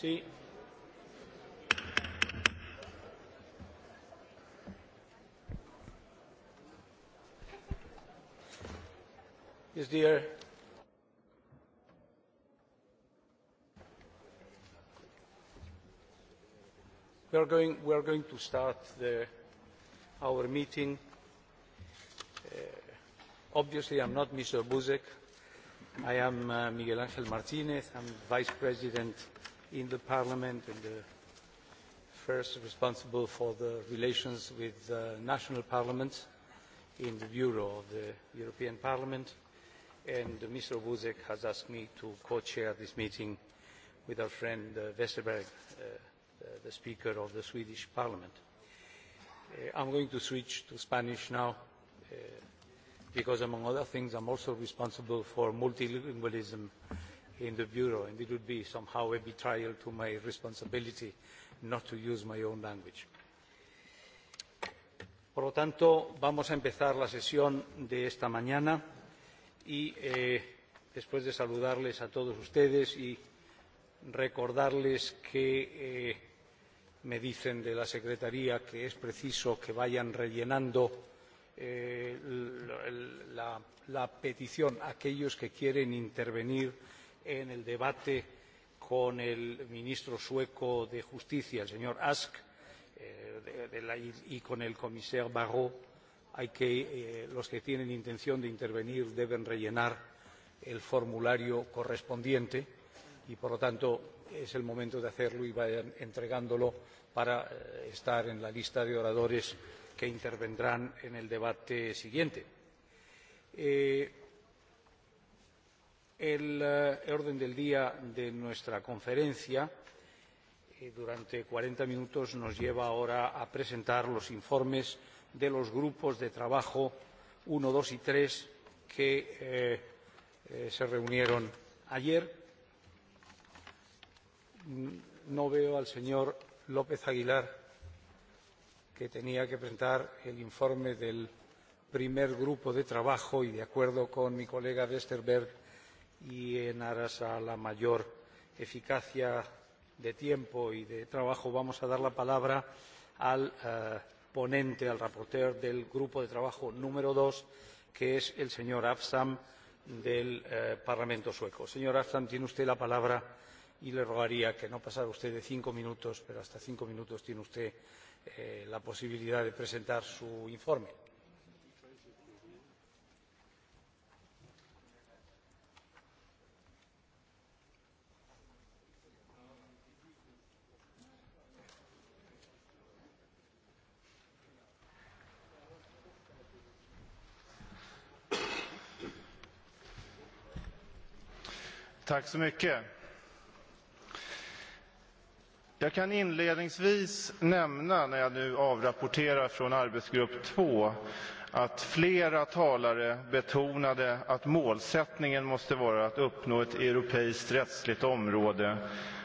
Sì. Is there We are going, we are going to start the, our meeting. Uh, obviously, I'm not Mr. Buzek. I am uh, Miguel Angel Martinez. I'm Vice President in the Parliament and the first responsible for the relations with the uh, national parliaments in the Bureau of the European Parliament. And Mr. Buzek has asked me to co-chair this meeting with our friend uh, Westerberg, uh, uh the Speaker of the Swedish Parliament. Uh, I'm going to switch to Spanish now uh, because, among other things, I'm also responsible for multilingualism in the Bureau, and it would be somehow a betrayal to my responsibility not to use my own language. Por lo tanto, vamos a empezar la sesión de esta mañana y eh, después de saludarles a todos ustedes y recordarles que eh, me dicen de la Secretaría que es preciso que vayan rellenando eh, la, la petición a aquellos que quieren intervenir en el debate con el ministro sueco de Justicia, el señor Ask, eh, de, de la, y, y con el comisario Barrot, hay que, eh, los que tienen intención de intervenir deben rellenar el formulario correspondiente y, por lo tanto, es el momento de hacerlo y vayan entregándolo para eh, estar en la lista de oradores que intervendrán en el debate siguiente. Eh, Eh, el orden del día de nuestra conferencia eh, durante cuarenta minutos nos lleva ahora a presentar los informes de los grupos de trabajo uno, dos y tres que eh, eh, se reunieron ayer. Mm, no veo al señor López Aguilar, que tenía que presentar el informe del primer grupo de trabajo y, de acuerdo con mi colega Westerberg, y en aras a la mayor eficacia de tiempo y de trabajo vamos a dar la palabra al eh, ponente, al rapporteur del grupo de trabajo número dos, que es el señor afsam del eh, Parlamento sueco. Señor afsam tiene usted la palabra y le rogaría que no pasara usted de cinco minutos, pero hasta cinco minutos tiene usted eh, la posibilidad de presentar su informe. Tack så mycket. Jag kan inledningsvis nämna, när jag nu avrapporterar från arbetsgrupp 2, att flera talare betonade att målsättningen måste vara att uppnå ett europeiskt rättsligt område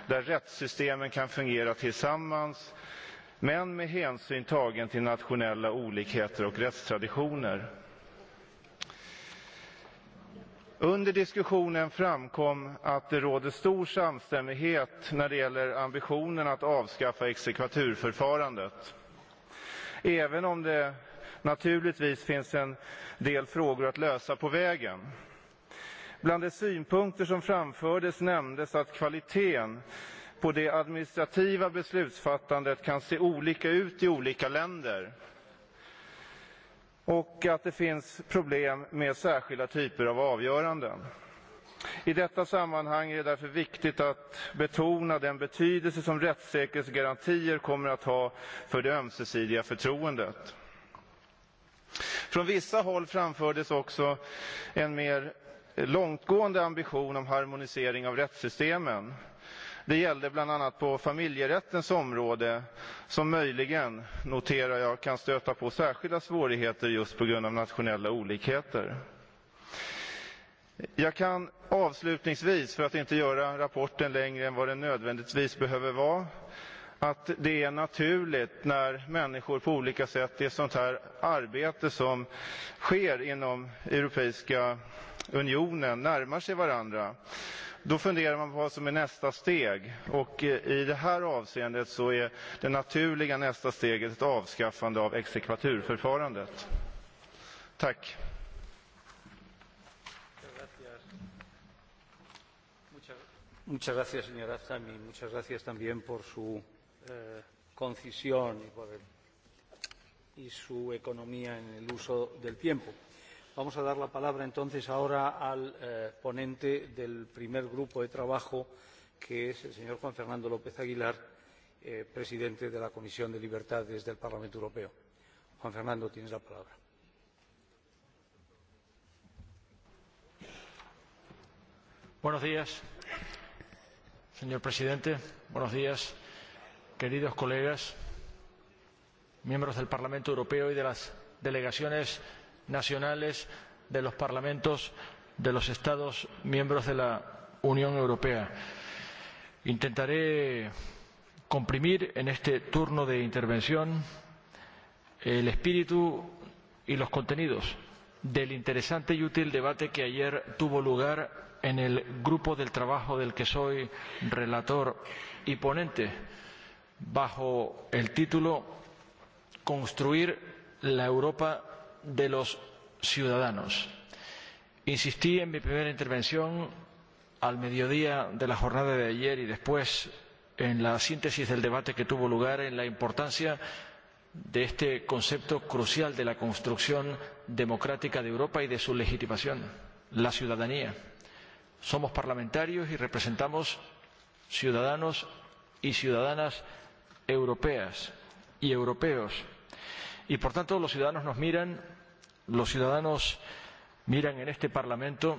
där rättssystemen kan fungera tillsammans men med hänsyn tagen till nationella olikheter och rättstraditioner. Under diskussionen framkom att det råder stor samstämmighet när det gäller ambitionen att avskaffa exekvaturförfarandet. Även om det naturligtvis finns en del frågor att lösa på vägen. Bland de synpunkter som framfördes nämndes att kvaliteten på det administrativa beslutsfattandet kan se olika ut i olika länder och att det finns problem med särskilda typer av avgöranden. I detta sammanhang är det därför viktigt att betona den betydelse som rättssäkerhetsgarantier kommer att ha för det ömsesidiga förtroendet. Från vissa håll framfördes också en mer långtgående ambition om harmonisering av rättssystemen. Det gällde bland annat på familjerättens område som möjligen, noterar jag, kan stöta på särskilda svårigheter just på grund av nationella olikheter. Jag kan avslutningsvis, för att inte göra rapporten längre än vad den nödvändigtvis behöver vara, att det är naturligt när människor på olika sätt i sånt här arbete som sker inom Europeiska unionen närmar sig varandra. Då funderar man på vad som är nästa steg. Och eh, i det här avseendet så är det naturliga nästa steget ett avskaffande av exekvaturförfarandet. Tack. Muchas gracias, señor Azam, muchas gracias también por su eh, concisión y, por el, y su economía en el uso del tiempo. Vamos a dar la palabra entonces ahora al eh, ponente del primer grupo de trabajo, que es el señor Juan Fernando López Aguilar, eh, presidente de la Comisión de Libertades del Parlamento Europeo. Juan Fernando, tienes la palabra. Buenos días, señor presidente. Buenos días, queridos colegas, miembros del Parlamento Europeo y de las delegaciones nacionales de los parlamentos de los Estados miembros de la Unión Europea. Intentaré comprimir en este turno de intervención el espíritu y los contenidos del interesante y útil debate que ayer tuvo lugar en el grupo del trabajo del que soy relator y ponente bajo el título Construir la Europa de los ciudadanos. Insistí en mi primera intervención al mediodía de la jornada de ayer y después en la síntesis del debate que tuvo lugar en la importancia de este concepto crucial de la construcción democrática de Europa y de su legitimación, la ciudadanía. Somos parlamentarios y representamos ciudadanos y ciudadanas europeas y europeos. Y por tanto los ciudadanos nos miran, los ciudadanos miran en este Parlamento,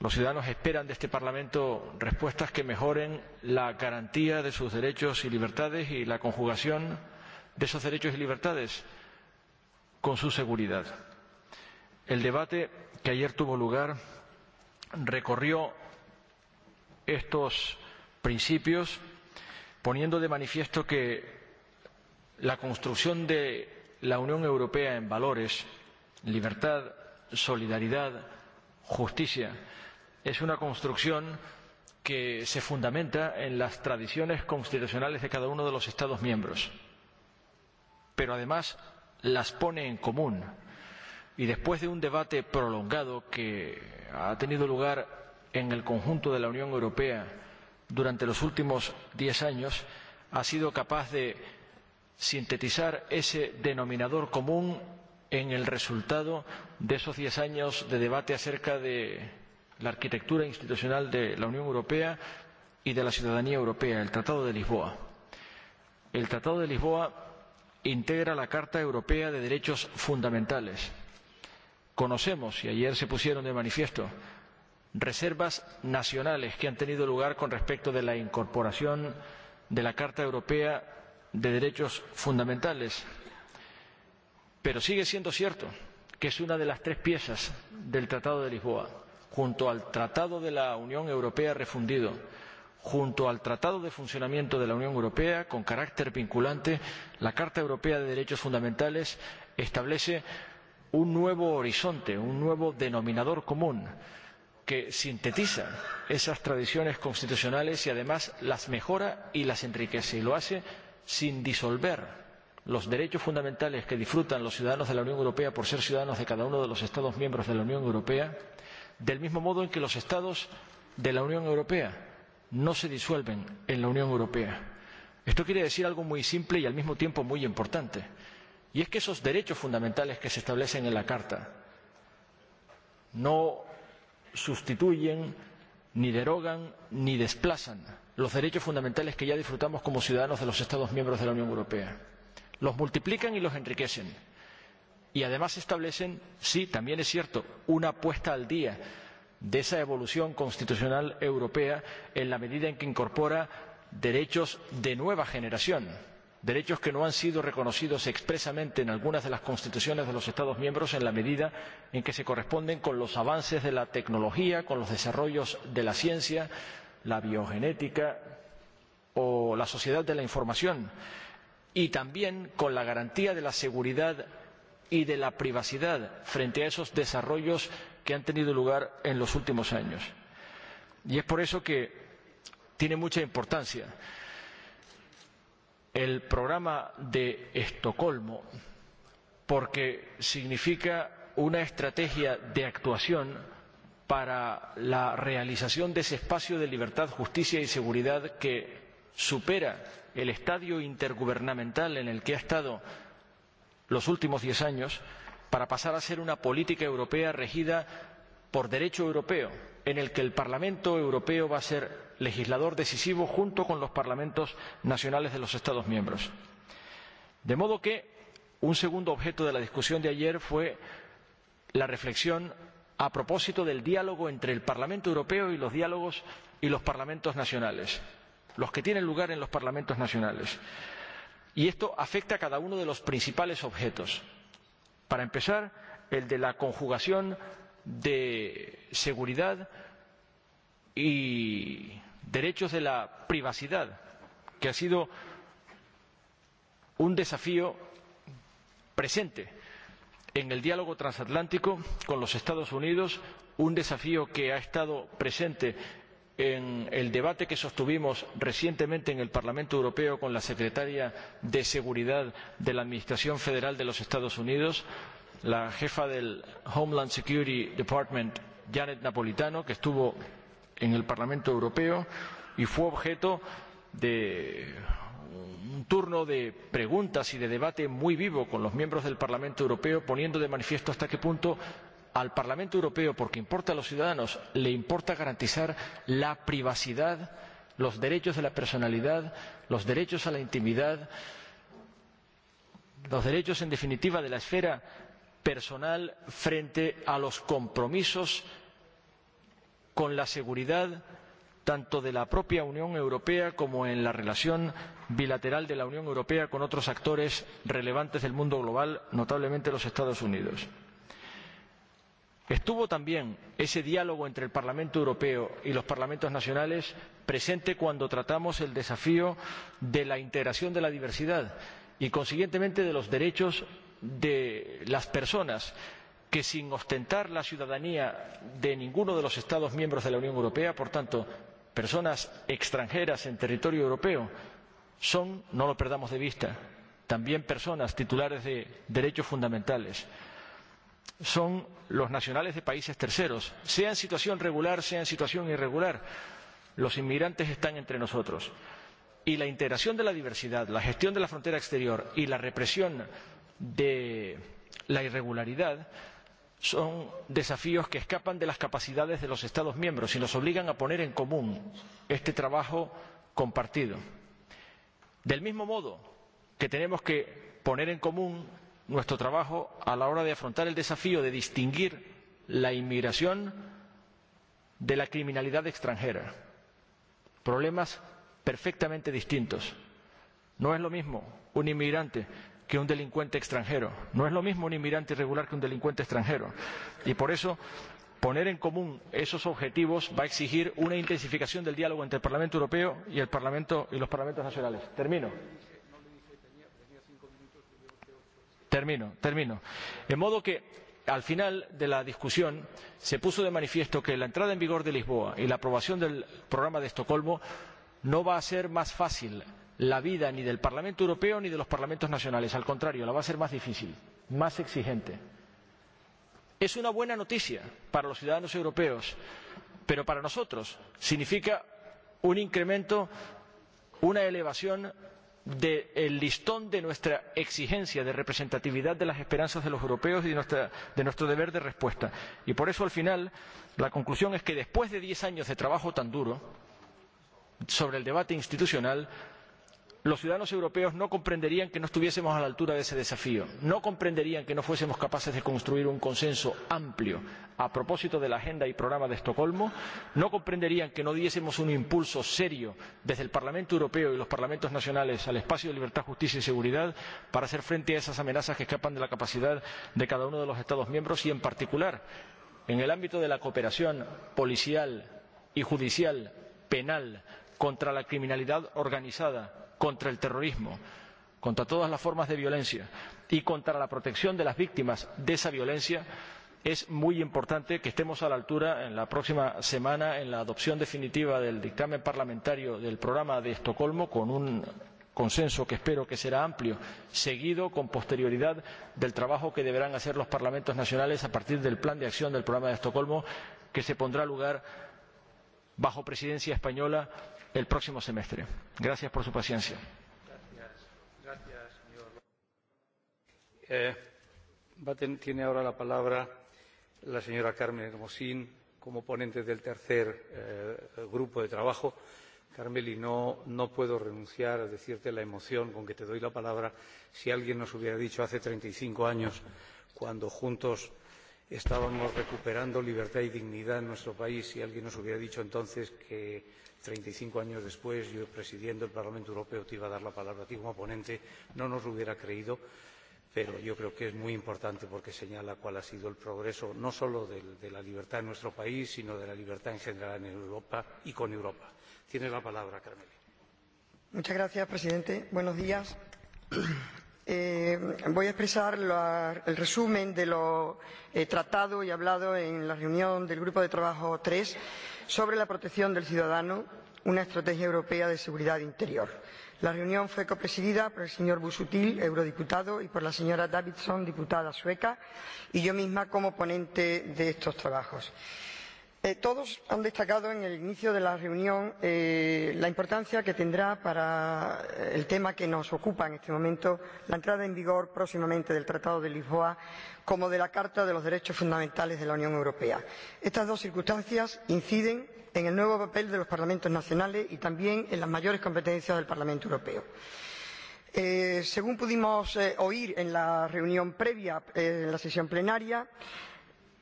los ciudadanos esperan de este Parlamento respuestas que mejoren la garantía de sus derechos y libertades y la conjugación de esos derechos y libertades con su seguridad. El debate que ayer tuvo lugar recorrió estos principios poniendo de manifiesto que la construcción de la Unión Europea en valores, libertad, solidaridad, justicia, es una construcción que se fundamenta en las tradiciones constitucionales de cada uno de los Estados miembros, pero además las pone en común. Y después de un debate prolongado que ha tenido lugar en el conjunto de la Unión Europea durante los últimos diez años, ha sido capaz de sintetizar ese denominador común en el resultado de esos diez años de debate acerca de la arquitectura institucional de la Unión Europea y de la ciudadanía europea, el Tratado de Lisboa. El Tratado de Lisboa integra la Carta Europea de Derechos Fundamentales. Conocemos, y ayer se pusieron de manifiesto, reservas nacionales que han tenido lugar con respecto de la incorporación de la Carta Europea de derechos fundamentales. Pero sigue siendo cierto que es una de las tres piezas del Tratado de Lisboa, junto al Tratado de la Unión Europea refundido, junto al Tratado de Funcionamiento de la Unión Europea con carácter vinculante, la Carta Europea de Derechos Fundamentales establece un nuevo horizonte, un nuevo denominador común que sintetiza esas tradiciones constitucionales y además las mejora y las enriquece y lo hace sin disolver los derechos fundamentales que disfrutan los ciudadanos de la Unión Europea por ser ciudadanos de cada uno de los Estados miembros de la Unión Europea, del mismo modo en que los Estados de la Unión Europea no se disuelven en la Unión Europea. Esto quiere decir algo muy simple y al mismo tiempo muy importante, y es que esos derechos fundamentales que se establecen en la Carta no sustituyen, ni derogan, ni desplazan los derechos fundamentales que ya disfrutamos como ciudadanos de los Estados miembros de la Unión Europea. Los multiplican y los enriquecen. Y además establecen, sí, también es cierto, una puesta al día de esa evolución constitucional europea en la medida en que incorpora derechos de nueva generación, derechos que no han sido reconocidos expresamente en algunas de las constituciones de los Estados miembros en la medida en que se corresponden con los avances de la tecnología, con los desarrollos de la ciencia, la biogenética o la sociedad de la información y también con la garantía de la seguridad y de la privacidad frente a esos desarrollos que han tenido lugar en los últimos años. Y es por eso que tiene mucha importancia el programa de Estocolmo, porque significa una estrategia de actuación para la realización de ese espacio de libertad, justicia y seguridad que supera el estadio intergubernamental en el que ha estado los últimos diez años para pasar a ser una política europea regida por derecho europeo, en el que el Parlamento Europeo va a ser legislador decisivo junto con los parlamentos nacionales de los Estados miembros. De modo que un segundo objeto de la discusión de ayer fue la reflexión a propósito del diálogo entre el Parlamento Europeo y los diálogos y los parlamentos nacionales, los que tienen lugar en los parlamentos nacionales. Y esto afecta a cada uno de los principales objetos. Para empezar, el de la conjugación de seguridad y derechos de la privacidad, que ha sido un desafío presente en el diálogo transatlántico con los Estados Unidos, un desafío que ha estado presente en el debate que sostuvimos recientemente en el Parlamento Europeo con la secretaria de Seguridad de la Administración Federal de los Estados Unidos, la jefa del Homeland Security Department, Janet Napolitano, que estuvo en el Parlamento Europeo y fue objeto de un turno de preguntas y de debate muy vivo con los miembros del Parlamento Europeo, poniendo de manifiesto hasta qué punto al Parlamento Europeo, porque importa a los ciudadanos, le importa garantizar la privacidad, los derechos de la personalidad, los derechos a la intimidad, los derechos, en definitiva, de la esfera personal frente a los compromisos con la seguridad tanto de la propia Unión Europea como en la relación bilateral de la Unión Europea con otros actores relevantes del mundo global, notablemente los Estados Unidos. Estuvo también ese diálogo entre el Parlamento Europeo y los parlamentos nacionales presente cuando tratamos el desafío de la integración de la diversidad y, consiguientemente, de los derechos de las personas que sin ostentar la ciudadanía de ninguno de los Estados miembros de la Unión Europea, por tanto, personas extranjeras en territorio europeo son, no lo perdamos de vista, también personas titulares de derechos fundamentales. Son los nacionales de países terceros, sea en situación regular, sea en situación irregular. Los inmigrantes están entre nosotros. Y la integración de la diversidad, la gestión de la frontera exterior y la represión de la irregularidad son desafíos que escapan de las capacidades de los Estados miembros y nos obligan a poner en común este trabajo compartido. Del mismo modo que tenemos que poner en común nuestro trabajo a la hora de afrontar el desafío de distinguir la inmigración de la criminalidad extranjera. Problemas perfectamente distintos. No es lo mismo un inmigrante que un delincuente extranjero. No es lo mismo un inmigrante irregular que un delincuente extranjero. Y por eso poner en común esos objetivos va a exigir una intensificación del diálogo entre el Parlamento Europeo y, el Parlamento, y los parlamentos nacionales. Termino. Termino, termino. De modo que al final de la discusión se puso de manifiesto que la entrada en vigor de Lisboa y la aprobación del programa de Estocolmo no va a ser más fácil la vida ni del Parlamento Europeo ni de los parlamentos nacionales. Al contrario, la va a ser más difícil, más exigente. Es una buena noticia para los ciudadanos europeos, pero para nosotros significa un incremento, una elevación del de listón de nuestra exigencia de representatividad de las esperanzas de los europeos y de, nuestra, de nuestro deber de respuesta. Y por eso, al final, la conclusión es que después de diez años de trabajo tan duro sobre el debate institucional, los ciudadanos europeos no comprenderían que no estuviésemos a la altura de ese desafío, no comprenderían que no fuésemos capaces de construir un consenso amplio a propósito de la agenda y programa de Estocolmo, no comprenderían que no diésemos un impulso serio desde el Parlamento Europeo y los parlamentos nacionales al espacio de libertad, justicia y seguridad para hacer frente a esas amenazas que escapan de la capacidad de cada uno de los Estados miembros y, en particular, en el ámbito de la cooperación policial y judicial penal contra la criminalidad organizada contra el terrorismo, contra todas las formas de violencia y contra la protección de las víctimas de esa violencia, es muy importante que estemos a la altura en la próxima semana en la adopción definitiva del dictamen parlamentario del programa de Estocolmo con un consenso que espero que será amplio, seguido con posterioridad del trabajo que deberán hacer los parlamentos nacionales a partir del plan de acción del programa de Estocolmo que se pondrá lugar bajo presidencia española el próximo semestre. Gracias por su paciencia. Gracias. Gracias, eh, tiene ahora la palabra la señora Carmen Hermosín como ponente del tercer eh, grupo de trabajo. Carmeli, no, no puedo renunciar a decirte la emoción con que te doy la palabra. Si alguien nos hubiera dicho hace 35 años, cuando juntos estábamos recuperando libertad y dignidad en nuestro país, si alguien nos hubiera dicho entonces que 35 años después, yo presidiendo el Parlamento Europeo te iba a dar la palabra a ti como ponente, no nos hubiera creído, pero yo creo que es muy importante porque señala cuál ha sido el progreso no solo de, de la libertad en nuestro país, sino de la libertad en general en Europa y con Europa. Tienes la palabra, Carmelo. Muchas gracias, presidente. Buenos días. Eh, voy a expresar la, el resumen de lo eh, tratado y hablado en la reunión del Grupo de Trabajo 3 sobre la protección del ciudadano, una estrategia europea de seguridad interior. La reunión fue copresidida por el señor Busutil, eurodiputado, y por la señora Davidson, diputada sueca, y yo misma como ponente de estos trabajos. Eh, todos han destacado en el inicio de la reunión eh, la importancia que tendrá para eh, el tema que nos ocupa en este momento la entrada en vigor próximamente del Tratado de Lisboa como de la Carta de los Derechos Fundamentales de la Unión Europea. Estas dos circunstancias inciden en el nuevo papel de los parlamentos nacionales y también en las mayores competencias del Parlamento Europeo. Eh, según pudimos eh, oír en la reunión previa, eh, en la sesión plenaria,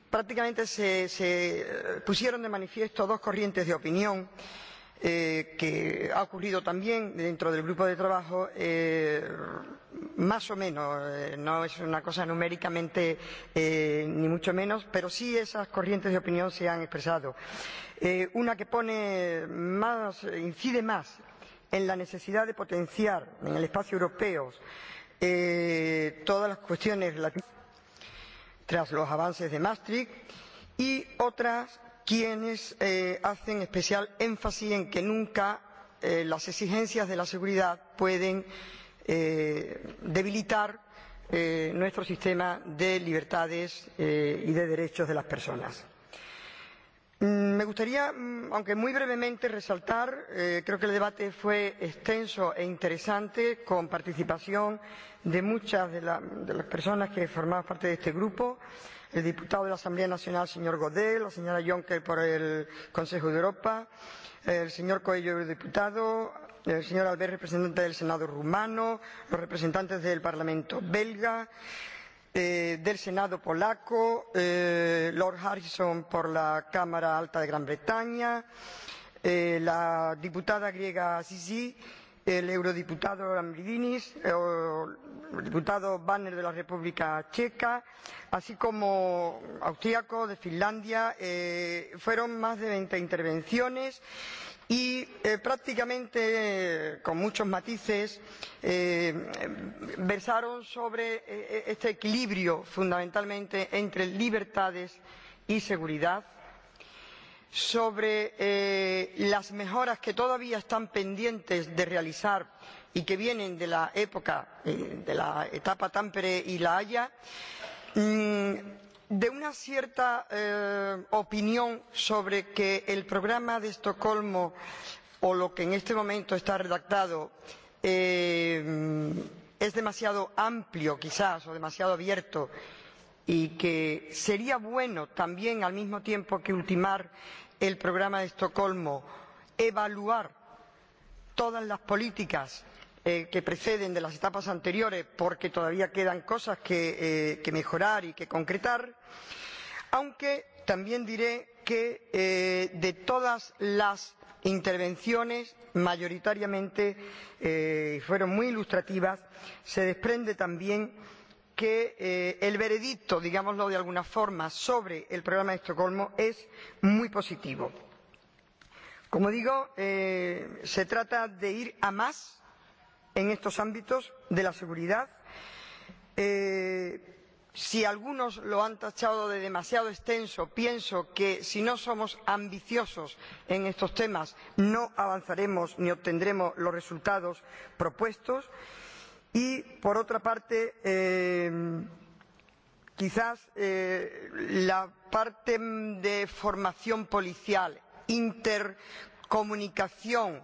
prácticamente se, se pusieron de manifiesto dos corrientes de opinión eh, que ha ocurrido también dentro del grupo de trabajo eh, más o menos, eh, no es una cosa numéricamente eh, ni mucho menos, pero sí esas corrientes de opinión se han expresado. Eh, una que pone más, incide más en la necesidad de potenciar en el espacio europeo eh, todas las cuestiones relativas tras los avances de Maastricht y otras quienes eh, hacen especial énfasis en que nunca eh, las exigencias de la seguridad pueden eh, debilitar eh, nuestro sistema de libertades eh, y de derechos de las personas. Mm, me gustaría, mm, aunque muy brevemente, resaltar, eh, creo que el debate fue extenso e interesante, con participación de muchas de, la, de las personas que formaban parte de este grupo, el diputado de la Asamblea Nacional, señor Godet, la señora Juncker por el Consejo de Europa, el señor Coelho, diputado, el señor Albert, representante del Senado rumano, los representantes del Parlamento belga, eh, del Senado polaco, eh, Lord Harrison por la Cámara Alta de Gran Bretaña, eh, la diputada griega Sisi, el eurodiputado Lambridinis, eh, el diputado Banner de la República Checa, así como austriaco de Finlandia. Eh, fueron más de 20 intervenciones y eh, prácticamente eh, con muchos matices eh, versaron sobre eh, eh, este equilibrio fundamentalmente entre libertades y seguridad sobre eh, las mejoras que todavía están pendientes de realizar y que vienen de la época de la etapa Tampere y La Haya mm, de una cierta eh, opinión sobre que el programa de Estocolmo o lo que en este momento está redactado eh, es demasiado amplio quizás o demasiado abierto y que sería bueno también al mismo tiempo que ultimar el programa de Estocolmo evaluar todas las políticas eh, que preceden de las etapas anteriores porque todavía quedan cosas que, eh, que mejorar y que concretar, aunque también diré que eh, de todas las intervenciones mayoritariamente eh, fueron muy ilustrativas, se desprende también que eh, el veredicto, digámoslo de alguna forma, sobre el programa de Estocolmo es muy positivo. Como digo, eh, se trata de ir a más en estos ámbitos de la seguridad. Eh, si algunos lo han tachado de demasiado extenso, pienso que si no somos ambiciosos en estos temas no avanzaremos ni obtendremos los resultados propuestos. Y, por otra parte, eh, quizás eh, la parte de formación policial, intercomunicación,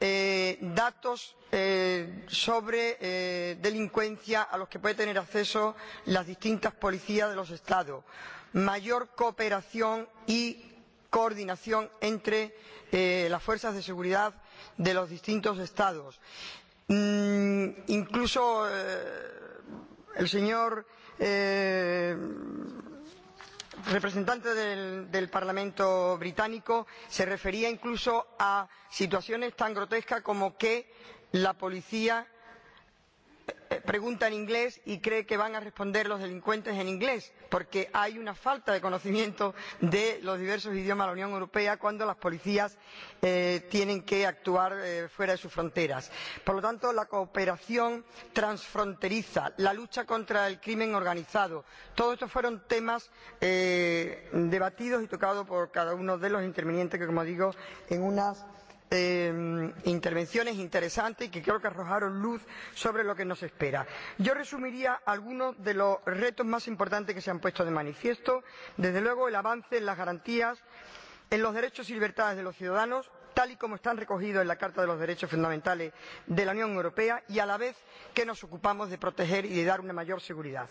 eh, datos eh, sobre eh, delincuencia a los que pueden tener acceso las distintas policías de los estados, mayor cooperación y coordinación entre eh, las fuerzas de seguridad de los distintos estados. Mm, incluso eh, el señor eh, representante del, del Parlamento británico se refería incluso a situaciones tan grotescas como que la policía pregunta en inglés y cree que van a responder los delincuentes en inglés, porque hay una falta de conocimiento de los diversos idiomas de la Unión Europea cuando las policías eh, tienen que actuar eh, fuera de sus fronteras. Por lo tanto, la cooperación transfronteriza, la lucha contra el crimen organizado, todos estos fueron temas eh, debatidos y tocados por cada uno de los intervinientes que, como digo, en unas eh, intervenciones interesantes que creo que arrojaron luz sobre lo que nos espera. Yo resumiría algunos de los retos más importantes que se han puesto de manifiesto. Desde luego, el avance en las garantías en los derechos y libertades de los ciudadanos tal y como están recogidos en la Carta de los Derechos Fundamentales de la Unión Europea y a la vez que nos ocupamos de proteger y de dar una mayor seguridad.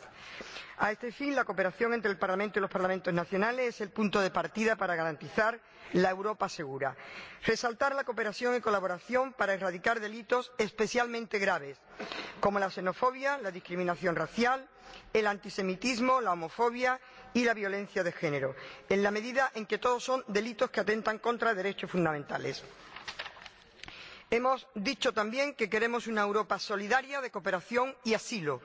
A este fin, la cooperación entre el Parlamento y los parlamentos nacionales es el punto de partida para garantizar la Europa segura. Resaltar la cooperación y colaboración para erradicar delitos especialmente graves, como la xenofobia, la discriminación racial, el antisemitismo, la homofobia y la violencia de género, en la medida en que todos son delitos que atentan contra derechos fundamentales. Hemos dicho también que queremos una Europa solidaria de cooperación y asilo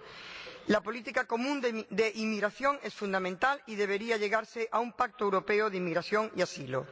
la política común de, de inmigración es fundamental y debería llegarse a un pacto europeo de inmigración y asilo.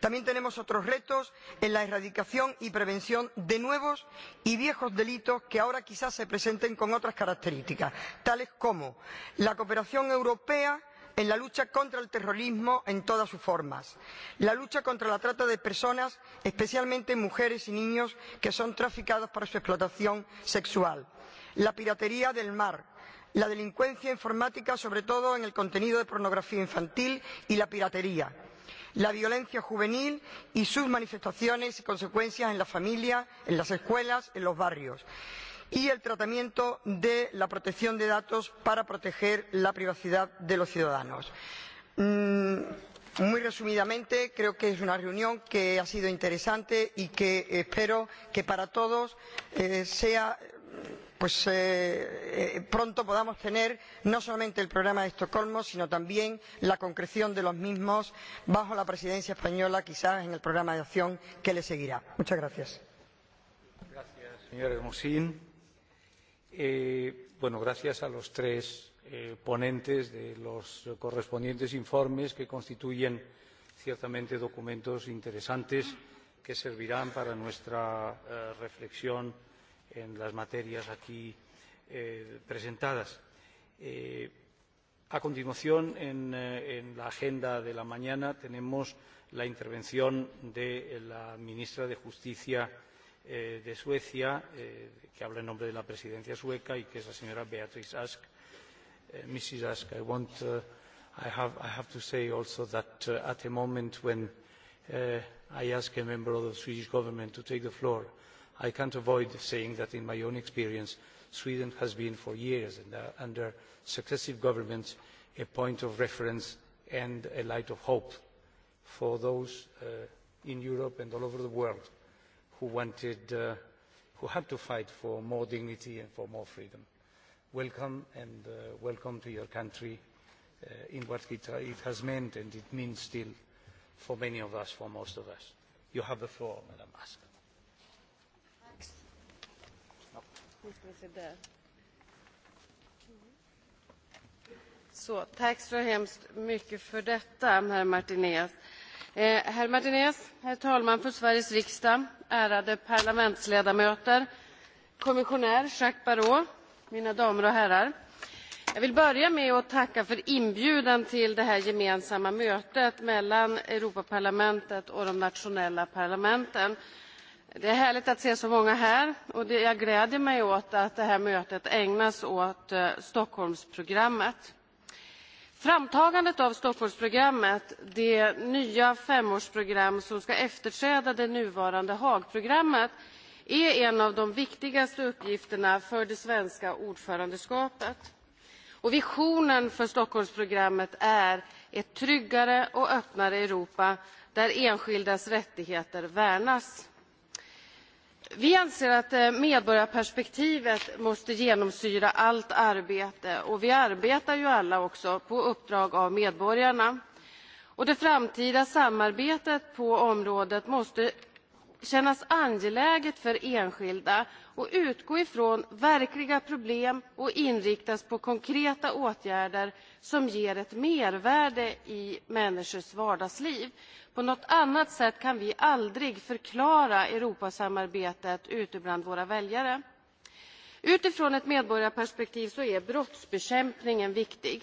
también tenemos otros retos en la erradicación y prevención de nuevos y viejos delitos que ahora quizás se presenten con otras características tales como la cooperación europea en la lucha contra el terrorismo en todas sus formas la lucha contra la trata de personas especialmente mujeres y niños que son traficados para su explotación sexual la piratería del mar la delincuencia informática, sobre todo en el contenido de pornografía infantil y la piratería, la violencia juvenil y sus manifestaciones y consecuencias en la familia, en las escuelas, en los barrios, y el tratamiento de la protección de datos para proteger la privacidad de los ciudadanos. Mm, muy resumidamente, creo que es una reunión que ha sido interesante y que espero que para todos eh, sea pues eh, eh, pronto podamos tener no solamente el programa de Estocolmo, sino también la concreción de los mismos bajo la presidencia española, quizás en el programa de acción que le seguirá. Muchas gracias. Gracias, señor Hermosín. Eh, bueno, gracias a los tres eh, ponentes de los correspondientes informes que constituyen ciertamente documentos interesantes que servirán para nuestra eh, reflexión en las materias aquí eh, presentadas. Eh, a continuación, en, eh, en la agenda de la mañana, tenemos la intervención de la ministra de Justicia eh, de Suecia, eh, que habla en nombre de la presidencia sueca y que es la señora Beatrice Ask. Eh, Mrs. Ask, I want, uh, I, have, I have to say also that uh, at a moment when uh, I ask a member of the Swedish government to take the floor, uh, I can't avoid saying that in my own experience, Sweden has been for years and, uh, under successive governments a point of reference and a light of hope for those uh, in Europe and all over the world who wanted, uh, who had to fight for more dignity and for more freedom. Welcome and uh, welcome to your country uh, in what it, it has meant and it means still for many of us, for most of us. You have the floor, Madam Asker. Så, tack så hemskt mycket för detta, herr Martinez. Eh, herr Martinez, herr talman för Sveriges riksdag, ärade parlamentsledamöter, kommissionär Jacques Barrot, mina damer och herrar. Jag vill börja med att tacka för inbjudan till det här gemensamma mötet mellan Europaparlamentet och de nationella parlamenten. Det är härligt att se så många här och det, jag gläder mig åt att det här mötet ägnas åt eh, Stockholmsprogrammet. Framtagandet av Stockholmsprogrammet, det nya femårsprogram som ska efterträda det nuvarande hagprogrammet, är en av de viktigaste uppgifterna för det svenska ordförandeskapet. Och visionen för Stockholmsprogrammet är ett tryggare och öppnare Europa där enskildas rättigheter värnas. Vi anser att eh, medborgarperspektivet måste genomsyra allt arbete och vi arbetar ju alla också på uppdrag av medborgarna. Och det framtida samarbetet på området måste kännas angeläget för enskilda och utgå ifrån verkliga problem och inriktas på konkreta åtgärder som ger ett mervärde i människors vardagsliv. På något annat sätt kan vi aldrig förklara Europasamarbetet ute bland våra väljare. Utifrån ett medborgarperspektiv så är brottsbekämpningen viktig.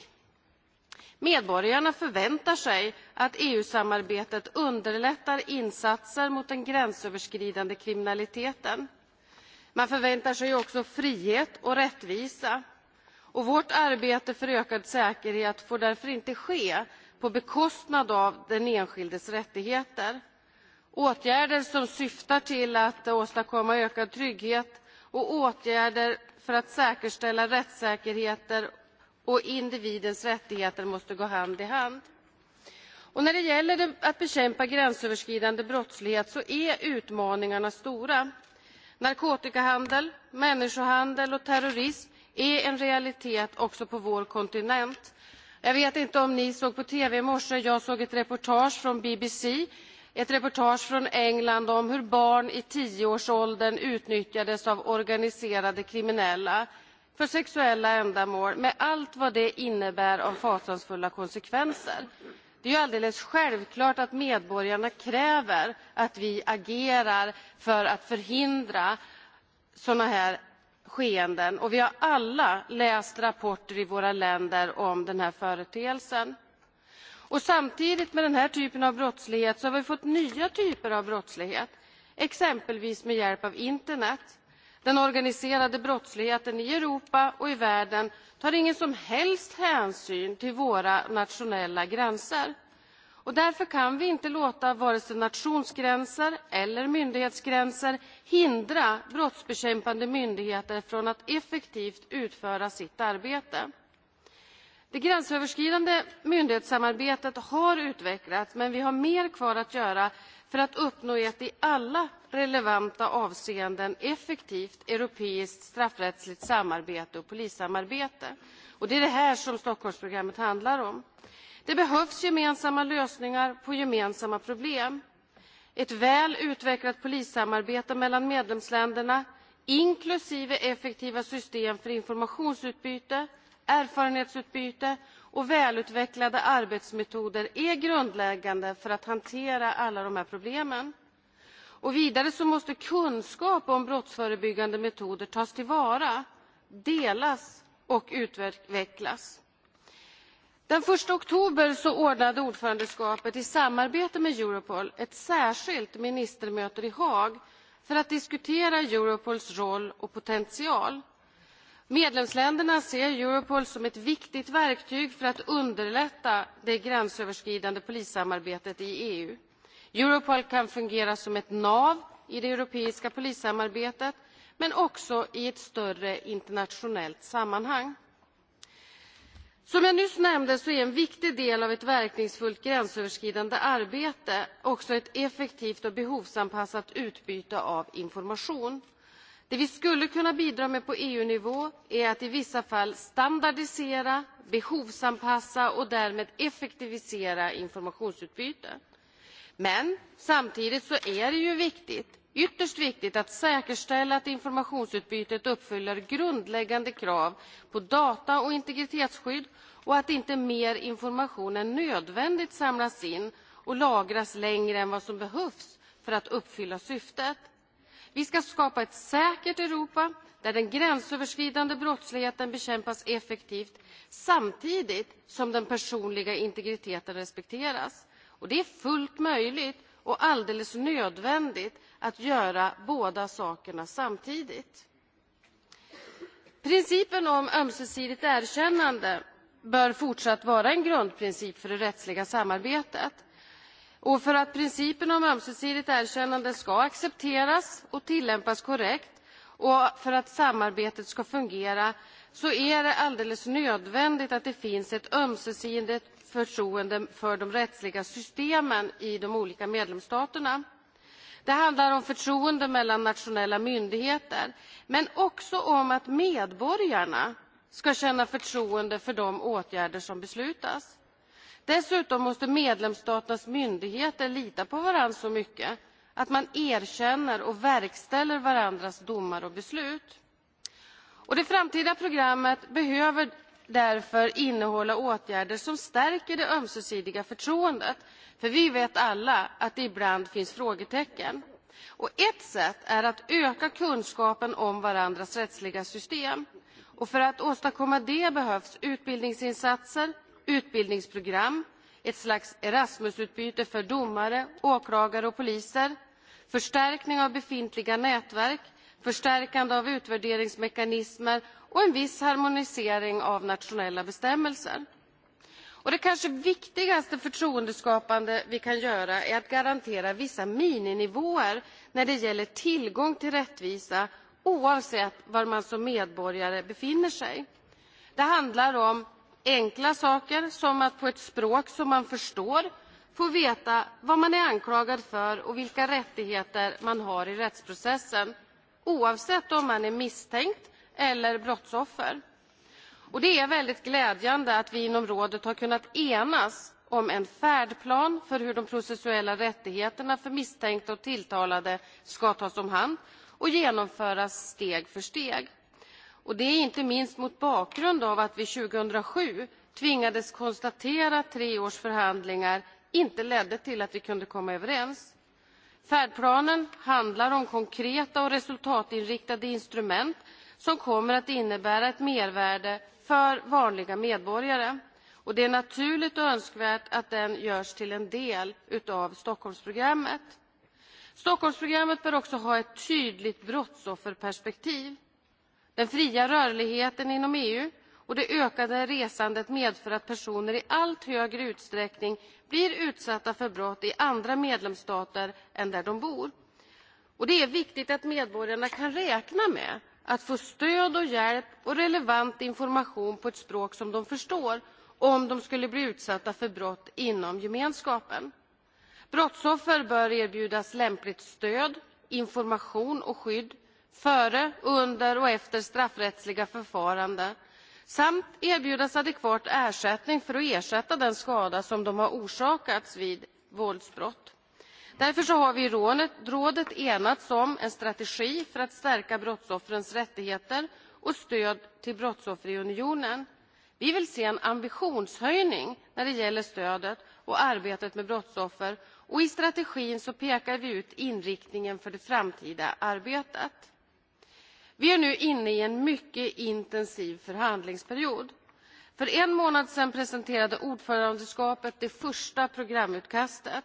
Medborgarna förväntar sig att EU-samarbetet underlättar insatser mot den gränsöverskridande kriminaliteten. Man förväntar sig också frihet och rättvisa. Och vårt arbete för ökad säkerhet får därför inte ske på bekostnad av den enskildes rättigheter. Åtgärder som syftar till att åstadkomma ökad trygghet och åtgärder för att säkerställa rättssäkerheter och individens rättigheter måste gå hand i hand. Och när det gäller att bekämpa gränsöverskridande brottslighet så är utmaningarna stora. Narkotikahandel, människohandel och terrorism är en realitet också på vår kontinent. Jag vet inte om ni såg på tv i morse, jag såg ett reportage från BBC, ett reportage från England om hur barn i tioårsåldern utnyttjades av organiserade kriminella för sexuella ändamål med allt vad det innebär av fasansfulla konsekvenser. Det är alldeles självklart att medborgarna kräver att vi agerar för att förhindra sådana här skeenden och vi har alla läst rapporter i våra länder om den här företeelsen. Och samtidigt med den här typen av brottslighet så har vi fått nya typer av brottslighet, exempelvis med hjälp av internet. Den organiserade brottsligheten i Europa och i världen tar ingen som helst hänsyn till våra nationella gränser. Och därför kan vi inte låta vare sig nationsgränser eller myndighetsgränser hindra brottsbekämpande myndigheter från att effektivt utföra sitt arbete. Det gränsöverskridande myndighetssamarbetet har utvecklats men vi har mer kvar att göra för att uppnå ett i alla relevanta avseenden effektivt europeiskt straffrättsligt samarbete och polissamarbete. Och det är det här som Stockholmsprogrammet handlar om. Det behövs gemensamma lösningar på gemensamma problem. Ett väl utvecklat polissamarbete mellan medlemsländerna, inklusive effektiva system för informationsutbyte, erfarenhetsutbyte och välutvecklade arbetsmetoder är grundläggande för att hantera alla de här problemen. Och vidare måste kunskap om brottsförebyggande metoder tas tillvara, delas och utvecklas. Den 1 oktober ordnade ordförandeskapet i samarbete med Europol ett särskilt ministermöte i Haag för att diskutera Europols roll och potential. Medlemsländerna ser Europol som ett viktigt verktyg för att underlätta det gränsöverskridande polissamarbetet i EU. Europol kan fungera som ett nav i det europeiska polissamarbetet men också i ett större internationellt sammanhang. Som jag nyss nämnde så är en viktig del av ett verkningsfullt gränsöverskridande arbete också ett effektivt och behovsanpassat utbyte av information. Det vi skulle kunna bidra med på EU-nivå är att i vissa fall standardisera, behovsanpassa och därmed effektivisera informationsutbyte. Men samtidigt är det ju viktigt Ytterst viktigt att säkerställa att informationsutbytet uppfyller grundläggande krav på data och integritetsskydd och att inte mer information än nödvändigt samlas in och lagras längre än vad som behövs för att uppfylla syftet. Vi ska skapa ett säkert Europa där den gränsöverskridande brottsligheten bekämpas effektivt samtidigt som den personliga integriteten respekteras. Och det är fullt möjligt och alldeles nödvändigt att göra båda sakerna samtidigt. Principen om ömsesidigt erkännande bör fortsatt vara en grundprincip för det rättsliga samarbetet. Och för att principen om ömsesidigt erkännande ska accepteras och tillämpas korrekt och för att samarbetet ska fungera så är det alldeles nödvändigt att det finns ett ömsesidigt förtroende för de rättsliga systemen i de olika medlemsstaterna. Det handlar om förtroende mellan nationella myndigheter, men också om att medborgarna ska känna förtroende för de åtgärder som beslutas. Dessutom måste medlemsstaternas myndigheter lita på varandra så mycket att man erkänner och verkställer varandras domar och beslut. det framtida programmet behöver därför innehålla åtgärder som stärker det ömsesidiga förtroendet. För vi vet alla att det ibland finns frågetecken. Och ett sätt är att öka kunskapen om varandras rättsliga system. Och för att åstadkomma det behövs utbildningsinsatser, utbildningsprogram, ett slags Erasmusutbyte för domare, åklagare och poliser, förstärkning av befintliga nätverk, förstärkande av utvärderingsmekanismer och en viss harmonisering av nationella bestämmelser. Och det kanske viktigaste förtroendeskapande vi kan göra är att garantera vissa mininivåer när det gäller tillgång till rättvisa oavsett var man som medborgare befinner sig. Det handlar om enkla saker som att på ett språk som man förstår få veta vad man är anklagad för och vilka rättigheter man har i rättsprocessen oavsett om man är misstänkt eller brottsoffer. Och det är väldigt glädjande att vi inom rådet har kunnat enas om en färdplan för hur de processuella rättigheterna för misstänkta och tilltalade ska tas om hand och genomföras steg för steg. Och det är inte minst mot bakgrund av att vi 2007 tvingades konstatera att tre års förhandlingar inte ledde till att vi kunde komma överens. Färdplanen handlar om konkreta och resultatinriktade instrument som kommer att innebära ett mervärde för vanliga medborgare. Och det är naturligt och önskvärt att den görs till en del av Stockholmsprogrammet. Stockholmsprogrammet bör också ha ett tydligt brottsofferperspektiv. Den fria rörligheten inom EU och det ökade resandet medför att personer i allt högre utsträckning blir utsatta för brott i andra medlemsstater än där de bor. Och det är viktigt att medborgarna kan räkna med att få stöd och hjälp och relevant information på ett språk som de förstår om de skulle bli utsatta för brott inom gemenskapen. Brottsoffer bör erbjudas lämpligt stöd, information och skydd före, under och efter straffrättsliga förfaranden samt erbjudas adekvat ersättning för att ersätta den skada som de har orsakats vid våldsbrott. Därför har vi i rådet enats om en strategi för att stärka brottsoffrens rättigheter och stöd till brottsoffer i unionen. Vi vill se en ambitionshöjning när det gäller stödet och arbetet med brottsoffer och i strategin pekar vi ut inriktningen för det framtida arbetet. Vi är nu inne i en mycket intensiv förhandlingsperiod. För en månad sedan presenterade ordförandeskapet det första programutkastet.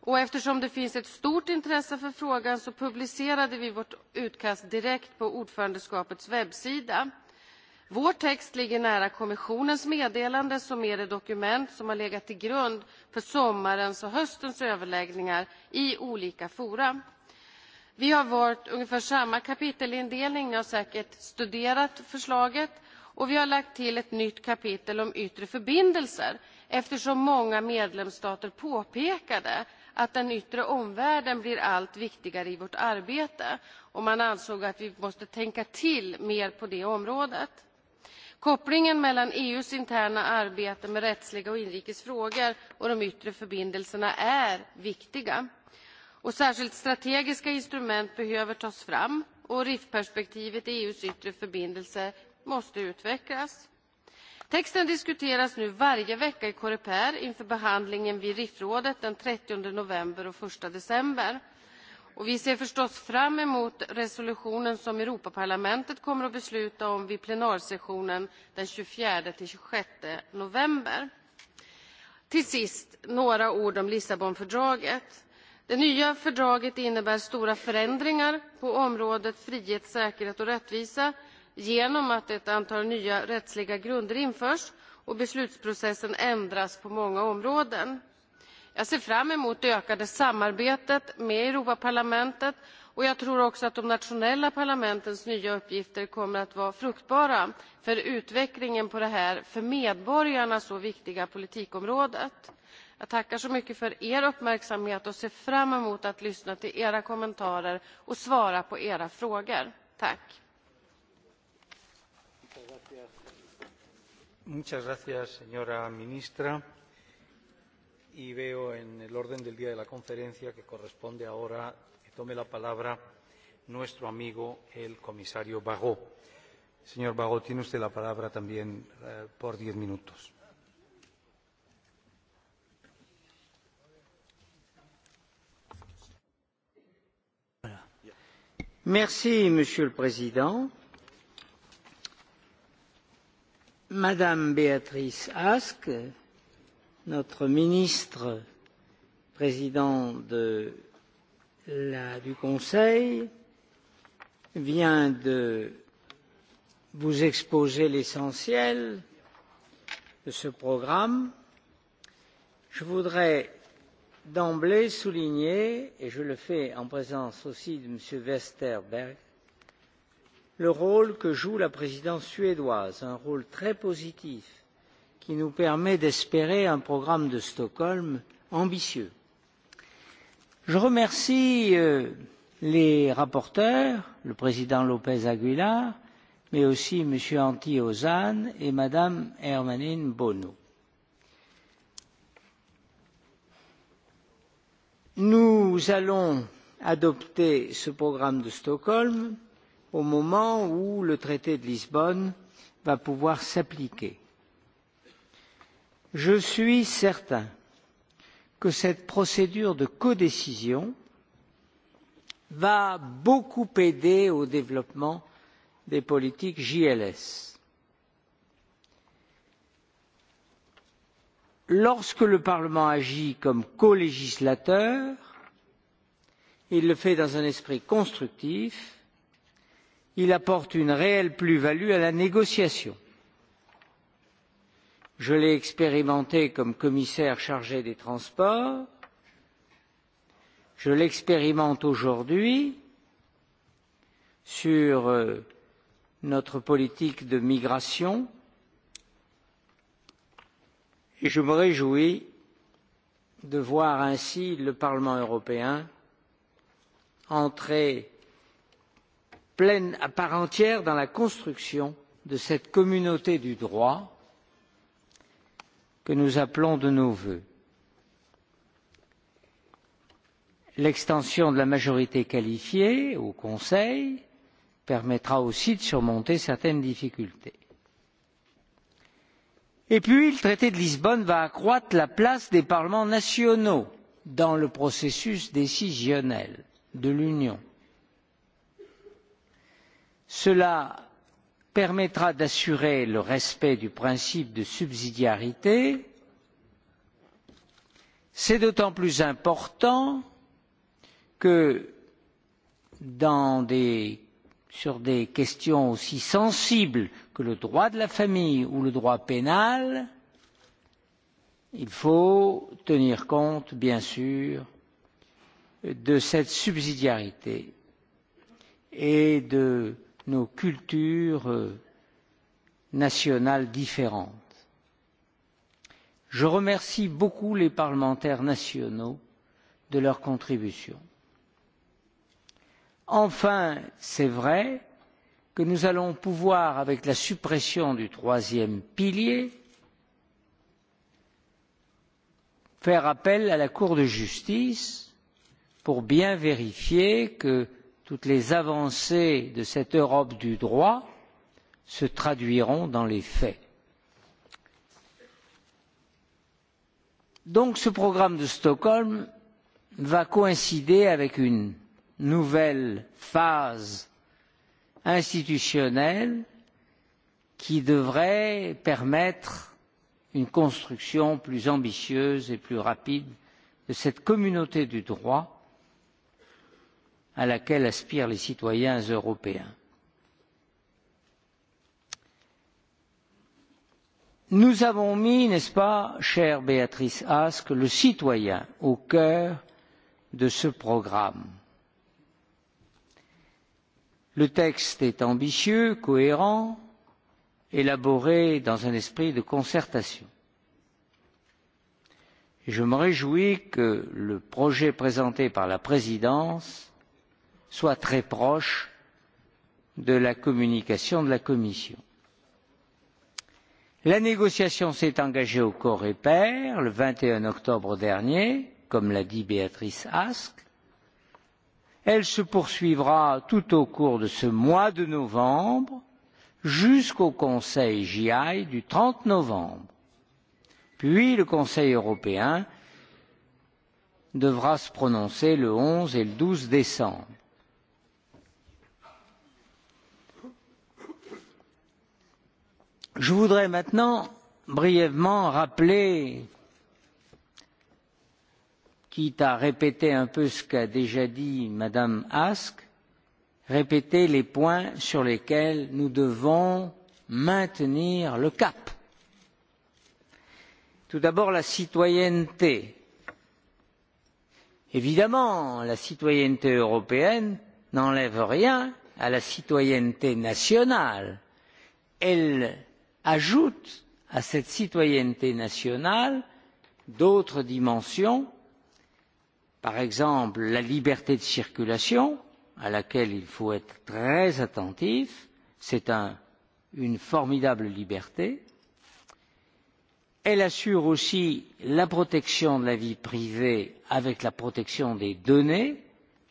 Och eftersom det finns ett stort intresse för frågan så publicerade vi vårt utkast direkt på ordförandeskapets webbsida. Vår text ligger nära kommissionens meddelande som är det dokument som har legat till grund för sommarens och höstens överläggningar i olika forum. Vi har valt ungefär samma kapitelindelning. Ni har säkert studerat förslaget. Och vi har lagt till ett nytt kapitel om yttre förbindelser eftersom många medlemsstater påpekade att den yttre omvärlden blir allt viktigare i vårt arbete. Och man ansåg att vi måste tänka till mer på det området. Kopplingen mellan EUs interna arbete med rättsliga och inrikes frågor och de yttre förbindelserna är viktiga. Och särskilt strategiska instrument behöver tas fram och RIF-perspektivet i EUs yttre förbindelse måste utvecklas. Texten diskuteras nu varje vecka i Coreper inför behandlingen vid RIF-rådet den 30 november och 1 december. Och vi ser förstås fram emot resolutionen som Europaparlamentet kommer att besluta om vid plenarsessionen den 24-26 november. Till sist några ord om Lissabonfördraget. Det nya fördraget innebär stora förändringar på området frihet, säkerhet och rättvisa genom att ett antal nya rättsliga grunder införs och beslutsprocessen ändras på många områden. Jag ser fram emot det ökade samarbetet med Europaparlamentet och jag tror också att de nationella parlamentens nya uppgifter kommer att vara fruktbara för utvecklingen på det här för medborgarna så viktiga politikområdet. Jag tackar så mycket för er uppmärksamhet och ser fram emot att lyssna till era kommentarer och svara på era frågor. Tack! Muchas gracias, señora ministra. Y veo en el orden del día de la conferencia que corresponde ahora que tome la palabra nuestro amigo el comisario Bagó. Señor Bagó, tiene usted la palabra también eh, por diez minutos. Merci, Monsieur le Président. Madame Béatrice Ask, notre ministre président de la, du Conseil, vient de vous exposer l'essentiel de ce programme. Je voudrais d'emblée souligner, et je le fais en présence aussi de M. Westerberg, le rôle que joue la présidence suédoise, un rôle très positif qui nous permet d'espérer un programme de Stockholm ambitieux. Je remercie euh, les rapporteurs, le président Lopez Aguilar, mais aussi M. Antti Ozan et Mme Hermanine Bonneau. Nous allons adopter ce programme de Stockholm au moment où le traité de Lisbonne va pouvoir s'appliquer. Je suis certain que cette procédure de codécision va beaucoup aider au développement des politiques JLS. lorsque le Parlement agit comme colégislateur, il le fait dans un esprit constructif, il apporte une réelle plus-value à la négociation. Je l'ai expérimenté comme commissaire chargé des transports, je l'expérimente aujourd'hui sur euh, notre politique de migration, Et je me réjouis de voir ainsi le Parlement européen entrer pleine à part entière dans la construction de cette communauté du droit que nous appelons de nos vœux. L'extension de la majorité qualifiée au Conseil permettra aussi de surmonter certaines difficultés. Et puis, le traité de Lisbonne va accroître la place des parlements nationaux dans le processus décisionnel de l'Union. Cela permettra d'assurer le respect du principe de subsidiarité. C'est d'autant plus important que dans des sur des questions aussi sensibles que le droit de la famille ou le droit pénal, il faut tenir compte, bien sûr, de cette subsidiarité et de nos cultures euh, nationales différentes. Je remercie beaucoup les parlementaires nationaux de leur contribution. Enfin, c'est vrai que nous allons pouvoir, avec la suppression du troisième pilier, faire appel à la Cour de justice pour bien vérifier que toutes les avancées de cette Europe du droit se traduiront dans les faits. Donc ce programme de Stockholm va coïncider avec une nouvelle phase institutionnelle qui devrait permettre une construction plus ambitieuse et plus rapide de cette communauté du droit à laquelle aspirent les citoyens européens. Nous avons mis, n'est-ce pas, chère Béatrice Ask, le citoyen au cœur de ce programme. Le texte est ambitieux, cohérent, élaboré dans un esprit de concertation. Je me réjouis que le projet présenté par la présidence soit très proche de la communication de la Commission. La négociation s'est engagée au corps et pair le 21 octobre dernier, comme l'a dit Béatrice Asque, Elle se poursuivra tout au cours de ce mois de novembre jusqu'au Conseil jai du trente novembre. Puis le Conseil européen devra se prononcer le onze et le douze décembre. Je voudrais maintenant brièvement rappeler quitte à répéter un peu ce qu'a déjà dit Madame Ask, répéter les points sur lesquels nous devons maintenir le cap. Tout d'abord, la citoyenneté. Évidemment, la citoyenneté européenne n'enlève rien à la citoyenneté nationale. Elle ajoute à cette citoyenneté nationale d'autres dimensions par exemple la liberté de circulation, à laquelle il faut être très attentif, c'est un, une formidable liberté. Elle assure aussi la protection de la vie privée avec la protection des données,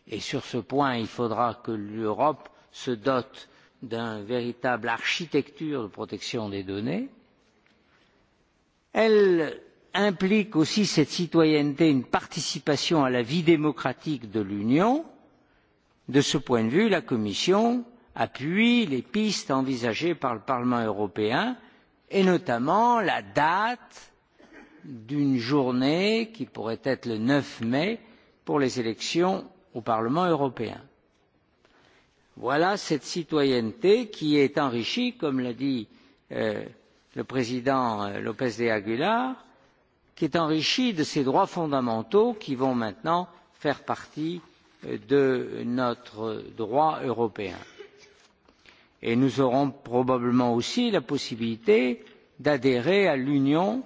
et sur ce point, il faudra que l'Europe se dote d'une véritable architecture de protection des données. Elle implique aussi cette citoyenneté une participation à la vie démocratique de l'Union. De ce point de vue, la Commission appuie les pistes envisagées par le Parlement européen et notamment la date d'une journée qui pourrait être le neuf mai pour les élections au Parlement européen. Voilà cette citoyenneté qui est enrichie, comme l'a dit euh, le président euh, lpez de Aguilar, qui est enrichi de ces droits fondamentaux qui vont maintenant faire partie euh, de notre droit européen. Et nous aurons probablement aussi la possibilité d'adhérer à l'Union,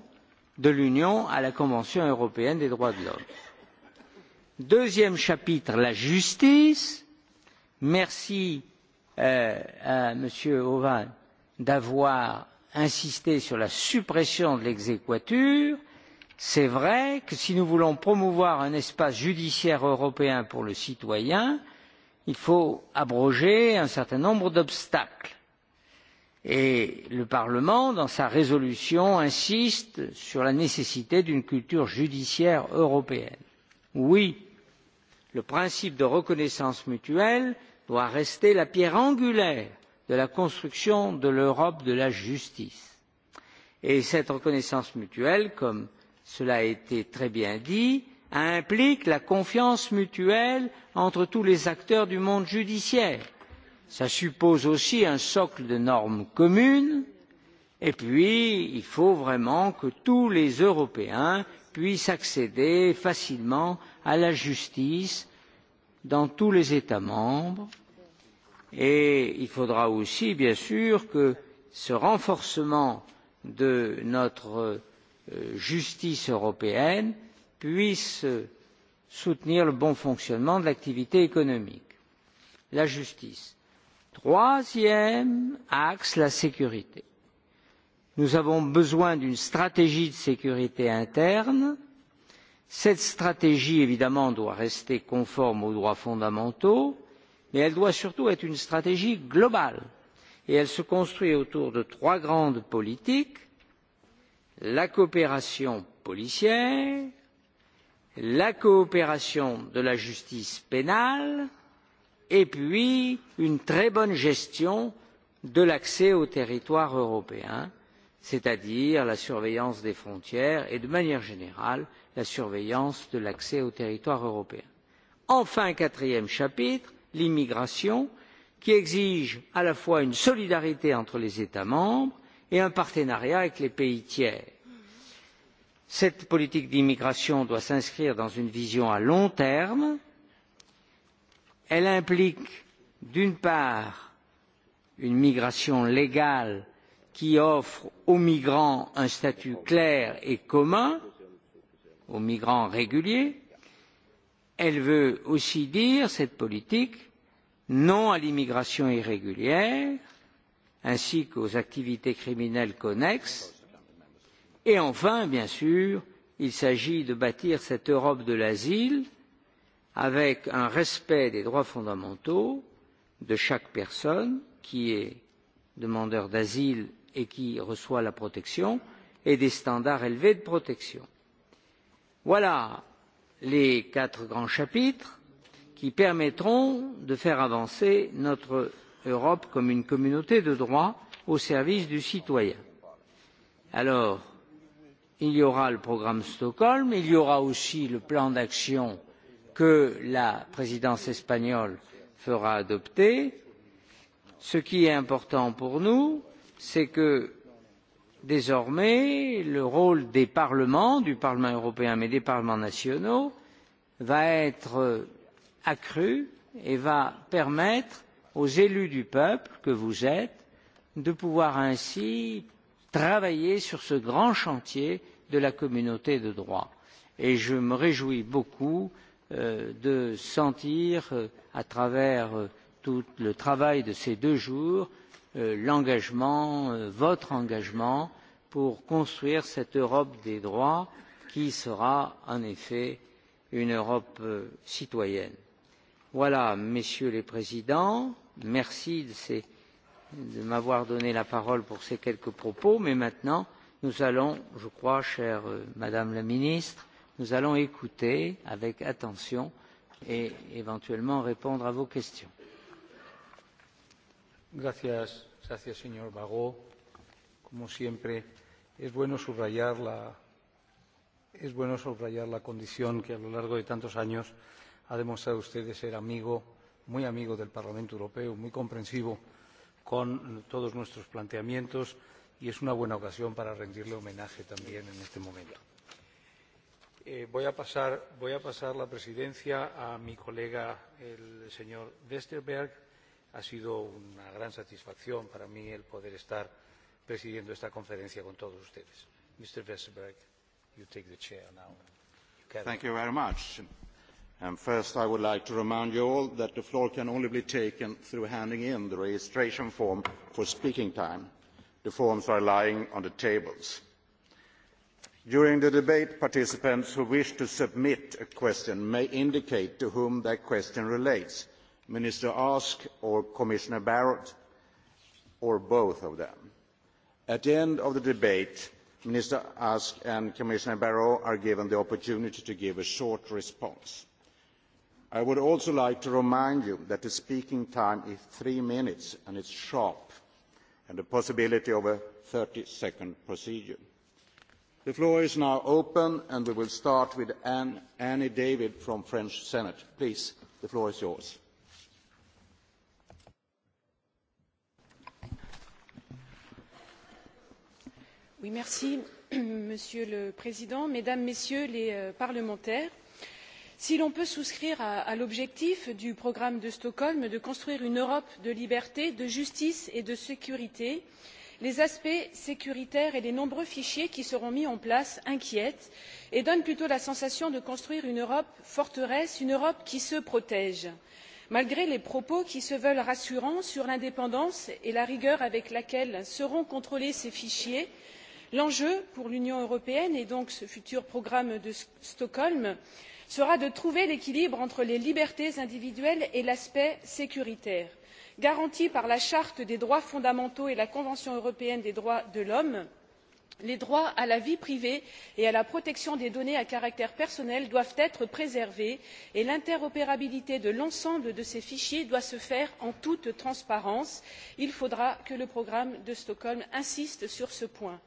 de l'Union à la Convention européenne des droits de l'homme. Deuxième chapitre, la justice. Merci euh, à M. Ovan d'avoir insisté sur la suppression de l'exéquature. Euh, C'est vrai que si nous voulons promouvoir un espace judiciaire européen pour le citoyen, il faut abroger un certain nombre d'obstacles. Et le Parlement, dans sa résolution, insiste sur la nécessité d'une culture judiciaire européenne. Oui, le principe de reconnaissance mutuelle doit rester la pierre angulaire de la construction de l'Europe de la justice. Et cette reconnaissance mutuelle, comme cela a été très bien dit, implique la confiance mutuelle entre tous les acteurs du monde judiciaire. Cela suppose aussi un socle de normes communes et puis il faut vraiment que tous les Européens puissent accéder facilement à la justice dans tous les États membres et il faudra aussi bien sûr que ce renforcement de notre Euh, justice européenne puisse soutenir le bon fonctionnement de l'activité économique. La justice. Troisième axe, la sécurité. Nous avons besoin d'une stratégie de sécurité interne. Cette stratégie, évidemment, doit rester conforme aux droits fondamentaux, mais elle doit surtout être une stratégie globale. Et elle se construit autour de trois grandes politiques la coopération policière, la coopération de la justice pénale et puis une très bonne gestion de l'accès au territoire européen, c'est-à-dire la surveillance des frontières et, de manière générale, la surveillance de l'accès au territoire européen. Enfin, quatrième chapitre, l'immigration, qui exige à la fois une solidarité entre les États membres et un partenariat avec les pays tiers. Cette politique d'immigration doit s'inscrire dans une vision à long terme. Elle implique, d'une part, une migration légale qui offre aux migrants un statut clair et commun, aux migrants réguliers. Elle veut aussi dire, cette politique, non à l'immigration irrégulière, ainsi qu'aux activités criminelles connexes. Et enfin, bien sûr, il s'agit de bâtir cette Europe de l'asile avec un respect des droits fondamentaux de chaque personne qui est demandeur d'asile et qui reçoit la protection et des standards élevés de protection. Voilà les quatre grands chapitres qui permettront de faire avancer notre Europe comme une communauté de droit au service du citoyen. Alors, il y aura le programme Stockholm, il y aura aussi le plan d'action que la présidence espagnole fera adopter. Ce qui est important pour nous, c'est que désormais le rôle des parlements, du Parlement européen mais des parlements nationaux, va être accru et va permettre aux élus du peuple que vous êtes de pouvoir ainsi travailler sur ce grand chantier de la communauté de droit. Et je me réjouis beaucoup euh, de sentir, euh, à travers euh, tout le travail de ces deux jours, euh, l'engagement, euh, votre engagement, pour construire cette Europe des droits qui sera en effet une Europe euh, citoyenne. Voilà, messieurs les présidents, merci de, ces, de m'avoir donné la parole pour ces quelques propos, mais maintenant, nous allons, je crois, chère euh, Madame la Ministre, nous allons écouter avec attention et éventuellement répondre à vos questions. Gracias, gracias señor Barro. Como siempre, es bueno subrayar la, es bueno subrayar la condición que a lo largo de tantos años ha demostrado usted de ser amigo muy amigo del Parlamento Europeo, muy comprensivo con todos nuestros planteamientos y es una buena ocasión para rendirle homenaje también en este momento. Eh, voy, a pasar, voy a pasar la presidencia a mi colega, el señor Westerberg. Ha sido una gran satisfacción para mí el poder estar presidiendo esta conferencia con todos ustedes. Mr. Westerberg, you take the chair now. You Thank you very much. And first, I would like to remind you all that the floor can only be taken through handing in the registration form for speaking time. The forms are lying on the tables. During the debate, participants who wish to submit a question may indicate to whom their question relates, Minister Ask or Commissioner Barrett, or both of them. At the end of the debate, Minister Ask and Commissioner Barrot are given the opportunity to give a short response. I would also like to remind you that the speaking time is three minutes and it is sharp and the possibility of a thirty second procedure. The floor is now open and we will start with Anne, Annie David from the French Senate. Please, the floor is yours. Monsieur le Président, Mesdames, Messieurs les euh, parlementaires si l'on peut souscrire à, à l'objectif du programme de stockholm de construire une europe de liberté de justice et de sécurité les aspects sécuritaires et les nombreux fichiers qui seront mis en place inquiètent et donnent plutôt la sensation de construire une europe forteresse une europe qui se protège malgré les propos qui se veulent rassurants sur l'indépendance et la rigueur avec laquelle seront contrôlés ces fichiers l'enjeu pour l'union européenne et donc ce futur programme de stockholm est sera de trouver l'équilibre entre les libertés individuelles et l'aspect sécuritaire garanti par la charte des droits fondamentaux et la convention européenne des droits de l'homme les droits à la vie privée et à la protection des données à caractère personnel doivent être préservés et l'interopérabilité de l'ensemble de ces fichiers doit se faire en toute transparence. il faudra que le programme de stockholm insiste sur ce point.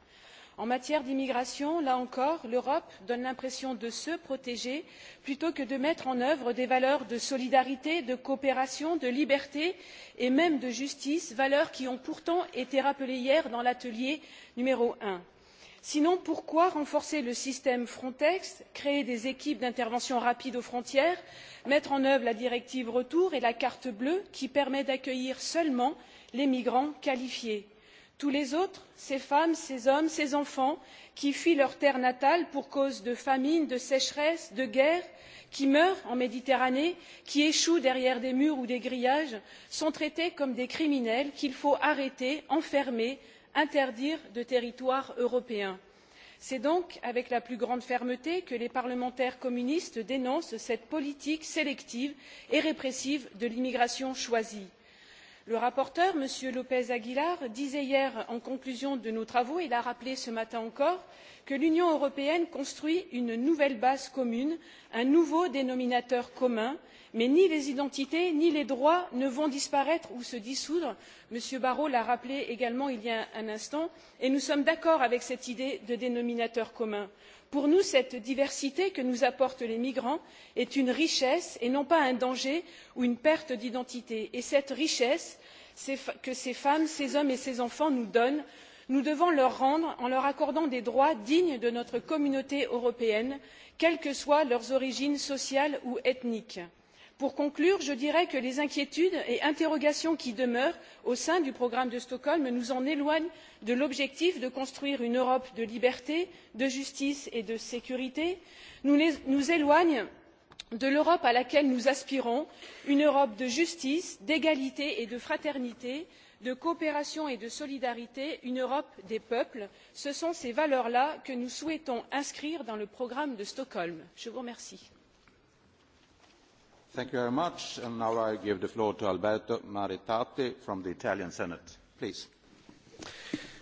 En matière d'immigration, là encore, l'Europe donne l'impression de se protéger plutôt que de mettre en œuvre des valeurs de solidarité, de coopération, de liberté et même de justice, valeurs qui ont pourtant été rappelées hier dans l'atelier numéro 1. Sinon, pourquoi renforcer le système Frontex, créer des équipes d'intervention rapide aux frontières, mettre en œuvre la directive retour et la carte bleue qui permet d'accueillir seulement les migrants qualifiés? tous les autres ces femmes ces hommes ces enfants qui fuient leur terre natale pour cause de famine de sécheresse de guerre qui meurent en méditerranée qui échouent derrière des murs ou des grillages sont traités comme des criminels qu'il faut arrêter enfermer interdire de territoire européen. c'est donc avec la plus grande fermeté que les parlementaires communistes dénoncent cette politique sélective et répressive de l'immigration choisie le rapporteur m. lpez aguilar disait hier en conclusion de nos travaux et l'a rappelé ce matin encore que l'union européenne construit une nouvelle base commune un nouveau dénominateur commun mais ni les identités ni les droits ne vont disparaître ou se dissoudre m. barrot l'a rappelé également il y a un instant et nous sommes d'accord avec cette idée de dénominateur commun pour nous cette diversité que nous apportent les migrants est une richesse et non pas un danger ou une perte d'identité et cette richesse que ces femmes ces hommes et ces enfants nous donnent nous devons leur rendre en leur accordant des droits dignes de notre communauté européenne quelles que soient leurs origines sociales ou ethniques pour conclure je dirais que les inquiétudes et interrogations qui demeurent au sein du programme de stockholm nous en éloignent de l'objectif de construire une europe de liberté de justice et de sécurité nous, les, nous éloignent de l'europe à laquelle nous aspirons une europe de justice d'égalité et de fraternité de coopération et de solidarité une europe des peuples ce sont ces valeurs là que nous souhaitons inscrire dans le programme de stockholm. je vous remercie. Thank you very much. And now I give the floor to Alberto Maritati from the Italian Senate. Please.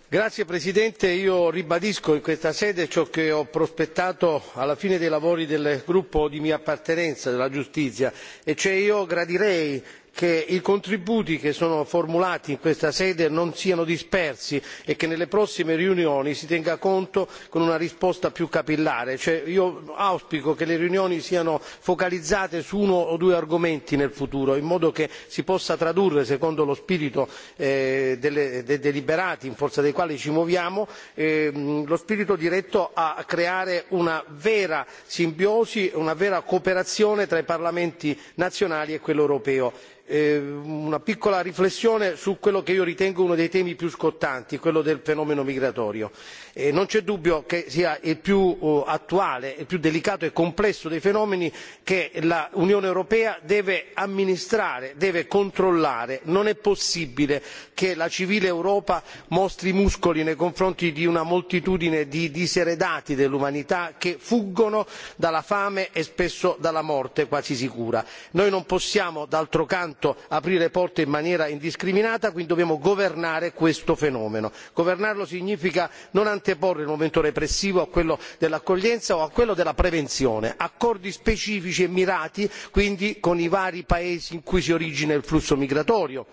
Grazie Presidente, io ribadisco in questa sede ciò che ho prospettato alla fine dei lavori del gruppo di mia appartenenza della giustizia e cioè io gradirei che i contributi che sono formulati in questa sede non siano dispersi e che nelle prossime riunioni si tenga conto con una risposta più capillare cioè io auspico che le riunioni siano focalizzate su uno o due argomenti nel futuro in modo che si possa tradurre secondo lo spirito eh, dei deliberati in forza dei quali ci muoviamo ehm, lo spirito diretto a creare una vera simbiosi una vera cooperazione tra i parlamenti nazionali e quello europeo. Eh, una piccola riflessione su quello che io ritengo uno dei temi più scottanti, quello del fenomeno migratorio. E non c'è dubbio che sia il più uh, attuale il più delicato e complesso dei fenomeni che l'unione europea deve amministrare deve controllare. non è possibile che la civile europa mostri i muscoli nei confronti di una moltitudine di diseredati dell'umanità che fuggono dalla fame e spesso dalla morte quasi sicura. noi non possiamo d'altro canto aprire porte in maniera indiscriminata quindi dobbiamo governare questo fenomeno. governarlo significa non anteporre il momento repressivo a quello dell'accoglienza o a quello della prevenzione accordi specifici e mirati quindi con i vari paesi in cui si origina il flusso migratorio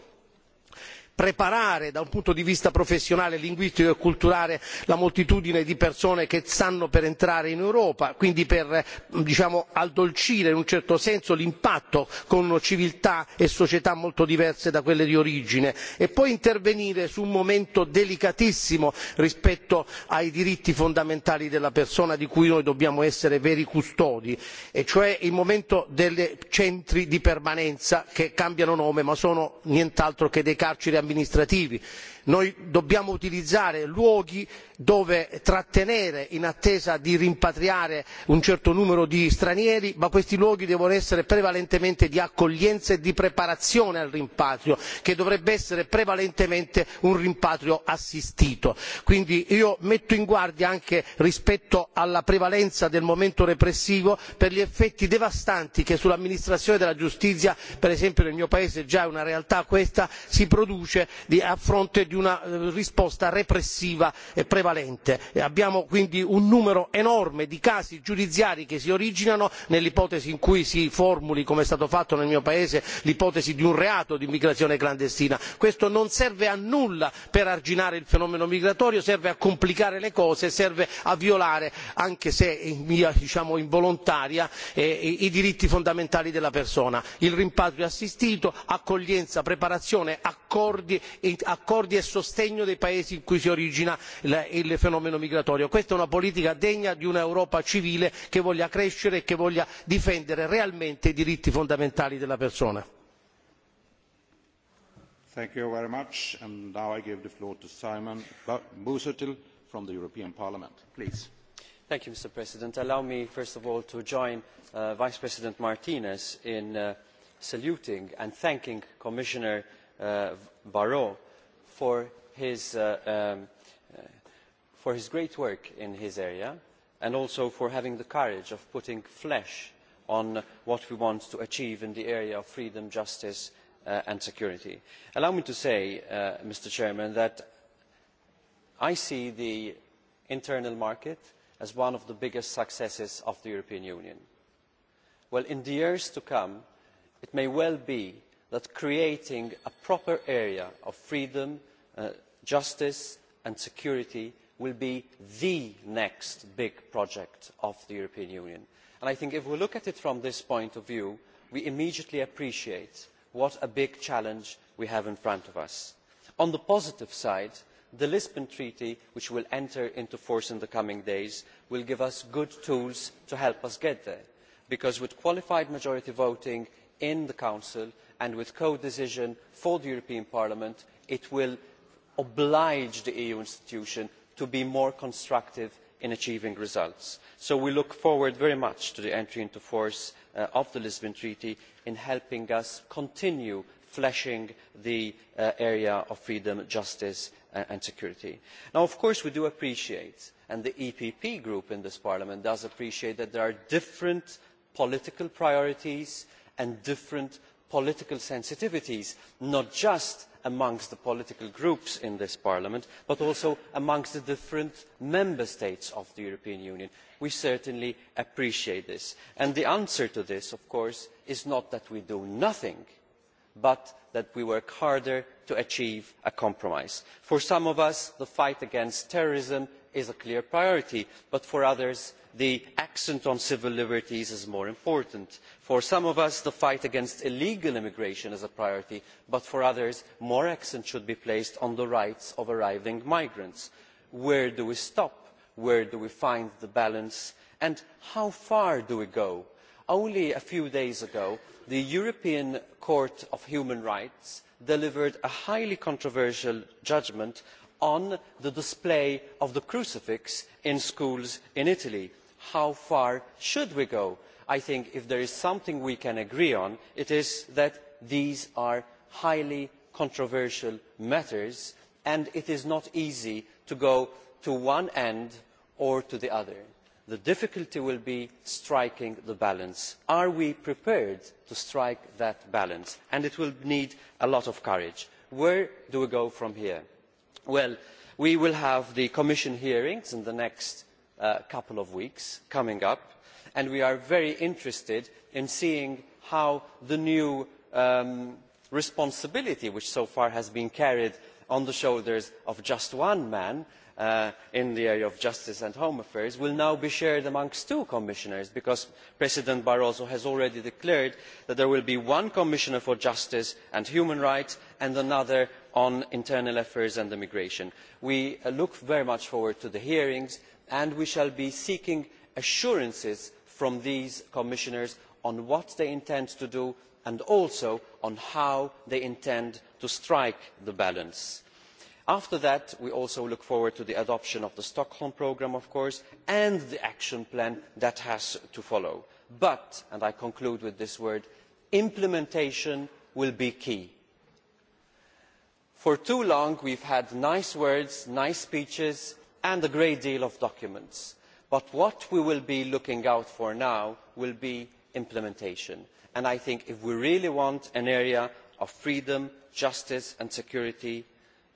preparare da un punto di vista professionale linguistico e culturale la moltitudine di persone che stanno per entrare in europa quindi per diciamo addolcire in un certo senso l'impatto con civiltà e società molto diverse da quelle di origine e poi intervenire su un momento delicatissimo rispetto ai diritti fondamentali della persona di cui noi dobbiamo essere veri custodi e cioè il momento dei centri di permanenza che cambiano nome ma sono nient'altro che dei carceri amministrativi noi dobbiamo utilizzare luoghi dove trattenere in attesa di rimpatriare un certo numero di stranieri ma questi luoghi devono essere prevalentemente di accoglienza e di preparazione al rimpatrio che dovrebbe essere prevalentemente un rimpatrio assistito. quindi io metto in guardia anche rispetto alla prevalenza del momento repressivo per gli effetti devastanti che sull'amministrazione della giustizia per esempio nel mio paese già è una realtà questa si produce a fronte di una eh, risposta repressiva e prevalente. E abbiamo quindi un numero enorme di casi giudiziari che si originano nell'ipotesi in cui si formuli come è stato fatto nel mio paese l'ipotesi di un reato di immigrazione clandestina. questo non serve a nulla per arginare il fenomeno migratorio serve a complicare le cose serve a violare anche se in via diciamo involontaria eh, i diritti fondamentali della persona il rimpatrio assistito accoglienza preparazione accordi, e, sostegno dei paesi in cui si origina il fenomeno migratorio. questa è una politica degna di un'europa civile che voglia crescere e che voglia difendere realmente i diritti fondamentali della persona. Mr. President. Allow me, first of all, to join uh, Vice President Martinez in uh, saluting and thanking Commissioner Barrot uh, for his, uh, um, uh, for his great work in his area and also for having the courage of putting flesh on what we want to achieve in the area of freedom, justice uh, and security. Allow me to say, uh, Mr Chairman, that I see the internal market as one of the biggest successes of the European Union. Well, in the years to come, it may well be that creating a proper area of freedom uh, justice and security will be the next big project of the european union. And i think if we look at it from this point of view we immediately appreciate what a big challenge we have in front of us. on the positive side the lisbon treaty which will enter into force in the coming days will give us good tools to help us get there because with qualified majority voting in the council and with codecision for the european parliament it will oblige the eu institutions to be more constructive in achieving results. so we look forward very much to the entry into force uh, of the lisbon treaty in helping us continue fleshing the uh, area of freedom justice uh, and security. Now, of course we do appreciate and the epp group in this parliament does appreciate that there are different political priorities and different political sensitivities not just amongst the political groups in this parliament but also amongst the different member states of the european union. we certainly appreciate this and the answer to this of course is not that we do nothing but that we work harder to achieve a compromise. for some of us the fight against terrorism is a clear priority but for others the accent on civil liberties is more important. for some of us the fight against illegal immigration is a priority but for others more accent should be placed on the rights of arriving migrants. where do we stop? where do we find the balance? and how far do we go? only a few days ago the european court of human rights delivered a highly controversial judgment on the display of the crucifix in schools in italy. how far should we go? i think if there is something we can agree on it is that these are highly controversial matters and it is not easy to go to one end or to the other. the difficulty will be striking the balance. are we prepared to strike that balance? And it will need a lot of courage. where do we go from here? Well, we will have the Commission hearings in the next uh, couple of weeks coming up, and we are very interested in seeing how the new um, responsibility, which so far has been carried on the shoulders of just one man uh, in the area of justice and home affairs, will now be shared amongst two commissioners, because President Barroso has already declared that there will be one commissioner for justice and human rights and another on internal affairs and immigration. we uh, look very much forward to the hearings and we shall be seeking assurances from these commissioners on what they intend to do and also on how they intend to strike the balance. after that we also look forward to the adoption of the stockholm programme of course and the action plan that has to follow but and i conclude with this word implementation will be key for too long we have had nice words nice speeches and a great deal of documents but what we will be looking out for now will be implementation and i think if we really want an area of freedom justice and security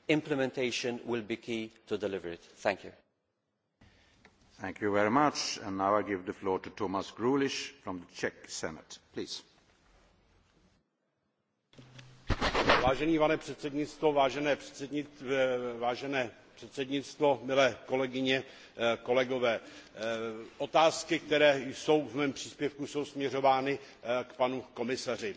implementation will be key to deliver it. thank you. thank you very much and now i give the floor to thomas grulich from the czech senate please. Vážený pane předsednictvo, vážené, eh, vážené předsednictvo, milé kolegyně, eh, kolegové. Eh, otázky, které jsou v mém příspěvku, jsou směřovány k panu komisaři.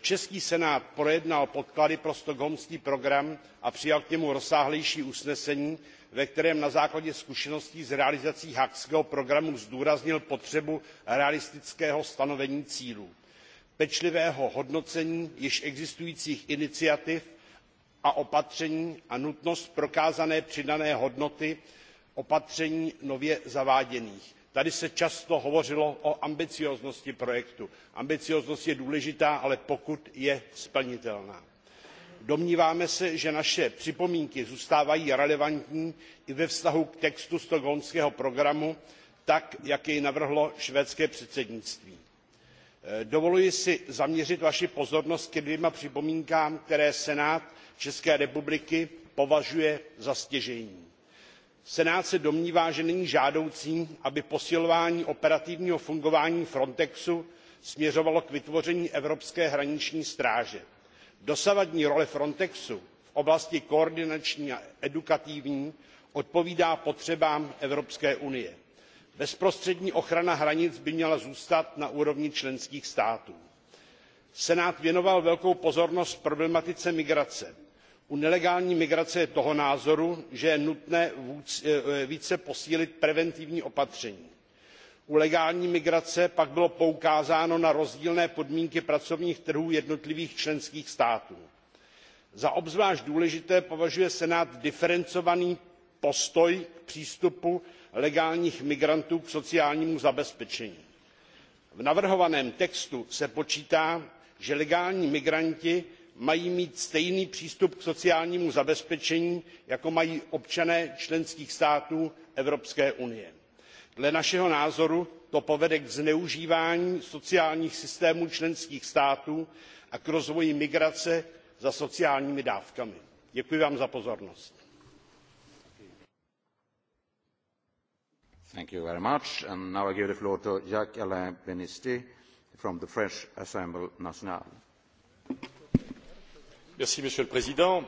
Český senát projednal podklady pro stokholmský program a přijal k němu rozsáhlejší usnesení, ve kterém na základě zkušeností s realizací Hackského programu zdůraznil potřebu realistického stanovení cílů pečlivého hodnocení již existujících iniciativ a opatření a nutnost prokázané přidané hodnoty opatření nově zaváděných. tady se často hovořilo o ambicióznosti projektu. ambicióznost je důležitá ale pokud je splnitelná. domníváme se že naše připomínky zůstávají relevantní i ve vztahu k textu stockholmského programu tak jak jej navrhlo švédské předsednictví Eh, dovoluji si zaměřit vaši pozornost ke dvěma připomínkám které senát české republiky považuje za stěžejní. senát se domnívá že není žádoucí aby posilování operativního fungování frontexu směřovalo k vytvoření evropské hraniční stráže. dosavadní role frontexu v oblasti koordinační a edukativní odpovídá potřebám evropské unie bezprostřední ochrana hranic by měla zůstat na úrovni členských států. senát věnoval velkou pozornost problematice migrace. u nelegální migrace je toho názoru že je nutné eh, eh, více posílit preventivní opatření. u legální migrace pak bylo poukázáno na rozdílné podmínky pracovních trhů jednotlivých členských států. za obzvlášť důležité považuje senát diferencovaný postoj k přístupu legálních migrantů k sociálnímu zabezpečení. v navrhovaném textu se počítá že legální migranti mají mít stejný přístup k sociálnímu zabezpečení jako mají občané členských států evropské unie. dle našeho názoru to povede k zneužívání sociálních systémů členských států a k rozvoji migrace za sociálními dávkami. děkuji vám za pozornost. Thank you very much. And now I give the floor to Jacques-Alain Benisti from the French Merci, Monsieur le Président.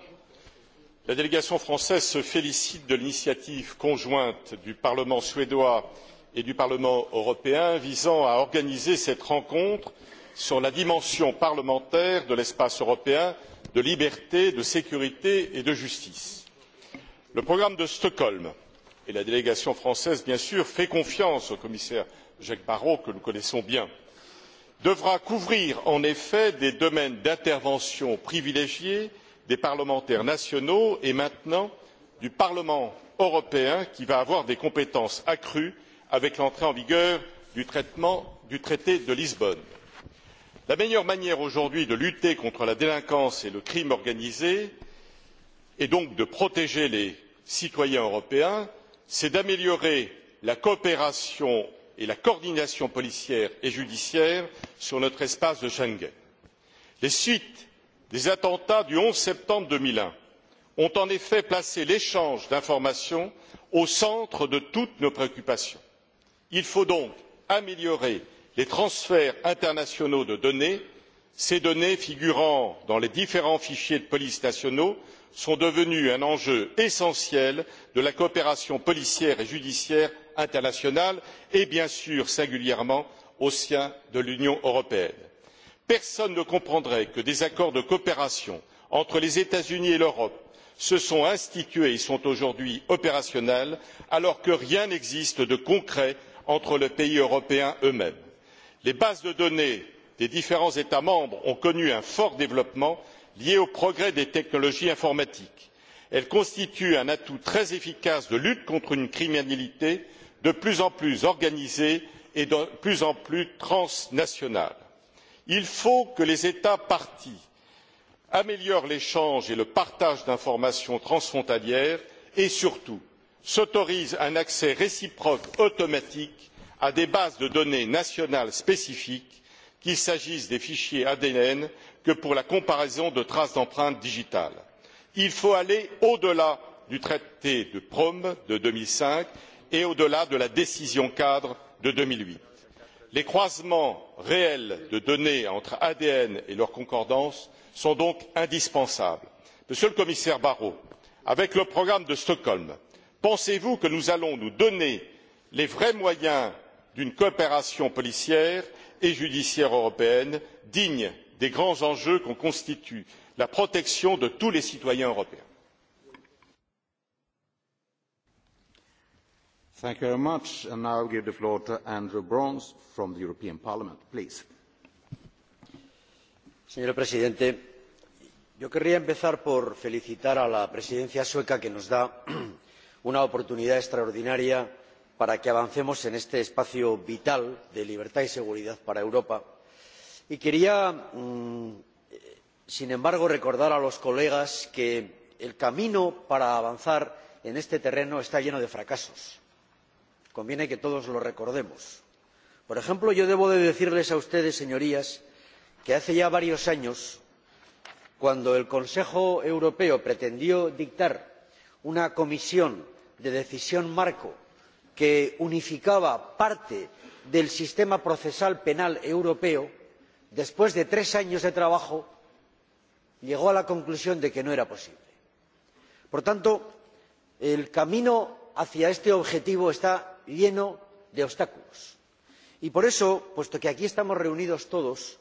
La délégation française se félicite de l'initiative conjointe du Parlement suédois et du Parlement européen visant à organiser cette rencontre sur la dimension parlementaire de l'espace européen de liberté, de sécurité et de justice. Le programme de Stockholm et la délégation française bien sûr fait confiance au commissaire jacques barrot que nous connaissons bien devra couvrir en effet des domaines d'intervention privilégiés des parlementaires nationaux et maintenant du parlement européen qui va avoir des compétences accrues avec l'entrée en vigueur du, du traité de lisbonne. la meilleure manière aujourd'hui de lutter contre la délinquance et le crime organisé et donc de protéger les citoyens européens c'est d'améliorer la coopération et la coordination policière et judiciaire sur notre espace de schengen. les suites des attentats du onze septembre deux mille un ont en effet placé l'échange d'informations au centre de toutes nos préoccupations. il faut donc améliorer les transferts internationaux de données ces données figurant dans les différents fichiers de police nationaux sont devenus un enjeu essentiel de la coopération policière et judiciaire internationale et bien sûr singulièrement au sein de l'union européenne. personne ne comprendrait que des accords de coopération entre les états unis et l'europe se sont institués et sont aujourd'hui opérationnels alors que rien n'existe de concret entre les pays européens eux mêmes. les bases de données des différents états membres ont connu un fort développement liées au progrès des technologies informatiques. elles constituent un atout très efficace de lutte contre une criminalité de plus en plus organisée et de plus en plus transnationale. il faut que les états parties améliorent l'échange et le partage d'informations transfrontalières et surtout s'autorisent un accès réciproque automatique à des bases de données nationales spécifiques qu'il s'agisse des fichiers adn que pour la comparaison de traces d'empreintes digitales. il faut aller au delà du traité de prum de deux mille cinq et au delà de la décision cadre de. deux mille huit les croisements réels de données entre adn et leur concordance sont donc indispensables. monsieur le commissaire barrot avec le programme de stockholm pensez vous que nous allons nous donner les vrais moyens d'une coopération policière et judiciaire européenne digne des grands enjeux que constitue la protection de tous les citoyens européens. Señor presidente, yo querría empezar por felicitar a la presidencia sueca que nos da una oportunidad extraordinaria para que avancemos en este espacio vital de libertad y seguridad para Europa Y quería, mm, sin embargo, recordar a los colegas que el camino para avanzar en este terreno está lleno de fracasos. Conviene que todos lo recordemos. Por ejemplo, yo debo de decirles a ustedes, señorías, que hace ya varios años, cuando el Consejo Europeo pretendió dictar una comisión de decisión marco que unificaba parte del sistema procesal penal europeo, después de tres años de trabajo llegó a la conclusión de que no era posible. por tanto el camino hacia este objetivo está lleno de obstáculos y por eso puesto que aquí estamos reunidos todos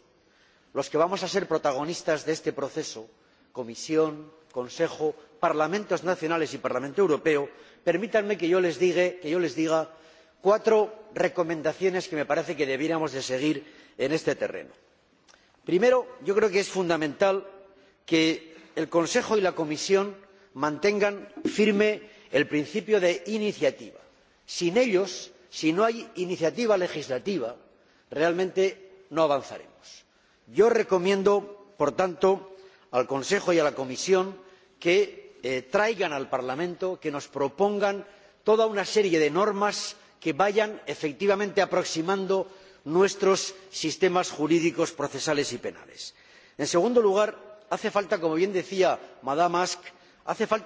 los que vamos a ser protagonistas de este proceso comisión consejo parlamentos nacionales y parlamento europeo permítanme que yo les diga, yo les diga cuatro recomendaciones que me parece que debiéramos de seguir en este terreno. Primero, yo creo que es fundamental que el Consejo y la Comisión mantengan firme el principio de iniciativa. Sin ellos, si no hay iniciativa legislativa, realmente no avanzaremos. Yo recomiendo, por tanto, al Consejo y a la Comisión que eh, traigan al Parlamento, que nos propongan toda una serie de normas que vayan efectivamente aproximando nuestros sistemas jurídicos procesales y penales. en segundo lugar hace falta como bien decía mme ask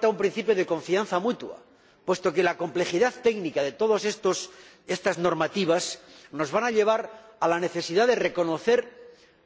un principio de confianza mutua puesto que la complejidad técnica de todas estas normativas nos va a llevar a la necesidad de reconocer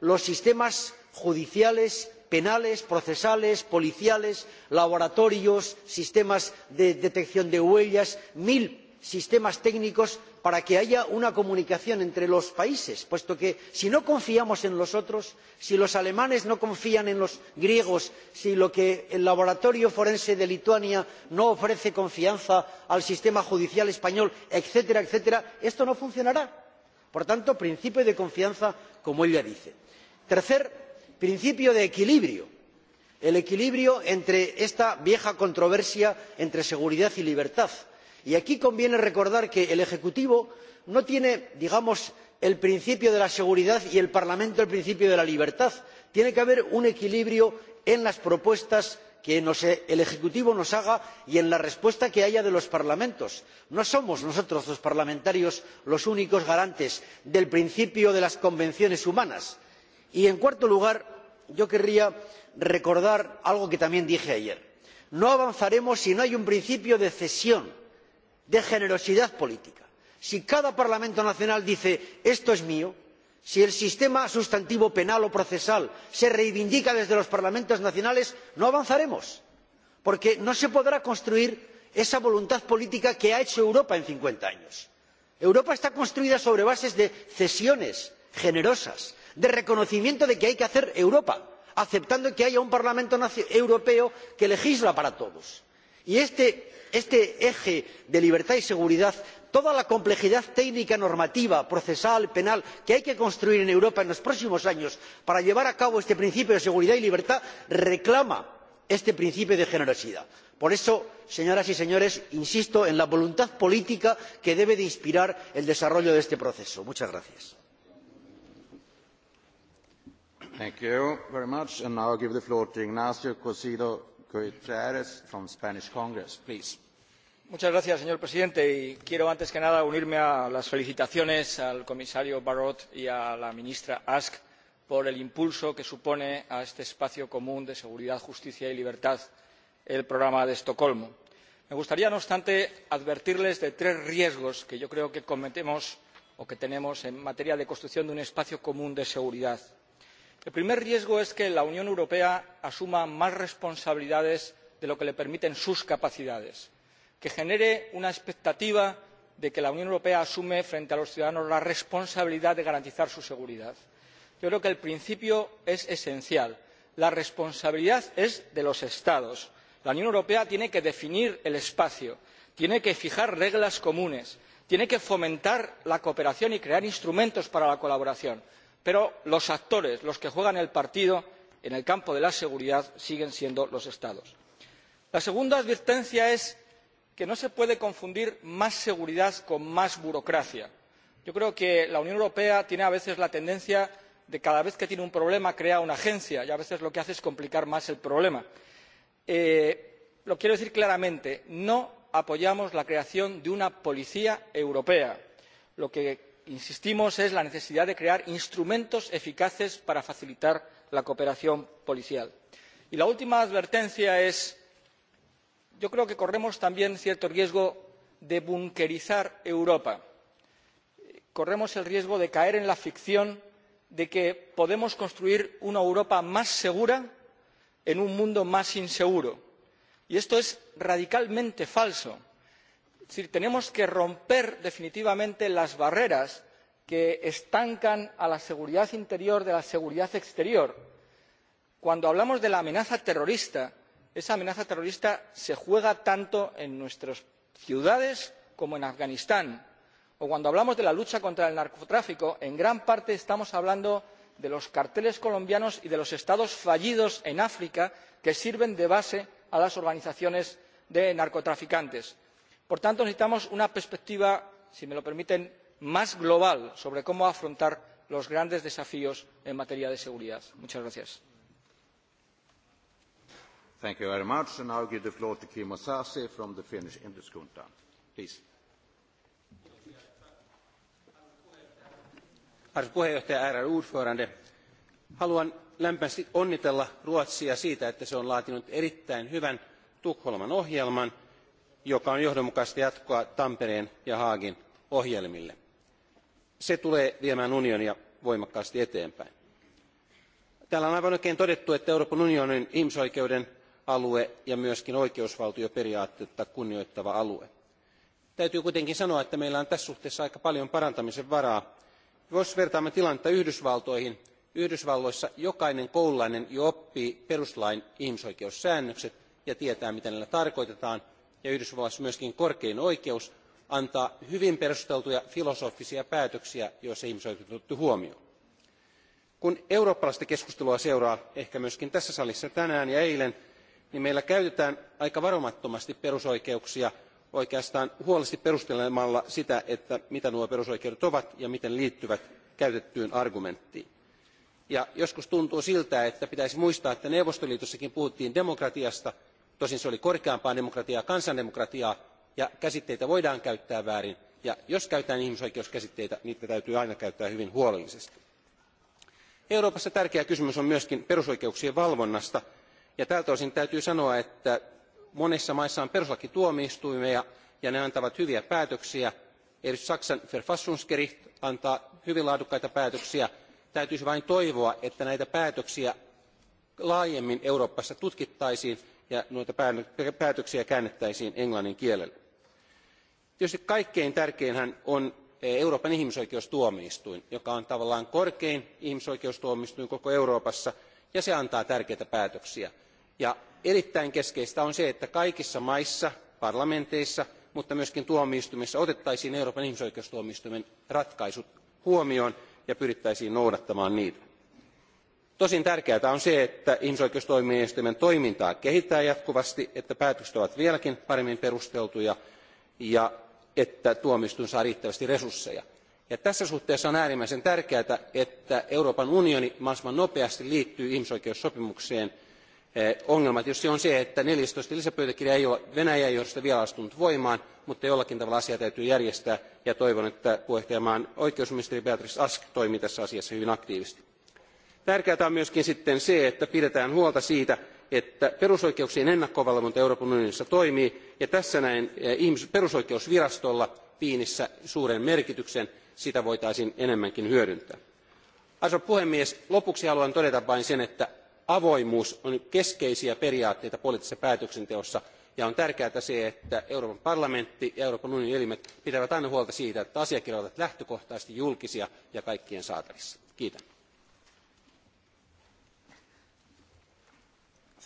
los sistemas judiciales penales procesales policiales laboratorios sistemas de detección de huellas mil sistemas técnicos para que haya una comunicación entre los países puesto que si no confiamos en los otros si los alemanes no confían en los griegos si lo que el laboratorio forense de lituania no ofrece confianza al sistema judicial español etcétera etcétera esto no funcionará. por tanto principio de confianza como ella dice. tercer principio de equilibrio el equilibrio entre esta vieja controversia entre seguridad y libertad Y aquí conviene recordar que el Ejecutivo no tiene, digamos, el principio de la seguridad y el Parlamento el principio de la libertad. Tiene que haber un equilibrio en las propuestas que nos, eh, el Ejecutivo nos haga y en la respuesta que haya de los parlamentos. No somos nosotros los parlamentarios los únicos garantes del principio de las convenciones humanas. Y en cuarto lugar, yo querría recordar algo que también dije ayer. No avanzaremos si no hay un principio de cesión de generosidad política. Si cada Parlamento Nacional dice esto es mío, si el sistema sustantivo penal o procesal se reivindica desde los Parlamentos Nacionales, no avanzaremos, porque no se podrá construir esa voluntad política que ha hecho Europa en cincuenta años. Europa está construida sobre bases de cesiones generosas, de reconocimiento de que hay que hacer Europa, aceptando que haya un Parlamento europeo que legisla para todos Y este, eje de libertad y seguridad toda la complejidad técnica normativa procesal penal que hay que construir en europa en los próximos años para llevar a cabo este principio de seguridad y libertad reclama este principio de generosidad. por eso señoras y señores insisto en la voluntad política que debe inspirar el desarrollo de este proceso. muchas gracias. Gracias, señor presidente. Y quiero, antes que nada, unirme a las felicitaciones al comisario Barrot y a la ministra Ask por el impulso que supone a este espacio común de seguridad, justicia y libertad el programa de Estocolmo. Me gustaría, no obstante, advertirles de tres riesgos que yo creo que cometemos o que tenemos en materia de construcción de un espacio común de seguridad el primer riesgo es que la unión europea asuma más responsabilidades de lo que le permiten sus capacidades que genere una expectativa de que la unión europea asume frente a los ciudadanos la responsabilidad de garantizar su seguridad. yo creo que el principio es esencial la responsabilidad es de los estados. la unión europea tiene que definir el espacio tiene que fijar reglas comunes tiene que fomentar la cooperación y crear instrumentos para la colaboración pero los actores los que juegan el partido en el campo de la seguridad siguen siendo los estados. la segunda advertencia es que no se puede confundir más seguridad con más burocracia. yo creo que la unión europea tiene a veces la tendencia de cada vez que tiene un problema crear una agencia y a veces lo que hace es complicar más el problema. Eh, lo quiero decir claramente no apoyamos la creación de una policía europea. lo que insistimos es la necesidad de crear instrumentos eficaces para facilitar la cooperación policial. y la última advertencia es yo creo que corremos también cierto riesgo de bunkerizar europa. corremos el riesgo de caer en la ficción de que podemos construir una europa más segura en un mundo más inseguro y esto es radicalmente falso decir, tenemos que romper definitivamente las barreras que estancan a la seguridad interior de la seguridad exterior. Cuando hablamos de la amenaza terrorista, esa amenaza terrorista se juega tanto en nuestras ciudades como en Afganistán. O cuando hablamos de la lucha contra el narcotráfico, en gran parte estamos hablando de los carteles colombianos y de los estados fallidos en África que sirven de base a las organizaciones de narcotraficantes por tanto necesitamos una perspectiva si me lo permiten más global sobre cómo afrontar los grandes desafíos en materia de seguridad. muchas gracias. Thank you very much. And I'll give the floor to from the Finnish Please. Arvoisa puheenjohtaja, ärade ordförande. Haluan lämpimästi onnitella Ruotsia siitä, että se on laatinut erittäin hyvän Tukholman ohjelman – joka on johdonmukaista jatkoa tampereen ja haagin ohjelmille. se tulee viemään unionia voimakkaasti eteenpäin. täällä on aivan oikein todettu että euroopan unionin ihmisoikeuden alue ja myös oikeusvaltioperiaatetta kunnioittava alue. täytyy kuitenkin sanoa että meillä on tässä suhteessa aika paljon parantamisen varaa. jos vertaamme tilannetta yhdysvaltoihin yhdysvalloissa jokainen koululainen jo oppii peruslain ihmisoikeussäännökset ja tietää mitä niillä tarkoitetaan ja Yhdysvalloissa myöskin korkein oikeus antaa hyvin perusteltuja filosofisia päätöksiä, joissa ihmisoikeudet on otettu huomioon. Kun eurooppalaista keskustelua seuraa ehkä myöskin tässä salissa tänään ja eilen, niin meillä käytetään aika varomattomasti perusoikeuksia oikeastaan huolellisesti perustelemalla sitä, että mitä nuo perusoikeudet ovat ja miten liittyvät käytettyyn argumenttiin. Ja joskus tuntuu siltä, että pitäisi muistaa, että Neuvostoliitossakin puhuttiin demokratiasta – tosin se oli korkeampaa demokratiaa kansandemokratiaa ja käsitteitä voidaan käyttää väärin ja jos käytetään ihmisoikeuskäsitteitä niitä täytyy aina käyttää hyvin huolellisesti. euroopassa tärkeä kysymys on myös perusoikeuksien valvonnasta ja tältä osin täytyy sanoa että monissa maissa on perustuslakituomioistuimia ja ne antavat hyviä päätöksiä erityisesti saksan verfassungsgericht antaa hyvin laadukkaita päätöksiä. täytyisi vain toivoa että näitä päätöksiä laajemmin euroopassa tutkittaisiin ja noita päätöksiä käännettäisiin englannin kielelle. tietysti kaikkein tärkeinhän on e, euroopan ihmisoikeustuomioistuin joka on tavallaan korkein ihmisoikeustuomioistuin koko euroopassa ja se antaa tärkeitä päätöksiä. erittäin keskeistä on se että kaikissa maissa parlamenteissa mutta myös tuomioistuimissa otettaisiin euroopan ihmisoikeustuomioistuimen ratkaisut huomioon ja pyrittäisiin noudattamaan niitä tosin tärkeää on se että ihmisoikeustuomioistuimen toimintaa kehitetään jatkuvasti että päätökset ovat vieläkin paremmin perusteltuja ja että tuomioistuin saa riittävästi resursseja. Ja tässä suhteessa on äärimmäisen tärkeää että euroopan unioni mahdollisimman nopeasti liittyy ihmisoikeussopimukseen. Eh, ongelma tietysti on se että neljätoista lisäpöytäkirja ei ole venäjän johdosta vielä astunut voimaan mutta jollakin tavalla asia täytyy järjestää ja toivon että puheenjohtajamaan oikeusministeri beatrice ask toimii tässä asiassa hyvin aktiivisesti tärkeää on myöskin sitten se että pidetään huolta siitä että perusoikeuksien ennakkovalvonta euroopan unionissa toimii ja tässä näen eh, perusoikeusvirastolla wienissä suuren merkityksen sitä voitaisiin enemmänkin hyödyntää. arvoisa puhemies lopuksi haluan todeta vain sen että avoimuus on keskeisiä periaatteita poliittisessa päätöksenteossa ja on tärkeää se että euroopan parlamentti ja euroopan unionin elimet pitävät aina huolta siitä että asiakirjat ovat lähtökohtaisesti julkisia ja kaikkien saatavissa. kiitän.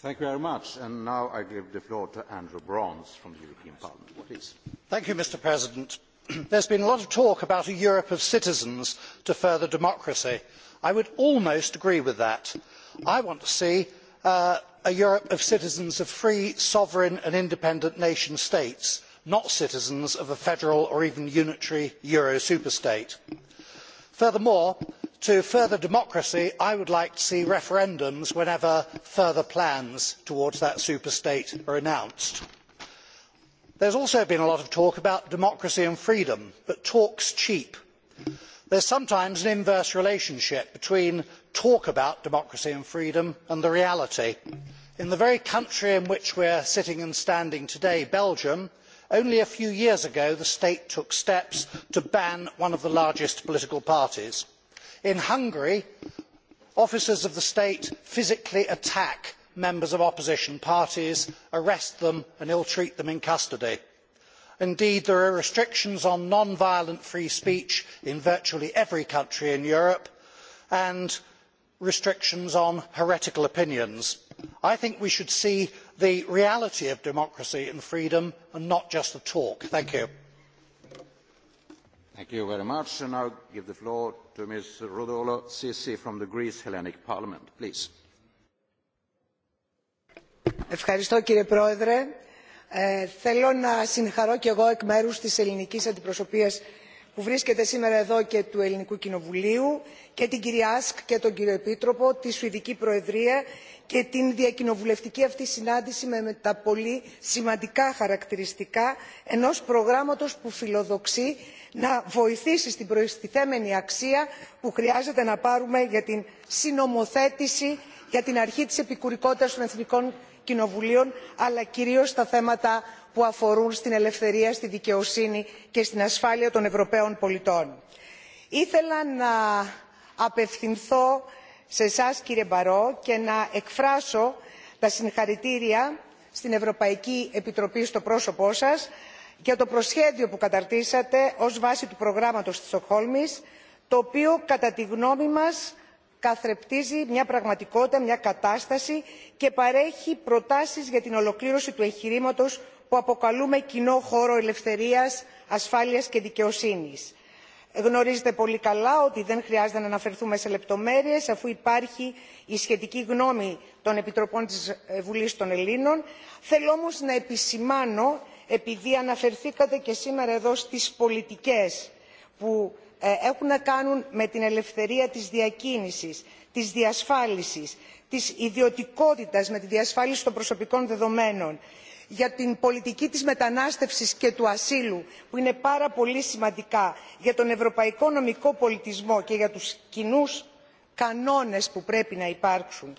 Thank you very much. And now I give the floor to Andrew Bronze from the European Parliament. Please. Thank you, Mr. President. There's been a lot of talk about a Europe of citizens to further democracy. I would almost agree with that. I want to see uh, a Europe of citizens of free, sovereign and independent nation states, not citizens of a federal or even unitary Euro superstate. Furthermore, to further democracy i would like to see referendums whenever further plans towards that super state are announced. there has also been a lot of talk about democracy and freedom but talk is cheap. there is sometimes an inverse relationship between talk about democracy and freedom and the reality. in the very country in which we are sitting and standing today belgium only a few years ago the state took steps to ban one of the largest political parties in hungary officers of the state physically attack members of opposition parties arrest them and ill treat them in custody. indeed there are restrictions on non violent free speech in virtually every country in europe and restrictions on heretical opinions. i think we should see the reality of democracy and freedom and not just the talk. Thank you very much. And I'll give the floor to Ms. Rodolo Sisi from the Greece Hellenic Parliament. Please. Ευχαριστώ κύριε Πρόεδρε. Ε, θέλω να συγχαρώ και εγώ εκ μέρους της ελληνικής αντιπροσωπείας που βρίσκεται σήμερα εδώ και του Ελληνικού Κοινοβουλίου και την κυρία Ασκ και τον κύριο Επίτροπο, τη Σουηδική Προεδρία και την διακοινοβουλευτική αυτή συνάντηση με τα πολύ σημαντικά χαρακτηριστικά ενός προγράμματος που φιλοδοξεί να βοηθήσει στην προστιθέμενη αξία που χρειάζεται να πάρουμε για την συνομοθέτηση για την αρχή της επικουρικότητας των εθνικών κοινοβουλίων αλλά κυρίως στα θέματα που αφορούν στην ελευθερία, στη δικαιοσύνη και στην ασφάλεια των Ευρωπαίων πολιτών. Ήθελα να απευθυνθώ σε εσά κύριε Μπαρό και να εκφράσω τα συγχαρητήρια στην Ευρωπαϊκή Επιτροπή στο πρόσωπό σας για το προσχέδιο που καταρτήσατε ως βάση του προγράμματος της Στοκχόλμης, το οποίο κατά τη γνώμη μας καθρεπτίζει μια πραγματικότητα, μια κατάσταση και παρέχει προτάσεις για την ολοκλήρωση του εγχειρήματος που αποκαλούμε κοινό χώρο ελευθερίας, ασφάλειας και δικαιοσύνης. Γνωρίζετε πολύ καλά ότι δεν χρειάζεται να αναφερθούμε σε λεπτομέρειες αφού υπάρχει η σχετική γνώμη των Επιτροπών της Βουλής των Ελλήνων. Θέλω όμως να επισημάνω, επειδή αναφερθήκατε και σήμερα εδώ στις πολιτικές που έχουν να κάνουν με την ελευθερία της διακίνησης, της διασφάλισης, της ιδιωτικότητας με τη διασφάλιση των προσωπικών δεδομένων, για την πολιτική της μετανάστευσης και του ασύλου που είναι πάρα πολύ σημαντικά για τον ευρωπαϊκό νομικό πολιτισμό και για τους κοινούς κανόνες που πρέπει να υπάρξουν.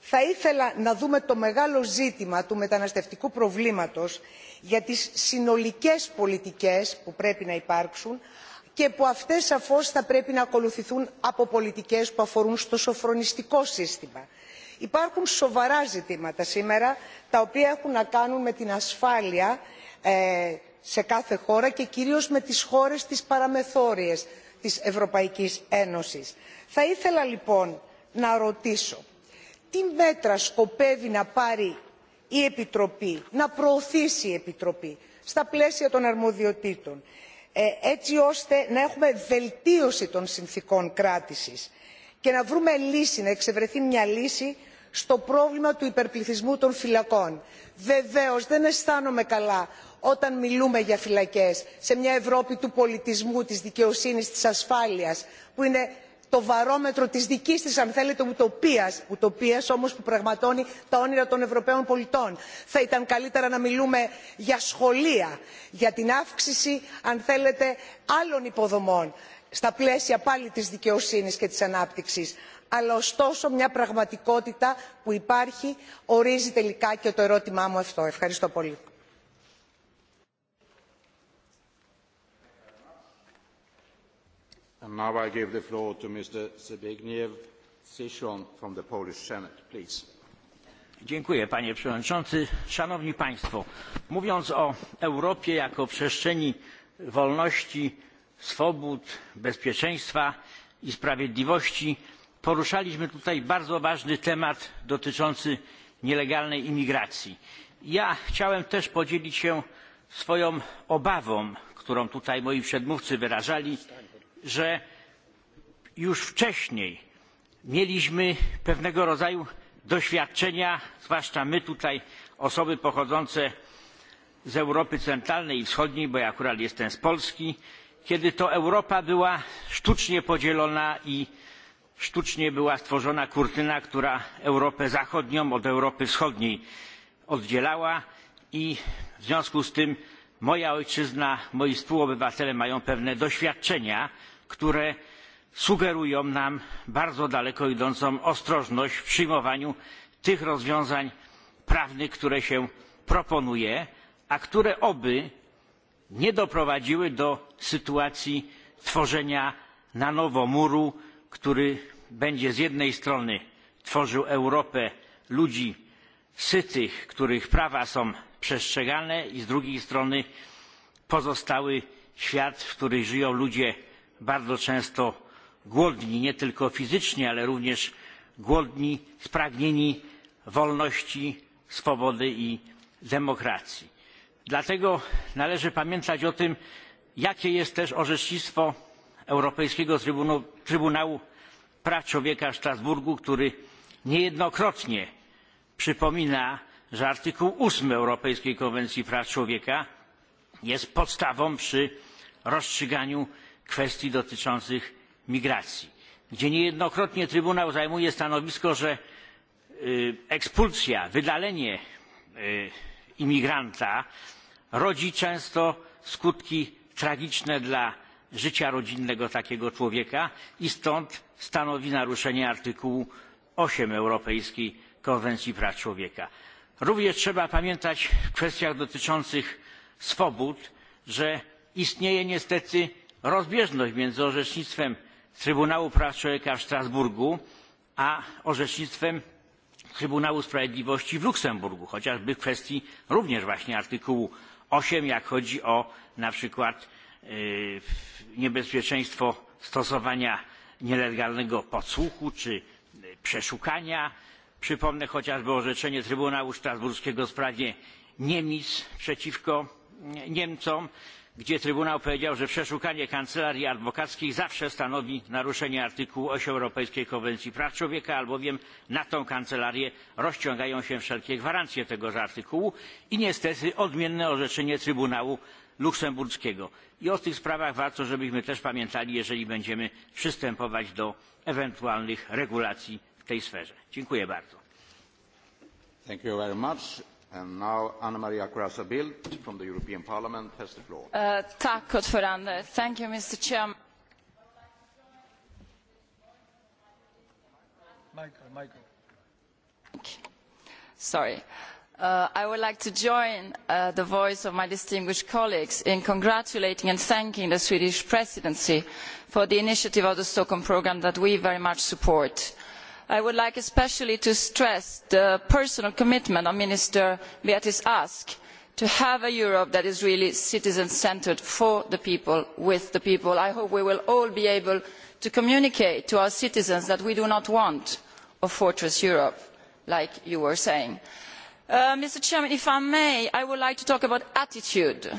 Θα ήθελα να δούμε το μεγάλο ζήτημα του μεταναστευτικού προβλήματος για τις συνολικές πολιτικές που πρέπει να υπάρξουν και που αυτές σαφώς θα πρέπει να ακολουθηθούν από πολιτικές που αφορούν στο σοφρονιστικό σύστημα. Υπάρχουν σοβαρά ζητήματα σήμερα τα οποία έχουν να κάνουν με την ασφάλεια ε, σε κάθε χώρα και κυρίως με τις χώρες τις παραμεθόριες της Ευρωπαϊκής Ένωσης. Θα ήθελα λοιπόν να ρωτήσω τι μέτρα σκοπεύει να πάρει η Επιτροπή, να προωθήσει η Επιτροπή στα πλαίσια των αρμοδιοτήτων έτσι ώστε να έχουμε βελτίωση των συνθήκων κράτησης και να βρούμε λύση, να εξευρεθεί μια λύση στο πρόβλημα του υπερπληθυσμού των φυλακών. Βεβαίως δεν αισθάνομαι καλά όταν μιλούμε για φυλακές σε μια Ευρώπη του πολιτισμού, της δικαιοσύνης, της ασφάλειας που είναι το βαρόμετρο της δικής της αν θέλετε ουτοπίας, ουτοπίας όμως που πραγματώνει τα όνειρα των Ευρωπαίων πολιτών. Θα ήταν καλύτερα να μιλούμε για σχολεία, για την αύξηση αν θέλετε άλλων υποδομών στα πλαίσια πάλι της δικαιοσύνης και της ανάπτυξης. Αλλά ωστόσο μια πραγματικότητα που υπάρχει ορίζει τελικά και το ερώτημά μου αυτό. Ευχαριστώ πολύ. And now I give the floor to Mr. Zbigniew from the Polish Senate, please. Dziękuję, panie przewodniczący. Szanowni państwo, mówiąc o Europie jako przestrzeni wolności, swobód, bezpieczeństwa i sprawiedliwości, poruszaliśmy tutaj bardzo ważny temat dotyczący nielegalnej imigracji. Ja chciałem też podzielić się swoją obawą, którą tutaj moi przedmówcy wyrażali że już wcześniej mieliśmy pewnego rodzaju doświadczenia, zwłaszcza my tutaj, osoby pochodzące z Europy Centralnej i Wschodniej, bo ja akurat jestem z Polski, kiedy to Europa była sztucznie podzielona i sztucznie była stworzona kurtyna, która Europę Zachodnią od Europy Wschodniej oddzielała i w związku z tym moja ojczyzna, moi współobywatele mają pewne doświadczenia, które sugerują nam bardzo daleko idącą ostrożność w przyjmowaniu tych rozwiązań prawnych, które się proponuje, a które oby nie doprowadziły do sytuacji tworzenia na nowo muru, który będzie z jednej strony tworzył Europę ludzi sytych, których prawa są przestrzegane i z drugiej strony pozostały świat, w którym żyją ludzie bardzo często głodni, nie tylko fizycznie, ale również głodni, spragnieni wolności, swobody i demokracji. Dlatego należy pamiętać o tym, jakie jest też orzecznictwo Europejskiego Trybunału, Praw Człowieka w Strasburgu, który niejednokrotnie przypomina, że artykuł 8 Europejskiej Konwencji Praw Człowieka jest podstawą przy rozstrzyganiu kwestii dotyczących migracji, gdzie niejednokrotnie Trybunał zajmuje stanowisko, że ekspulsja, wydalenie imigranta rodzi często skutki tragiczne dla życia rodzinnego takiego człowieka i stąd stanowi naruszenie artykułu 8 Europejskiej Konwencji Praw Człowieka. Również trzeba pamiętać w kwestiach dotyczących swobód, że istnieje niestety rozbieżność między orzecznictwem Trybunału Praw Człowieka w Strasburgu a orzecznictwem Trybunału Sprawiedliwości w Luksemburgu, chociażby w kwestii również właśnie artykułu 8, jak chodzi o na przykład niebezpieczeństwo stosowania nielegalnego podsłuchu czy przeszukania. Przypomnę chociażby orzeczenie Trybunału Strasburskiego w sprawie Niemiec przeciwko Niemcom gdzie Trybunał powiedział, że przeszukanie kancelarii adwokackich zawsze stanowi naruszenie artykułu 8 Europejskiej Konwencji Praw Człowieka, albowiem na tą kancelarię rozciągają się wszelkie gwarancje tegoż artykułu i niestety odmienne orzeczenie Trybunału luksemburskiego. I o tych sprawach warto, żebyśmy też pamiętali, jeżeli będziemy przystępować do ewentualnych regulacji w tej sferze. Dziękuję bardzo. Thank you very much. And now Anna Maria Corazza Bildt from the European Parliament has the floor. Uh, tack ordförande. Thank you Mr. Chairman. Michael, Michael. Okay. Sorry. Uh, I would like to join uh, the voice of my distinguished colleagues in congratulating and thanking the Swedish presidency for the initiative of the Stockholm programme that we very much support. I would like especially to stress the personal commitment of Minister Beatrice Ask to have a Europe that is really citizen-centred for the people, with the people. I hope we will all be able to communicate to our citizens that we do not want a fortress Europe, like you were saying. Uh, Mr. President, if I may, I would like to talk about attitude.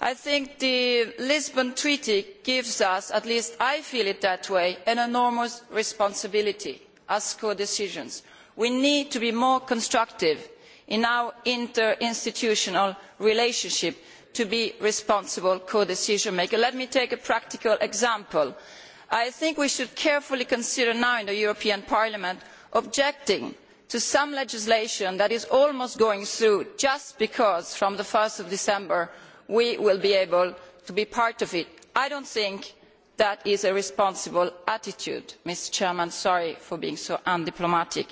I think the Lisbon Treaty gives us, at least I feel it that way, an enormous responsibility as codecisions. We need to be more constructive in our interinstitutional relationship to be responsible codecision makers. Let me take a practical example. I think we should carefully consider now in the European Parliament objecting to some legislation that is almost going through just because from the 1 of December we will be able to be part of it. I do not think That is a responsible attitude. Mr. Chairman, sorry for being so undiplomatic.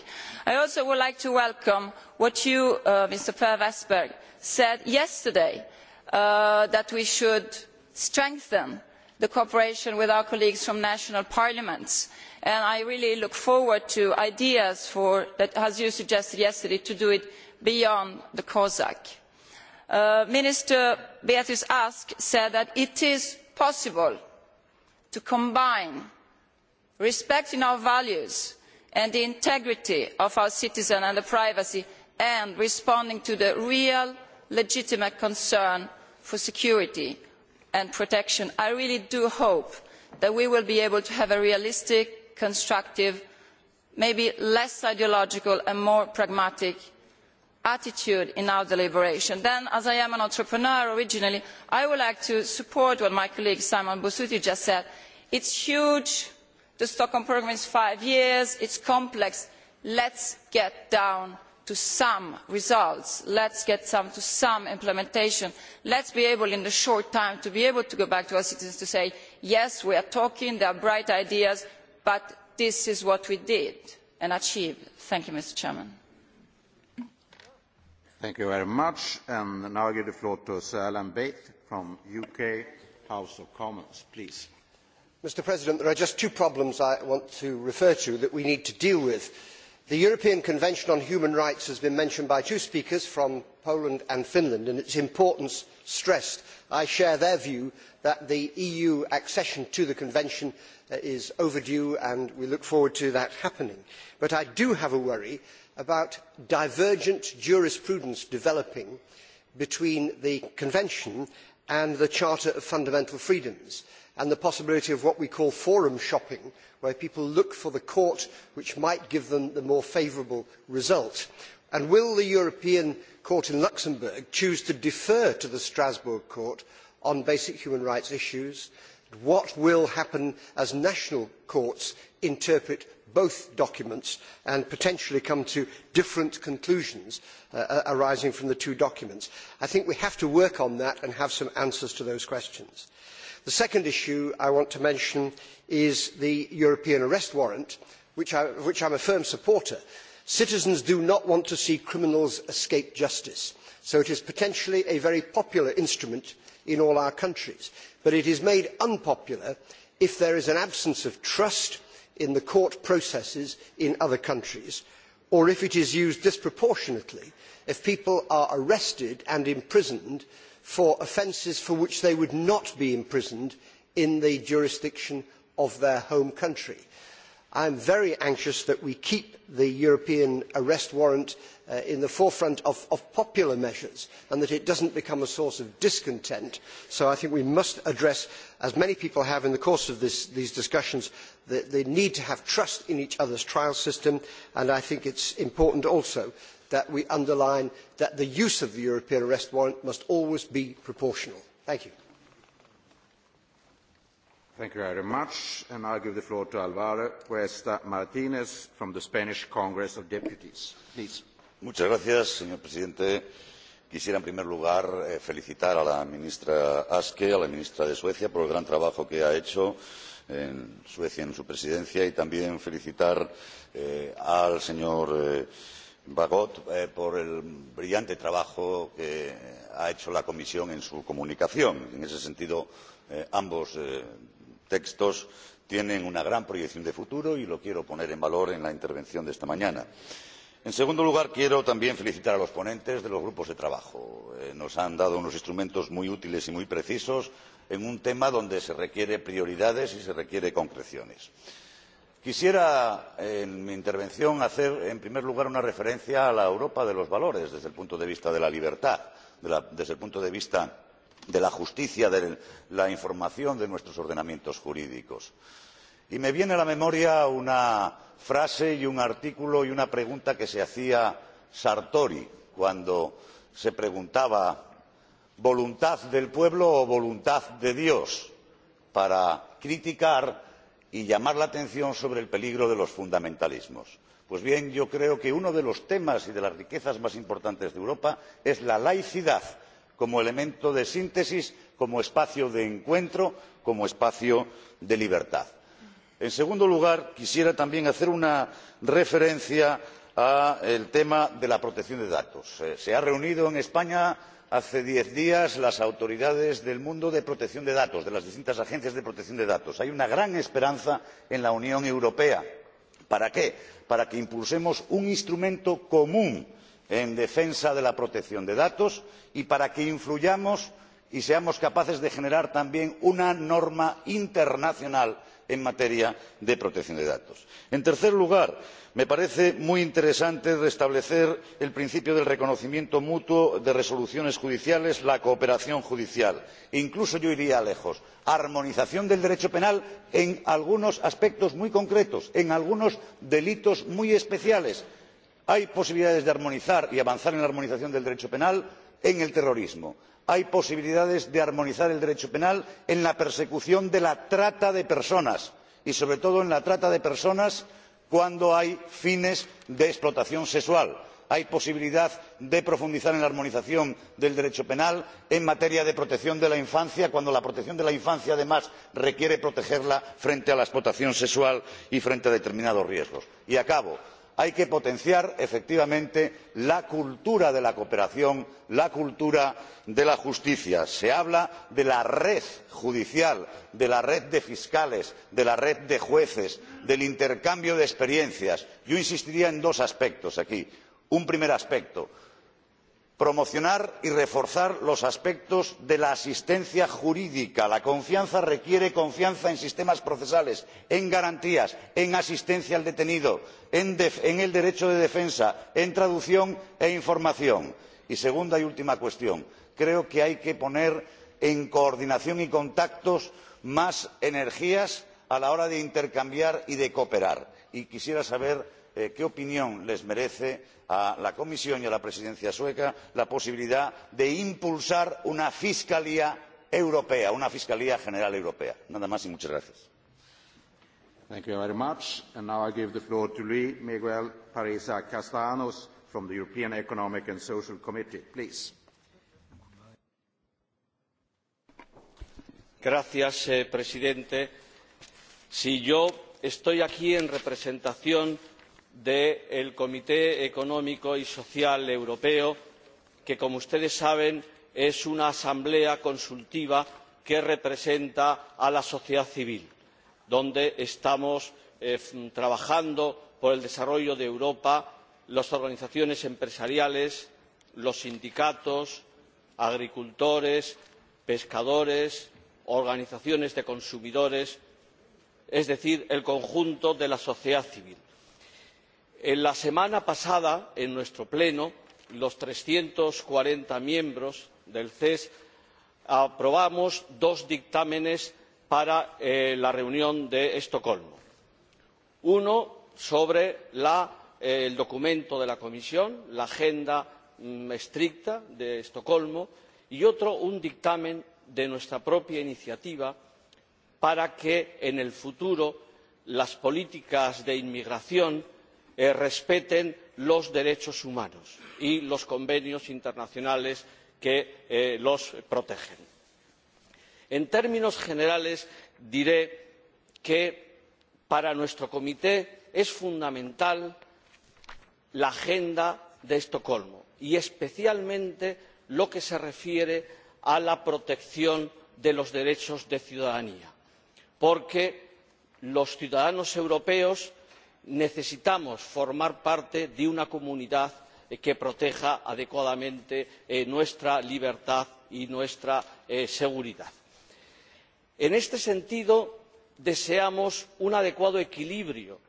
I also would like to welcome what you, uh, Mr. Per Vesberg, said yesterday, uh, that we should strengthen the cooperation with our colleagues from national parliaments. And I really look forward to ideas for, that, as you suggested yesterday, to do it beyond the COSAC. Uh, Minister Beatrice Ask said that it is possible to combine respect our values and the integrity of our citizens and their privacy and responding to the real legitimate concern for security and protection. I really do hope that we will be able to have a realistic, constructive, maybe less ideological and more pragmatic attitude in our deliberation. Then, as I am an entrepreneur originally, I would like to support what my colleague Simon Busuti just said. It is huge, the Stockholm programme is five years, it is complex. Let us get down to some results. Let us get some, to some implementation. Let us be able in the short time to be able to go back to our citizens to say, yes, we are talking, there are bright ideas, but this is what we did and achieved. Thank you, Mr. Chairman. Thank you very much. And now I give the floor to Sir Alan Bate from UK House of Commons, please. Mr President, there are just two problems I want to refer to that we need to deal with. The European Convention on Human Rights has been mentioned by two speakers from Poland and Finland and its importance stressed. I share their view that the EU accession to the Convention uh, is overdue and we look forward to that happening. But I do have a worry about divergent jurisprudence developing between the convention and the charter of fundamental freedoms and the possibility of what we call forum shopping where people look for the court which might give them the more favourable result and will the european court in luxembourg choose to defer to the strasbourg court on basic human rights issues and what will happen as national courts interpret both documents and potentially come to different conclusions uh, uh, arising from the two documents. I think we have to work on that and have some answers to those questions. The second issue I want to mention is the European arrest warrant, which I, am a firm supporter. Citizens do not want to see criminals escape justice, so it is potentially a very popular instrument in all our countries but it is made unpopular if there is an absence of trust in the court processes in other countries or if it is used disproportionately if people are arrested and imprisoned for offences for which they would not be imprisoned in the jurisdiction of their home country. i am very anxious that we keep the european arrest warrant Uh, in the forefront of, of popular measures and that it does not become a source of discontent. So I think we must address, as many people have in the course of this, these discussions, the, the need to have trust in each other's trial system and I think it is important also that we underline that the use of the European arrest warrant must always be proportional. Thank you. Thank you very much. And I'll give the floor to Alvaro Cuesta Martinez from the Spanish Congress of Deputies. Please. Gracias, señor presidente. Quisiera, en primer lugar, eh, felicitar a la ministra Aske, a la ministra de Suecia, por el gran trabajo que ha hecho en Suecia en su presidencia y también felicitar eh, al señor eh, Bagot eh, por el brillante trabajo que ha hecho la Comisión en su comunicación. En ese sentido, eh, ambos eh, textos tienen una gran proyección de futuro y lo quiero poner en valor en la intervención de esta mañana. En segundo lugar, quiero también felicitar a los ponentes de los grupos de trabajo. Eh, nos han dado unos instrumentos muy útiles y muy precisos en un tema donde se requieren prioridades y se requieren concreciones. Quisiera, eh, en mi intervención, hacer, en primer lugar, una referencia a la Europa de los valores desde el punto de vista de la libertad, de la, desde el punto de vista de la justicia, de la información de nuestros ordenamientos jurídicos. Y me viene a la memoria una frase y un artículo y una pregunta que se hacía Sartori cuando se preguntaba voluntad del pueblo o voluntad de Dios para criticar y llamar la atención sobre el peligro de los fundamentalismos. Pues bien, yo creo que uno de los temas y de las riquezas más importantes de Europa es la laicidad como elemento de síntesis, como espacio de encuentro, como espacio de libertad en segundo lugar quisiera también hacer una referencia al tema de la protección de datos. Eh, se han reunido en españa hace diez días las autoridades del mundo de protección de datos de las distintas agencias de protección de datos. hay una gran esperanza en la unión europea. para qué? para que impulsemos un instrumento común en defensa de la protección de datos y para que influyamos y seamos capaces de generar también una norma internacional en materia de protección de datos. en tercer lugar me parece muy interesante restablecer el principio del reconocimiento mutuo de resoluciones judiciales la cooperación judicial e incluso yo iría lejos armonización del derecho penal en algunos aspectos muy concretos en algunos delitos muy especiales. hay posibilidades de armonizar y avanzar en la armonización del derecho penal en el terrorismo hay posibilidades de armonizar el derecho penal en la persecución de la trata de personas y sobre todo en la trata de personas cuando hay fines de explotación sexual. hay posibilidad de profundizar en la armonización del derecho penal en materia de protección de la infancia cuando la protección de la infancia además requiere protegerla frente a la explotación sexual y frente a determinados riesgos. y acabo hay que potenciar efectivamente la cultura de la cooperación la cultura de la justicia. se habla de la red judicial de la red de fiscales de la red de jueces del intercambio de experiencias. yo insistiría en dos aspectos aquí. un primer aspecto promocionar y reforzar los aspectos de la asistencia jurídica. la confianza requiere confianza en sistemas procesales en garantías en asistencia al detenido en, en el derecho de defensa en traducción e información. y segunda y última cuestión creo que hay que poner en coordinación y contactos más energías a la hora de intercambiar y de cooperar y quisiera saber eh, qué opinión les merece a la Comisión y a la presidencia sueca la posibilidad de impulsar una fiscalía europea, una fiscalía general europea. Nada más y muchas gracias. Thank you very much. And now I give the floor to Luis Miguel Parisa Castanos from the European Economic and Social Committee. Please. Gracias, eh, presidente. Si yo estoy aquí en representación del Comité Económico y Social Europeo, que, como ustedes saben, es una asamblea consultiva que representa a la sociedad civil, donde estamos eh, trabajando por el desarrollo de Europa, las organizaciones empresariales, los sindicatos, agricultores, pescadores, organizaciones de consumidores, es decir, el conjunto de la sociedad civil la semana pasada en nuestro pleno los trescientos cuarenta miembros del ces aprobamos dos dictámenes para eh, la reunión de estocolmo uno sobre la, eh, el documento de la comisión la agenda mm, estricta de estocolmo y otro un dictamen de nuestra propia iniciativa para que en el futuro las políticas de inmigración eh, respeten los derechos humanos y los convenios internacionales que eh, los protegen. En términos generales, diré que para nuestro comité es fundamental la agenda de Estocolmo y especialmente lo que se refiere a la protección de los derechos de ciudadanía, porque los ciudadanos europeos necesitamos formar parte de una comunidad que proteja adecuadamente eh, nuestra libertad y nuestra eh, seguridad. en este sentido deseamos un adecuado equilibrio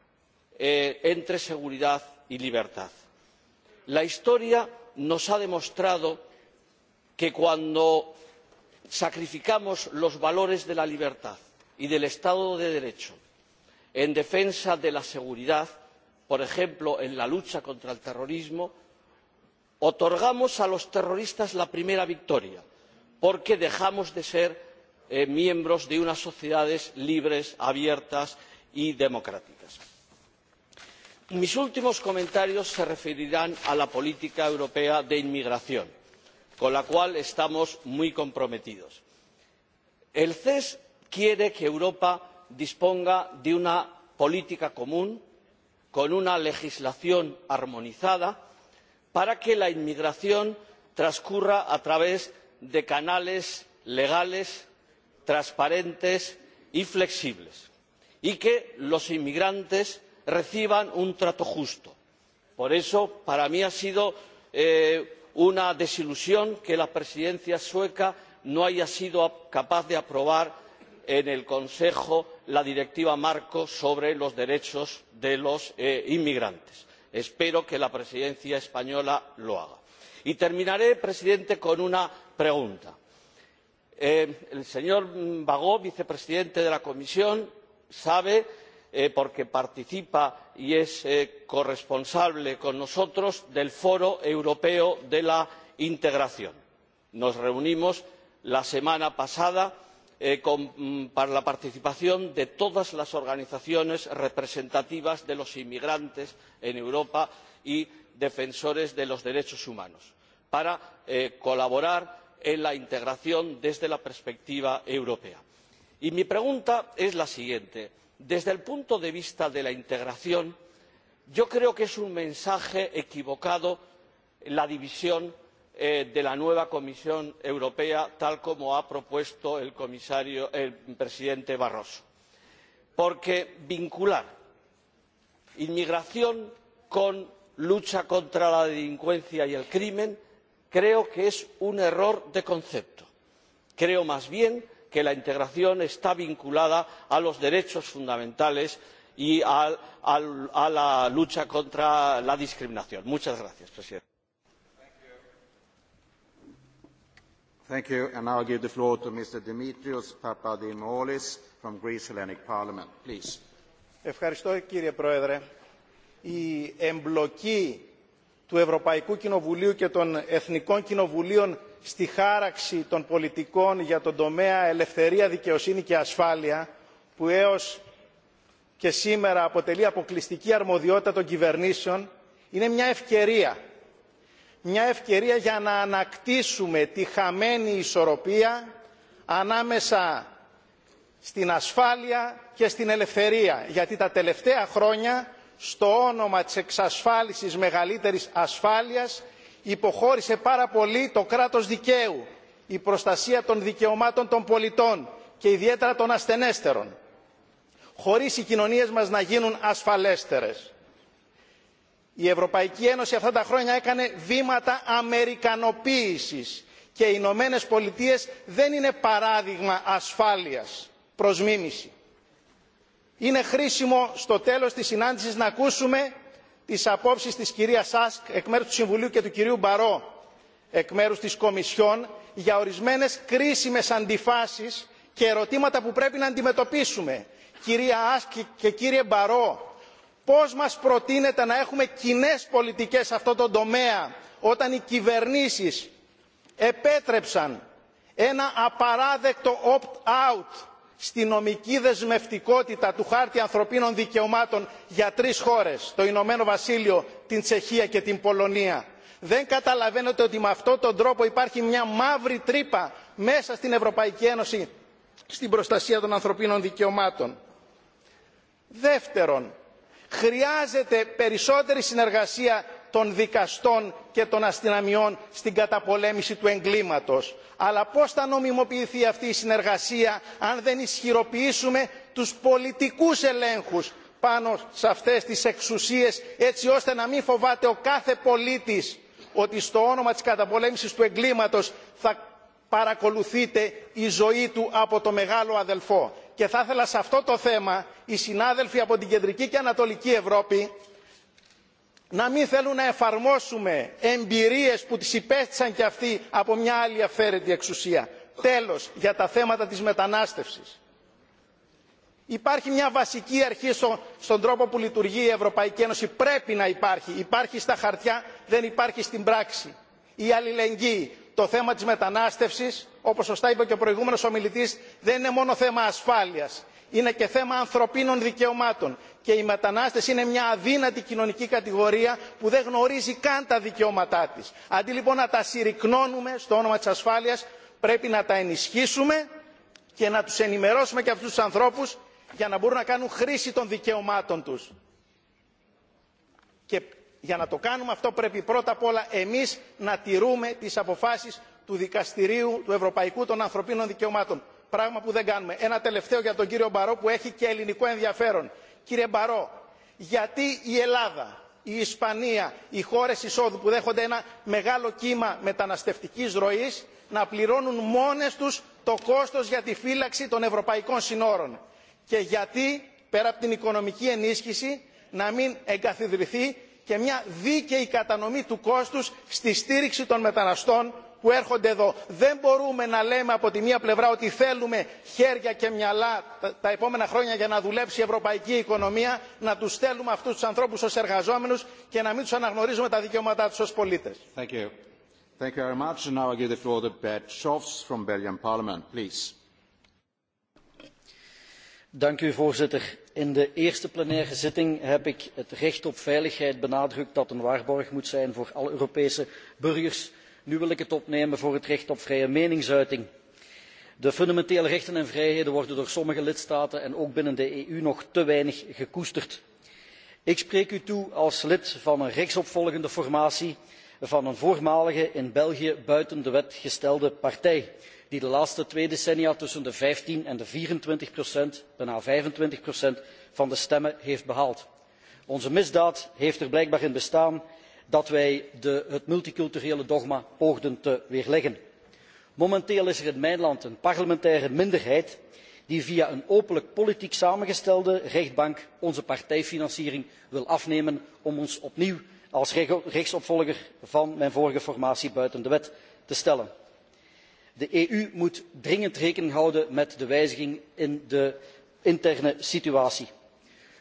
eh, entre seguridad y libertad. la historia nos ha demostrado que cuando sacrificamos los valores de la libertad y del estado de derecho en defensa de la seguridad, por ejemplo, en la lucha contra el terrorismo, otorgamos a los terroristas la primera victoria, porque dejamos de ser eh, miembros de unas sociedades libres, abiertas y democráticas. Mis últimos comentarios se referirán a la política europea de inmigración, con la cual estamos muy comprometidos. El CES quiere que Europa disponga de una política común con una legislación armonizada para que la inmigración transcurra a través de canales legales transparentes y flexibles y que los inmigrantes reciban un trato justo. por eso para mí ha sido eh, una desilusión que la presidencia sueca no haya sido capaz de aprobar en el consejo la directiva marco sobre los derechos de los eh, inmigrantes. espero que la presidencia española lo haga. y terminaré señor presidente con una pregunta. Eh, el señor bagó vicepresidente de la comisión sabe eh, porque participa y es corresponsable con nosotros del foro europeo de la integración. nos reunimos la semana pasada Eh, mm, para la participación de todas las organizaciones representativas de los inmigrantes en europa y defensores de los derechos humanos para eh, colaborar en la integración desde la perspectiva europea. y mi pregunta es la siguiente desde el punto de vista de la integración yo creo que es un mensaje equivocado la división Eh, de la nueva Comisión Europea, tal como ha propuesto el, presidente Barroso. Porque vincular inmigración con lucha contra la delincuencia y el crimen creo que es un error de concepto. Creo más bien que la integración está vinculada a los derechos fundamentales y a, la lucha contra la discriminación. Muchas gracias, presidente. Thank you. And now give the floor to Mr. Dimitrios Papadimoulis from Greece Hellenic Parliament. Please. Ευχαριστώ κύριε Πρόεδρε. Η εμπλοκή του Ευρωπαϊκού Κοινοβουλίου και των Εθνικών Κοινοβουλίων στη χάραξη των πολιτικών για τον τομέα ελευθερία, δικαιοσύνη και ασφάλεια που έως και σήμερα αποτελεί αποκλειστική αρμοδιότητα των κυβερνήσεων είναι μια ευκαιρία μια ευκαιρία για να ανακτήσουμε τη χαμένη ισορροπία ανάμεσα στην ασφάλεια και στην ελευθερία. Γιατί τα τελευταία χρόνια, στο όνομα της εξασφάλισης μεγαλύτερης ασφάλειας, υποχώρησε πάρα πολύ το κράτος δικαίου, η προστασία των δικαιωμάτων των πολιτών και ιδιαίτερα των ασθενέστερων, χωρίς οι κοινωνίες μας να γίνουν ασφαλέστερες. Η Ευρωπαϊκή Ένωση αυτά τα χρόνια έκανε βήματα αμερικανοποίησης και οι Ηνωμένε Πολιτείε δεν είναι παράδειγμα ασφάλειας προς μίμηση. Είναι χρήσιμο στο τέλος της συνάντησης να ακούσουμε τις απόψεις της κυρίας Σάσκ εκ μέρους του Συμβουλίου και του κυρίου Μπαρό εκ μέρους της Κομισιόν για ορισμένες κρίσιμες αντιφάσεις και ερωτήματα που πρέπει να αντιμετωπίσουμε. Κυρία Άσκ και κύριε Μπαρό, Πώς μας προτείνεται να έχουμε κοινέ πολιτικές σε αυτό το τομέα όταν οι κυβερνήσεις επέτρεψαν ένα απαράδεκτο opt-out στη νομική δεσμευτικότητα του χάρτη ανθρωπίνων δικαιωμάτων για τρεις χώρες, το Ηνωμένο Βασίλειο, την Τσεχία και την Πολωνία. Δεν καταλαβαίνετε ότι με αυτόν τον τρόπο υπάρχει μια μαύρη τρύπα μέσα στην Ευρωπαϊκή Ένωση στην προστασία των ανθρωπίνων δικαιωμάτων. Δεύτερον, Χρειάζεται περισσότερη συνεργασία των δικαστών και των αστυνομιών στην καταπολέμηση του εγκλήματος. Αλλά πώς θα νομιμοποιηθεί αυτή η συνεργασία αν δεν ισχυροποιήσουμε τους πολιτικούς ελέγχους πάνω σε αυτές τις εξουσίες έτσι ώστε να μην φοβάται ο κάθε πολίτης ότι στο όνομα της καταπολέμησης του εγκλήματος θα παρακολουθείτε η ζωή του από το μεγάλο αδελφό και θα ήθελα σε αυτό το θέμα οι συνάδελφοι από την Κεντρική και Ανατολική Ευρώπη να μην θέλουν να εφαρμόσουμε εμπειρίες που τις υπέστησαν και αυτοί από μια άλλη αφαίρετη εξουσία. Τέλος, για τα θέματα της μετανάστευσης. Υπάρχει μια βασική αρχή στο, στον τρόπο που λειτουργεί η Ευρωπαϊκή Ένωση. Πρέπει να υπάρχει. Υπάρχει στα χαρτιά, δεν υπάρχει στην πράξη. Η αλληλεγγύη το θέμα της μετανάστευσης, όπως σωστά είπε και ο προηγούμενος ομιλητής, δεν είναι μόνο θέμα ασφάλειας. Είναι και θέμα ανθρωπίνων δικαιωμάτων. Και οι μετανάστες είναι μια αδύνατη κοινωνική κατηγορία που δεν γνωρίζει καν τα δικαιώματά της. Αντί λοιπόν να τα συρρυκνώνουμε στο όνομα της ασφάλειας, πρέπει να τα ενισχύσουμε και να τους ενημερώσουμε και αυτούς τους ανθρώπους για να μπορούν να κάνουν χρήση των δικαιωμάτων τους για να το κάνουμε αυτό πρέπει πρώτα απ' όλα εμείς να τηρούμε τις αποφάσεις του Δικαστηρίου του Ευρωπαϊκού των Ανθρωπίνων Δικαιωμάτων. Πράγμα που δεν κάνουμε. Ένα τελευταίο για τον κύριο Μπαρό που έχει και ελληνικό ενδιαφέρον. Κύριε Μπαρό, γιατί η Ελλάδα, η Ισπανία, οι χώρες εισόδου που δέχονται ένα μεγάλο κύμα μεταναστευτικής ροής να πληρώνουν μόνες τους το κόστος για τη φύλαξη των ευρωπαϊκών συνόρων. Και γιατί, πέρα από την οικονομική ενίσχυση, να μην εγκαθιδρυθεί και μια δίκαιη κατανομή του κόστους στη στήριξη των μεταναστών που έρχονται εδώ. Δεν μπορούμε να λέμε από τη μία πλευρά ότι θέλουμε χέρια και μυαλά τα, επόμενα χρόνια για να δουλέψει η ευρωπαϊκή οικονομία, να τους στέλνουμε αυτούς τους ανθρώπους ως εργαζόμενους και να μην τους αναγνωρίζουμε τα δικαιώματά τους ως πολίτες. Thank you. Thank you very much. now I give the floor to Bert from Belgian Parliament, please. Dank u, voorzitter in de eerste plenaire zitting heb ik het recht op veiligheid benadrukt dat een waarborg moet zijn voor alle Europese burgers. Nu wil ik het opnemen voor het recht op vrije meningsuiting. De fundamentele rechten en vrijheden worden door sommige lidstaten en ook binnen de EU nog te weinig gekoesterd. Ik spreek u toe als lid van een rechtsopvolgende formatie van een voormalige in België buiten de wet gestelde partij die de laatste twee decennia tussen de vijftien en de vierentwintig procent bijna vijfentwintig procent van de stemmen heeft behaald. onze misdaad heeft er blijkbaar in bestaan dat wij het multiculturele dogma poogden te weerleggen. momenteel is er in mijn land een parlementaire minderheid die via een openlijk politiek samengestelde rechtbank onze partijfinanciering wil afnemen om ons opnieuw als rechtsopvolger van mijn vorige formatie buiten de wet te stellen de eu moet dringend rekening houden met de wijziging in de interne situatie.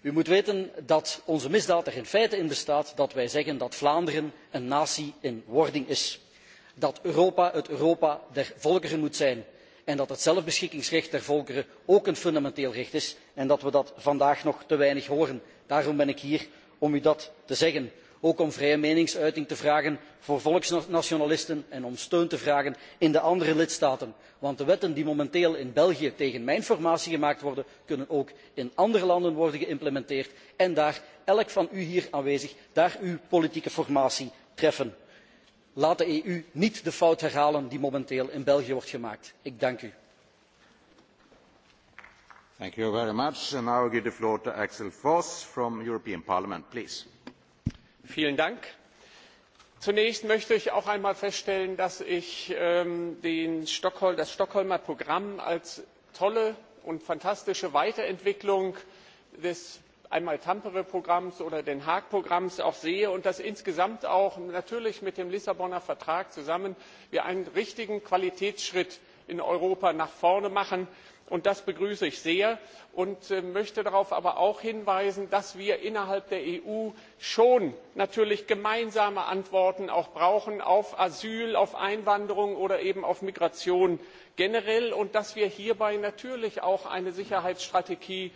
u moet weten dat onze misdaad er in feite in bestaat dat wij zeggen dat vlaanderen een natie in wording is dat europa het europa der volkeren moet zijn en dat het zelfbeschikkingsrecht der volkeren ook een fundamenteel recht is en dat we dat vandaag nog te weinig horen. daarom ben ik hier om u dat te zeggen ook om vrije meningsuiting te vragen voor volksnationalisten en om steun te vragen in de andere lidstaten. Want de wetten die momenteel in België tegen mijn formatie gemaakt worden, kunnen ook in andere landen worden geïmplementeerd en daar elk van u hier aanwezig, daar uw politieke formatie treffen. Laat de EU niet de fout herhalen die momenteel in België wordt gemaakt. Ik dank u. Vielen Dank. Zunächst möchte ich auch einmal feststellen, dass ich ähm, das Stockholmer Programm als tolle und fantastische Weiterentwicklung des einmal Tampere Programms oder den Haag Programms auch sehe und dass insgesamt auch natürlich mit dem Lissabonner Vertrag zusammen wir einen richtigen Qualitätsschritt in Europa nach vorne machen und das begrüße ich sehr und äh, möchte darauf aber auch hinweisen dass wir innerhalb der eu schon natürlich gemeinsame antworten auch brauchen auf asyl auf einwanderung oder eben auf migration generell und dass wir hierbei natürlich auch eine sicherheitsstrategie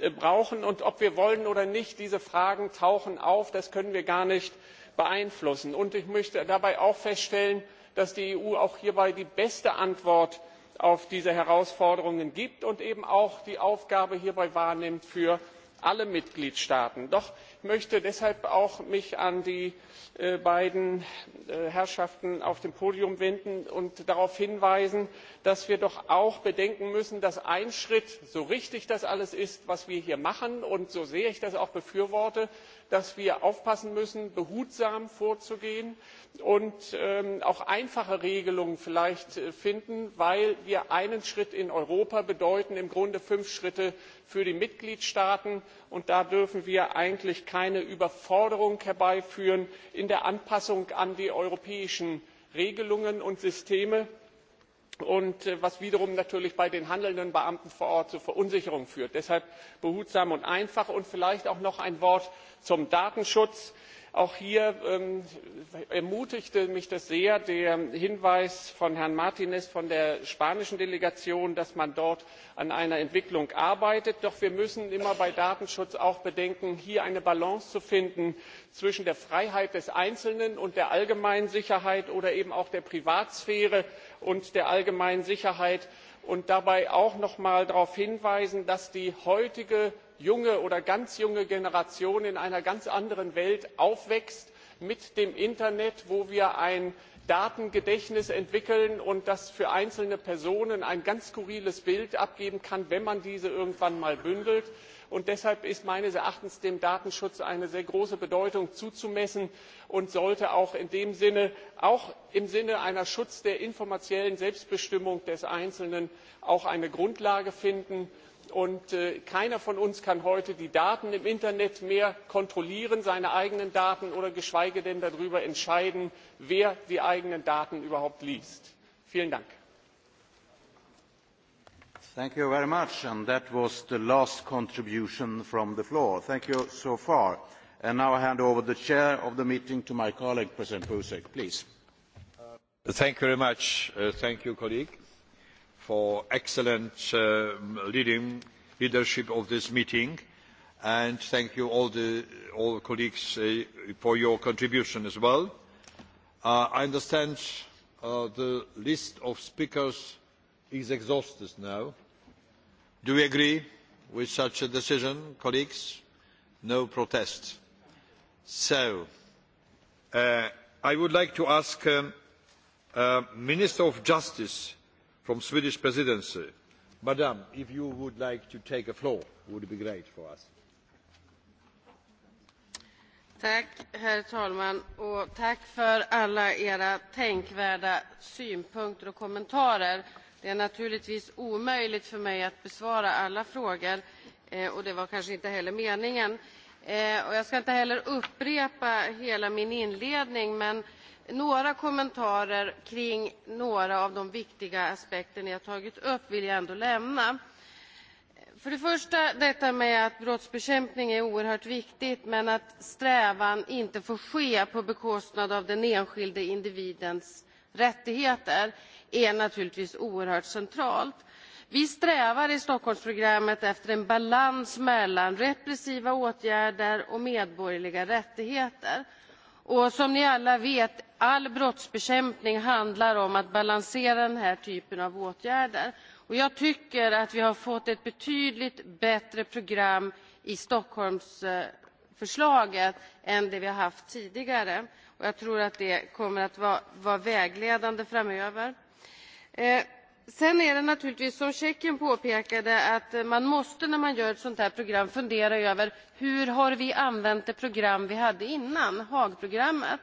äh, brauchen und ob wir wollen oder nicht diese fragen tauchen auf das können wir gar nicht beeinflussen. ich möchte dabei auch feststellen dass die eu auch hierbei die beste antwort auf diese herausforderungen gibt und eben auch die aufgabe hierbei wahrnimmt für alle mitgliedstaaten. doch ich möchte mich deshalb auch an die äh, beiden äh, herrschaften auf dem podium wenden und darauf hinweisen dass wir doch auch bedenken müssen dass ein schritt so richtig das alles ist was wir hier machen und so sehr ich das auch befürworte dass wir aufpassen müssen behutsam vorzugehen und ähm, auch einfache regelungen vielleicht äh, finden weil ein schritt in europa im grunde fünf schritte für die mitgliedstaaten bedeuten und da dürfen wir eigentlich keine überforderung herbeiführen in der anpassung an die europäischen regelungen und systeme und äh, was wiederum natürlich bei den handelnden Beamten vor Ort zu Verunsicherung führt. Deshalb behutsam und einfach und vielleicht auch noch ein Wort zum Datenschutz. Auch hier ähm, ermutigte mich das sehr der Hinweis von Herrn Martinez von der spanischen Delegation, dass man dort an einer Entwicklung arbeitet. Doch wir müssen immer bei Datenschutz auch bedenken, hier eine Balance zu finden zwischen der Freiheit des Einzelnen und der allgemeinen Sicherheit oder eben auch der Privatsphäre und der allgemeinen sicherheit und dabei auch noch einmal darauf hinweisen dass die heutige junge oder ganz junge generation in einer ganz anderen welt aufwächst mit dem internet wo wir ein datengedächtnis entwickeln und das für einzelne personen ein ganz skurriles bild abgeben kann wenn man diese irgendwann mal bündelt und deshalb ist meines erachtens dem datenschutz eine sehr große bedeutung zuzumessen und sollte auch in dem sinne auch im sinne eines schutzes der informationellen selbstbestimmung des einzelnen eine grundlage finden. Äh, keiner von uns kann heute die daten im internet mehr kontrollieren seine eigenen daten oder geschweige denn darüber entscheiden wer die eigenen daten überhaupt liest. vielen dank! Thank you very much, and that was the last contribution from the floor. Thank you so far. And now I hand over the chair of the meeting to my colleague, President Buzek, please. Uh, thank you very much. Uh, thank you, colleague, for excellent uh, leading, leadership of this meeting. And thank you all the all colleagues uh, for your contribution as well. Uh, I understand uh, the list of speakers is exhausted now Do we agree with such a decision, colleagues? No protest. So, uh, I would like to ask um, uh, Minister of Justice from Swedish Presidency, Madam, if you would like to take the floor, it would be great for us. Tack, herr talman, och tack för alla era tänkvärda synpunkter och kommentarer. Det är naturligtvis omöjligt för mig att besvara alla frågor eh, och det var kanske inte heller meningen. Eh, och jag ska inte heller upprepa hela min inledning men några kommentarer kring några av de viktiga aspekter ni har tagit upp vill jag ändå lämna. För det första detta med att brottsbekämpning är oerhört viktigt men att strävan inte får ske på bekostnad av den enskilde individens rättigheter är naturligtvis oerhört centralt. Vi strävar i Stockholmsprogrammet efter en balans mellan repressiva åtgärder och medborgerliga rättigheter. Och som ni alla vet, all brottsbekämpning handlar om att balansera den här typen av åtgärder. Och jag tycker att vi har fått ett betydligt bättre program i Stockholmsförslaget än det vi har haft tidigare. Och jag tror att det kommer att vara, vara vägledande framöver. Eh, sen är det naturligtvis som Tjeckien påpekade att man måste när man gör ett sånt här program fundera över hur har vi använt det program vi hade innan, Haagprogrammet.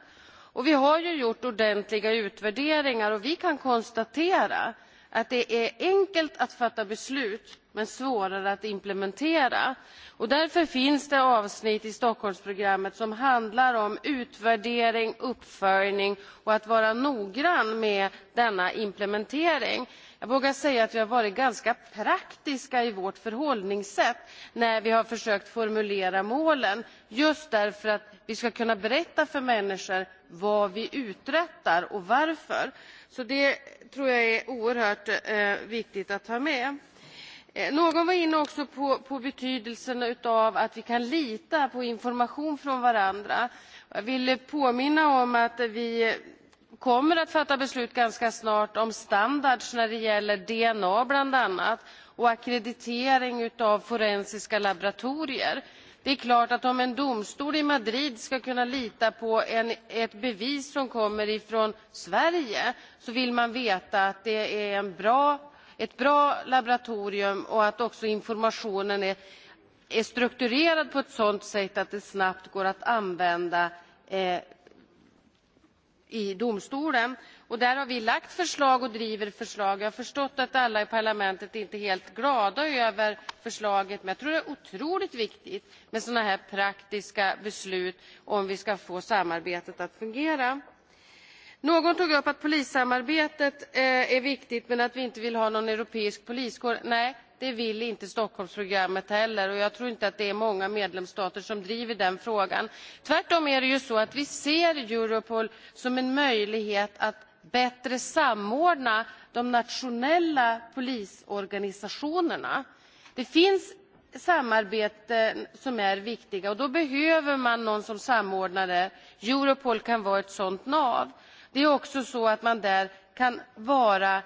Och vi har ju gjort ordentliga utvärderingar och vi kan konstatera att det är enkelt att fatta beslut men svårare att implementera. Och därför finns det avsnitt i Stockholmsprogrammet som handlar om utvärdering, uppföljning och att vara noggrann med denna implementering. Jag vågar säga att vi har varit ganska praktiska i vårt förhållningssätt när vi har försökt formulera målen just därför att vi ska kunna berätta för människor vad vi uträttar och varför. Så det tror jag är oerhört eh, viktigt att ha med. Eh, någon var inne också på, på betydelsen av att vi kan lita på information från varandra. Jag vill påminna om att vi kommer att fatta beslut ganska snart om standards när det gäller DNA bland annat och akkreditering av forensiska laboratorier. Det är klart att om en domstol i Madrid ska kunna lita på en, ett bevis som kommer ifrån Sverige så vill man veta att det är en bra, ett bra laboratorium och att också informationen är, är strukturerad på ett sådant sätt att det snabbt går att använda eh, i domstolen. Och där har vi lagt förslag och driver förslag. Jag har förstått att alla i parlamentet inte är helt glada över förslaget, men jag tror det är otroligt viktigt med sådana här praktiska beslut om vi ska få samarbetet att fungera. Någon tog upp att polissamarbetet eh, är viktigt men att vi inte vill ha någon europeisk poliskår. Nej, det vill inte Stockholmsprogrammet heller och jag tror inte att det är många medlemsstater som driver den frågan. Tvärtom är det ju så att vi ser Europol som en möjlighet att bättre samordna de nationella polisorganisationerna. Det finns samarbeten som är viktiga och då behöver man någon som samordnare. Europol kan vara ett sådant nav. Det är också så att man där kan vara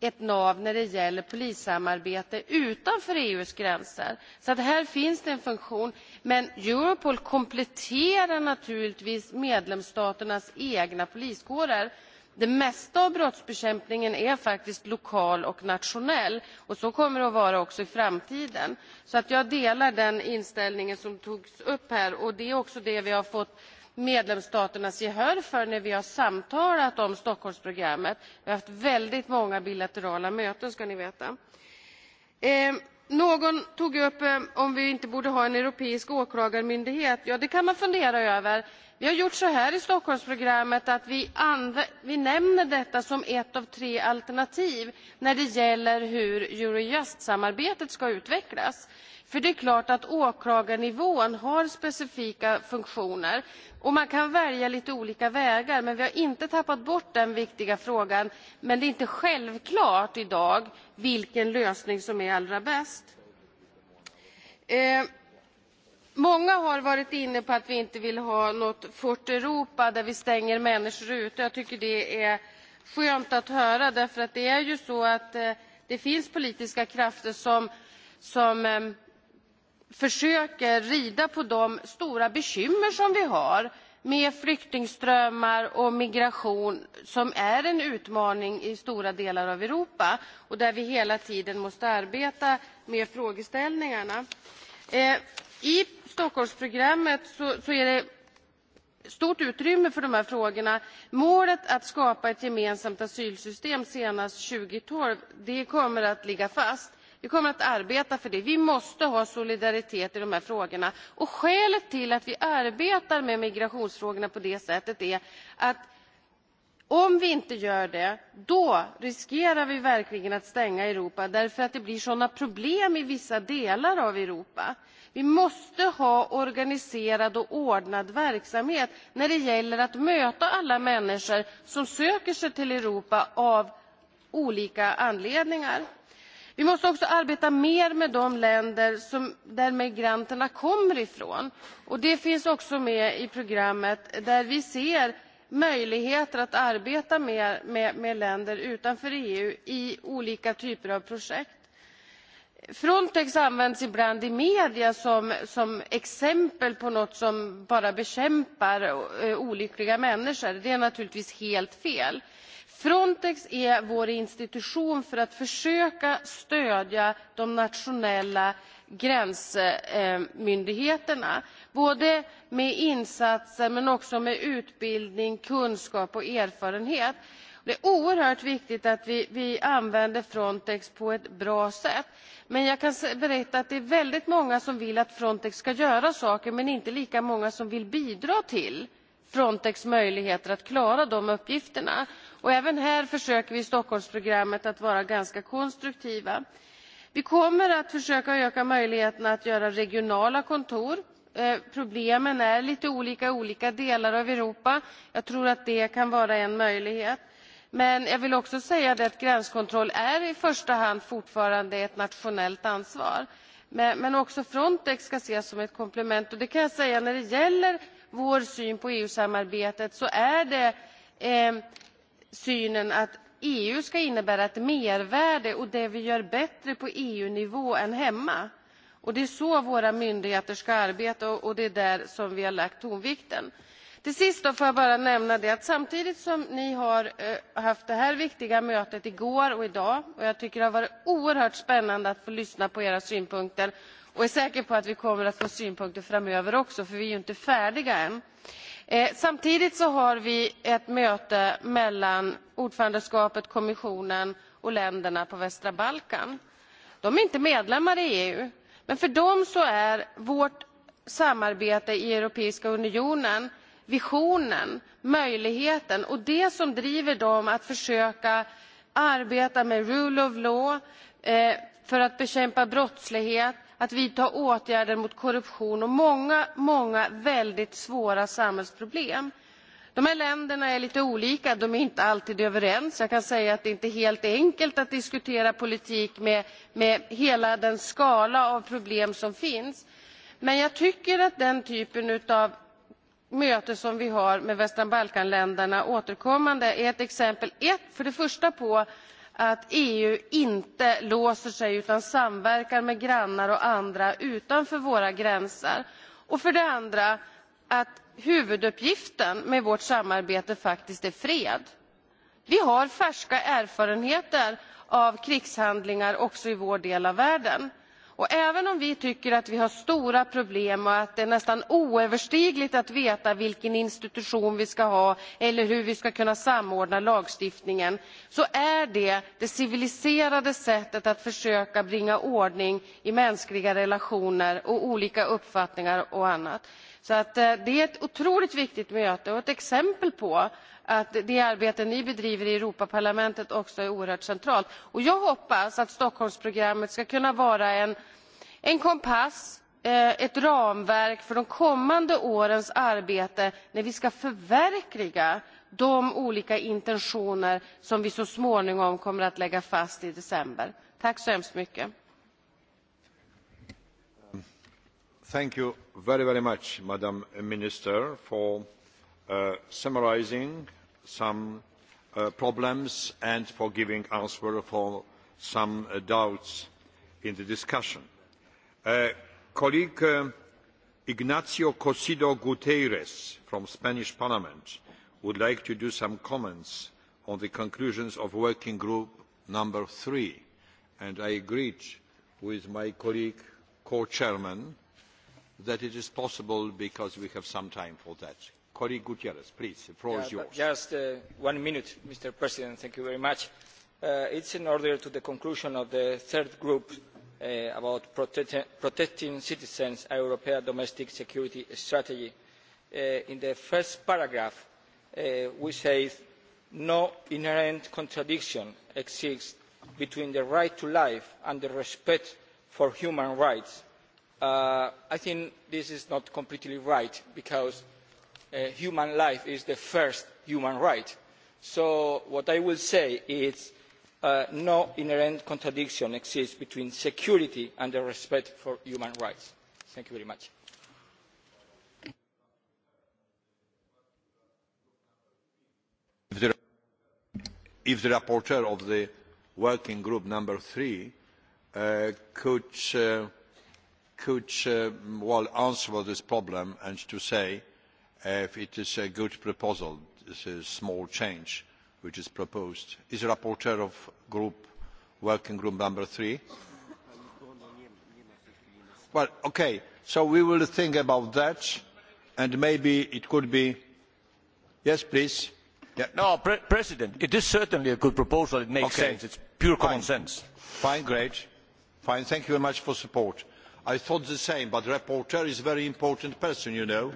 ett nav när det gäller polissamarbete utanför EUs gränser. Så att här finns det en funktion. Men Europol kompletterar naturligtvis medlemsstaternas egna poliskårer. Det mesta av brottsbekämpningen är faktiskt lokal och nationell och så kommer det att vara också i framtiden. Så att jag delar den inställningen som togs upp här och det är också det vi har fått medlemsstaternas gehör för när vi har samtalat om Stockholmsprogrammet. Vi har haft väldigt många bilaterala möten ska ni veta. Eh, någon tog upp eh, om vi inte borde ha en europeisk åklagarmyndighet. Ja, det kan man fundera över. Vi har gjort så här i Stockholmsprogrammet att vi, vi nämner detta som ett av tre alternativ när det gäller hur Eurojust-samarbetet ska utvecklas. För det är klart att åklagarnivån har specifika funktioner och man kan välja lite olika vägar men vi har inte tappat bort den viktiga frågan men det är inte självklart idag vilken lösning som är allra bäst. Eh. Många har varit inne på att vi inte vill ha något Fort Europa där vi stänger människor ute. Jag tycker det är skönt att höra därför att det är ju så att eh, det finns politiska krafter som, som ehm, försöker rida på de stora bekymmer som vi har med flyktingströmmar och migration som är en utmaning i stora delar av Europa och där vi hela tiden måste arbeta med frågeställningarna. Eh, I Stockholmsprogrammet så, så är det stort utrymme för de här frågorna. Målet att skapa ett gemensamt asylsystem senast 2012, det kommer att ligga fast. Vi kommer att arbeta för det. Vi måste ha solidaritet i de här frågorna. Och skälet till att vi arbetar med migrationsfrågorna på det sättet är att om vi inte gör det, då riskerar vi verkligen att stänga Europa därför att det blir sådana problem i vissa delar av Europa. Vi måste ha organiserad och ordnad verksamhet när det gäller att möta alla människor som söker sig till Europa av olika anledningar. Vi måste också arbeta mer med de länder som, där migranterna kommer ifrån. Och det finns också med i programmet där vi ser möjligheter att arbeta mer med, med länder utanför EU i olika typer av projekt. Frontex används ibland i media som, som exempel på något som bara bekämpar eh, olyckliga människor. Det är naturligtvis helt fel. Frontex är vår institution för att försöka stödja de nationella gränsmyndigheterna. Eh, Både med insatser men också med utbildning, kunskap och erfarenhet. Det är oerhört viktigt att vi, vi använder Frontex på ett bra sätt. Men jag kan berätta att det är väldigt många som vill att Frontex ska göra saker men inte lika många som vill bidra till Frontex möjligheter att klara de uppgifterna. Och även här försöker vi i Stockholmsprogrammet att vara ganska konstruktiva. Vi kommer att försöka öka möjligheterna att göra regionala kontor. Eh, problemen är lite olika i olika delar av Europa. Jag tror att det kan vara en möjlighet. Men jag vill också säga att gränskontroll är i första hand fortfarande ett nationellt ansvar. Men, men också Frontex ska ses som ett komplement. Och det kan jag säga när det gäller vår syn på EU-samarbetet så är det eh, synen att EU ska innebära ett mervärde och det vi gör bättre på EU-nivå än hemma. Och det är så våra myndigheter ska arbeta och det är där som vi har lagt tonvikten. Till sist får jag bara nämna det att samtidigt som ni har eh, haft det här viktiga mötet igår och idag och jag tycker det har varit oerhört spännande att få lyssna på era synpunkter och är säker på att vi kommer att få synpunkter framöver också för vi är ju inte färdiga än. Eh, samtidigt så har vi ett möte mellan ordförandeskapet, kommissionen och länderna på västra Balkan. De är inte medlemmar i EU, men för dem så är vårt samarbete i Europeiska unionen visionen, möjligheten och det som driver dem att försöka arbeta med rule of law, eh, för att bekämpa brottslighet, att vidta åtgärder mot korruption och många, många väldigt svåra samhällsproblem. De här länderna är lite olika, de är inte alltid överens. Jag kan säga att det inte är helt enkelt att diskutera politik med, med hela den skala av problem som finns. Men jag tycker att den typen av möte som vi har med västra Balkanländerna återkommande är ett exempel ett, för det första på att EU inte låser sig utan samverkar med grannar och andra utanför våra gränser och för det andra att huvuduppgiften med vårt samarbete faktiskt är fred. Vi har färska erfarenheter av krigshandlingar också i vår del av världen. Och även om vi tycker att vi har stora problem och att det är nästan oöverstigligt att veta vilken institution vi ska ha eller hur vi ska kunna samordna lagstiftningen så är det det civiliserade sättet att försöka bringa ordning i mänskliga relationer och olika uppfattningar och annat. Så att eh, det är ett otroligt viktigt möte och ett exempel på att det arbete ni bedriver i Europaparlamentet också är oerhört centralt. Och jag hoppas att Stockholmsprogrammet ska kunna vara en, en kompass eh, ett ramverk för de kommande årens arbete när vi ska förverkliga de olika intentioner som vi så småningom kommer att lägga fast i december. Tack så hemskt mycket. Thank you very, very much, Madam Minister, for Uh, summarising some uh, problems and for giving answer for some uh, doubts in the discussion. Uh, colleague uh, Ignacio Cosido Guterres from Spanish Parliament would like to do some comments on the conclusions of working group number three and I agreed with my colleague co-chairman that it is possible because we have some time for that. Colleague Gutierrez, please, the floor yeah, is yours. Just uh, one minute, Mr. President, thank you very much. Uh, it's in order to the conclusion of the third group uh, about protecting citizens' European domestic security strategy. Uh, in the first paragraph, uh, we say no inherent contradiction exists between the right to life and the respect for human rights. Uh, I think this is not completely right because Uh, human life is the first human right. So what I will say is uh, no inherent contradiction exists between security and the respect for human rights. Thank you very much. If the, if the rapporteur of the working group number three uh, could, uh, could uh, well answer this problem and to say if it is a good proposal, is a small change which is proposed. Is the rapporteur of group, working group number three? Well, okay, so we will think about that and maybe it could be... Yes, please. Yeah. No, Pre President, it is certainly a good proposal. It makes okay. sense. It's pure Fine. common sense. Fine, great. Fine, thank you very much for support. I thought the same, but the rapporteur is a very important person, you know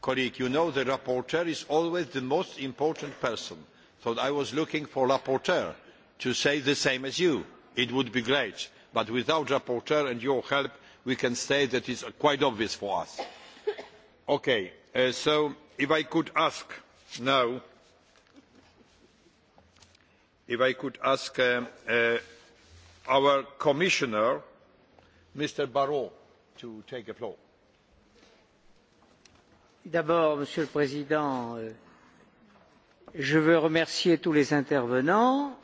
colleague, you know the rapporteur is always the most important person. So I was looking for rapporteur to say the same as you. It would be great. But without rapporteur and your help, we can say that is quite obvious for us. Okay, uh, so if I could ask now, if I could ask uh, uh, our commissioner, Mr. Barrot, to take the floor. D'abord, Monsieur le Président, euh, je veux remercier tous les intervenants.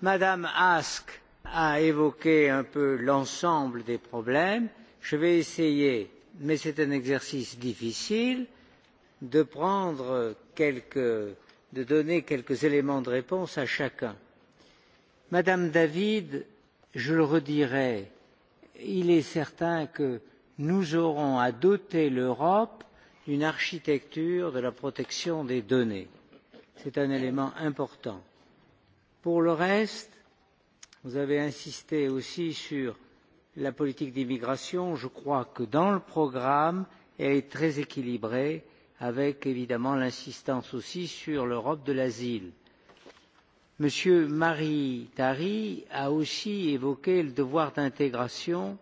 Madame Ask a évoqué un peu l'ensemble des problèmes. Je vais essayer, mais c'est un exercice difficile, de prendre quelques, de donner quelques éléments de réponse à chacun. Madame David, je le redirai, il est certain que nous aurons à doter l'Europe une architecture de la protection des données. C'est un élément important. Pour le reste, vous avez insisté aussi sur la politique d'immigration. Je crois que dans le programme, elle est très équilibrée, avec évidemment l'insistance aussi sur l'Europe de l'asile. Monsieur Marie Tari a aussi évoqué le devoir d'intégration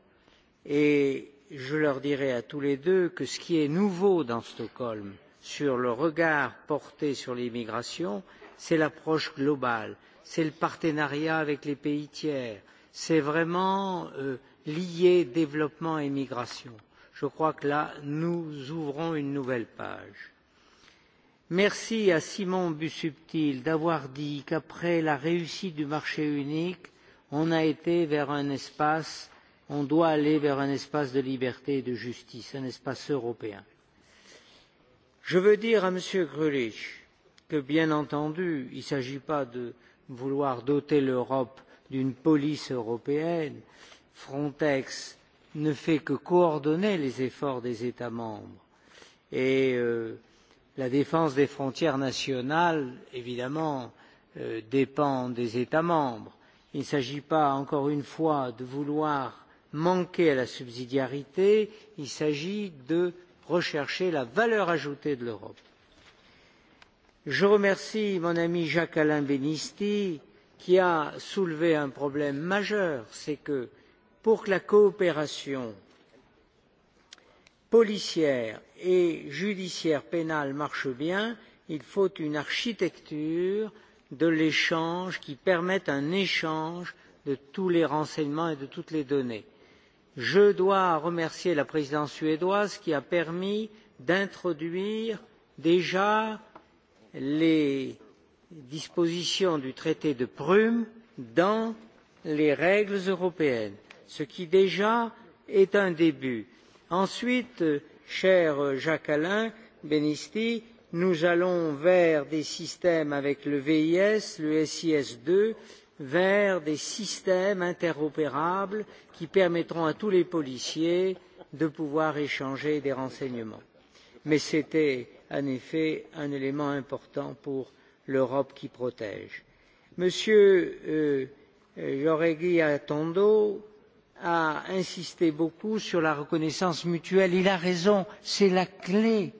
et je leur dirai à tous les deux que ce qui est nouveau dans Stockholm sur le regard porté sur l'immigration, c'est l'approche globale, c'est le partenariat avec les pays tiers, c'est vraiment euh, développement et migration. Je crois que là, nous ouvrons une nouvelle page. Merci à Simon Bussubtil d'avoir dit qu'après la réussite du marché unique, on a été vers un espace on doit aller vers un espace de liberté et de justice, un espace européen. Je veux dire à M. Grulich que, bien entendu, il ne s'agit pas de vouloir doter l'Europe d'une police européenne. Frontex ne fait que coordonner les efforts des États membres. Et euh, la défense des frontières nationales, évidemment, euh, dépend des États membres. Il ne s'agit pas, encore une fois, de vouloir manquer à la subsidiarité, il s'agit de rechercher la valeur ajoutée de l'Europe. Je remercie mon ami Jacques-Alain Benisti qui a soulevé un problème majeur, c'est que pour que la coopération policière et judiciaire pénale marche bien, il faut une architecture de l'échange qui permette un échange de tous les renseignements et de toutes les données. Je dois remercier la présidence suédoise qui a permis d'introduire déjà les dispositions du traité de Prüm dans les règles européennes, ce qui déjà est un début. Ensuite, cher Jacques Alain Benisti, nous allons vers des systèmes avec le VIS, le SIS II vers des systèmes interopérables qui permettront à tous les policiers de pouvoir échanger des renseignements. Mais c'était en effet un élément important pour l'Europe qui protège. Monsieur euh, euh Atondo a insisté beaucoup sur la reconnaissance mutuelle. Il a raison, c'est la clé euh,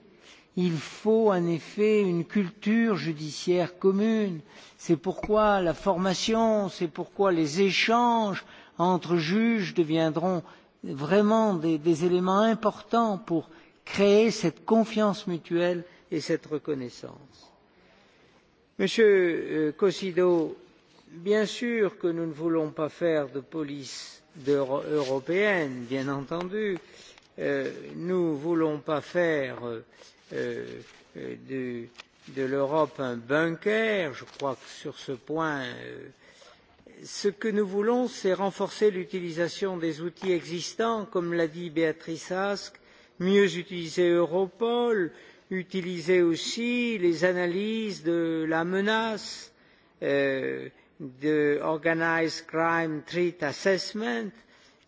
Il faut en effet une culture judiciaire commune. C'est pourquoi la formation, c'est pourquoi les échanges entre juges deviendront vraiment des, des éléments importants pour créer cette confiance mutuelle et cette reconnaissance. Monsieur euh, Cosido, bien sûr que nous ne voulons pas faire de police euro européenne, bien entendu, euh, nous ne voulons pas faire euh, euh, de l'Europe un bunker. Je crois que sur ce point, euh, ce que nous voulons, c'est renforcer l'utilisation des outils existants, comme l'a dit Béatrice Ask, mieux utiliser Europol, utiliser aussi les analyses de la menace, euh, de Organized Crime Treat Assessment, euh,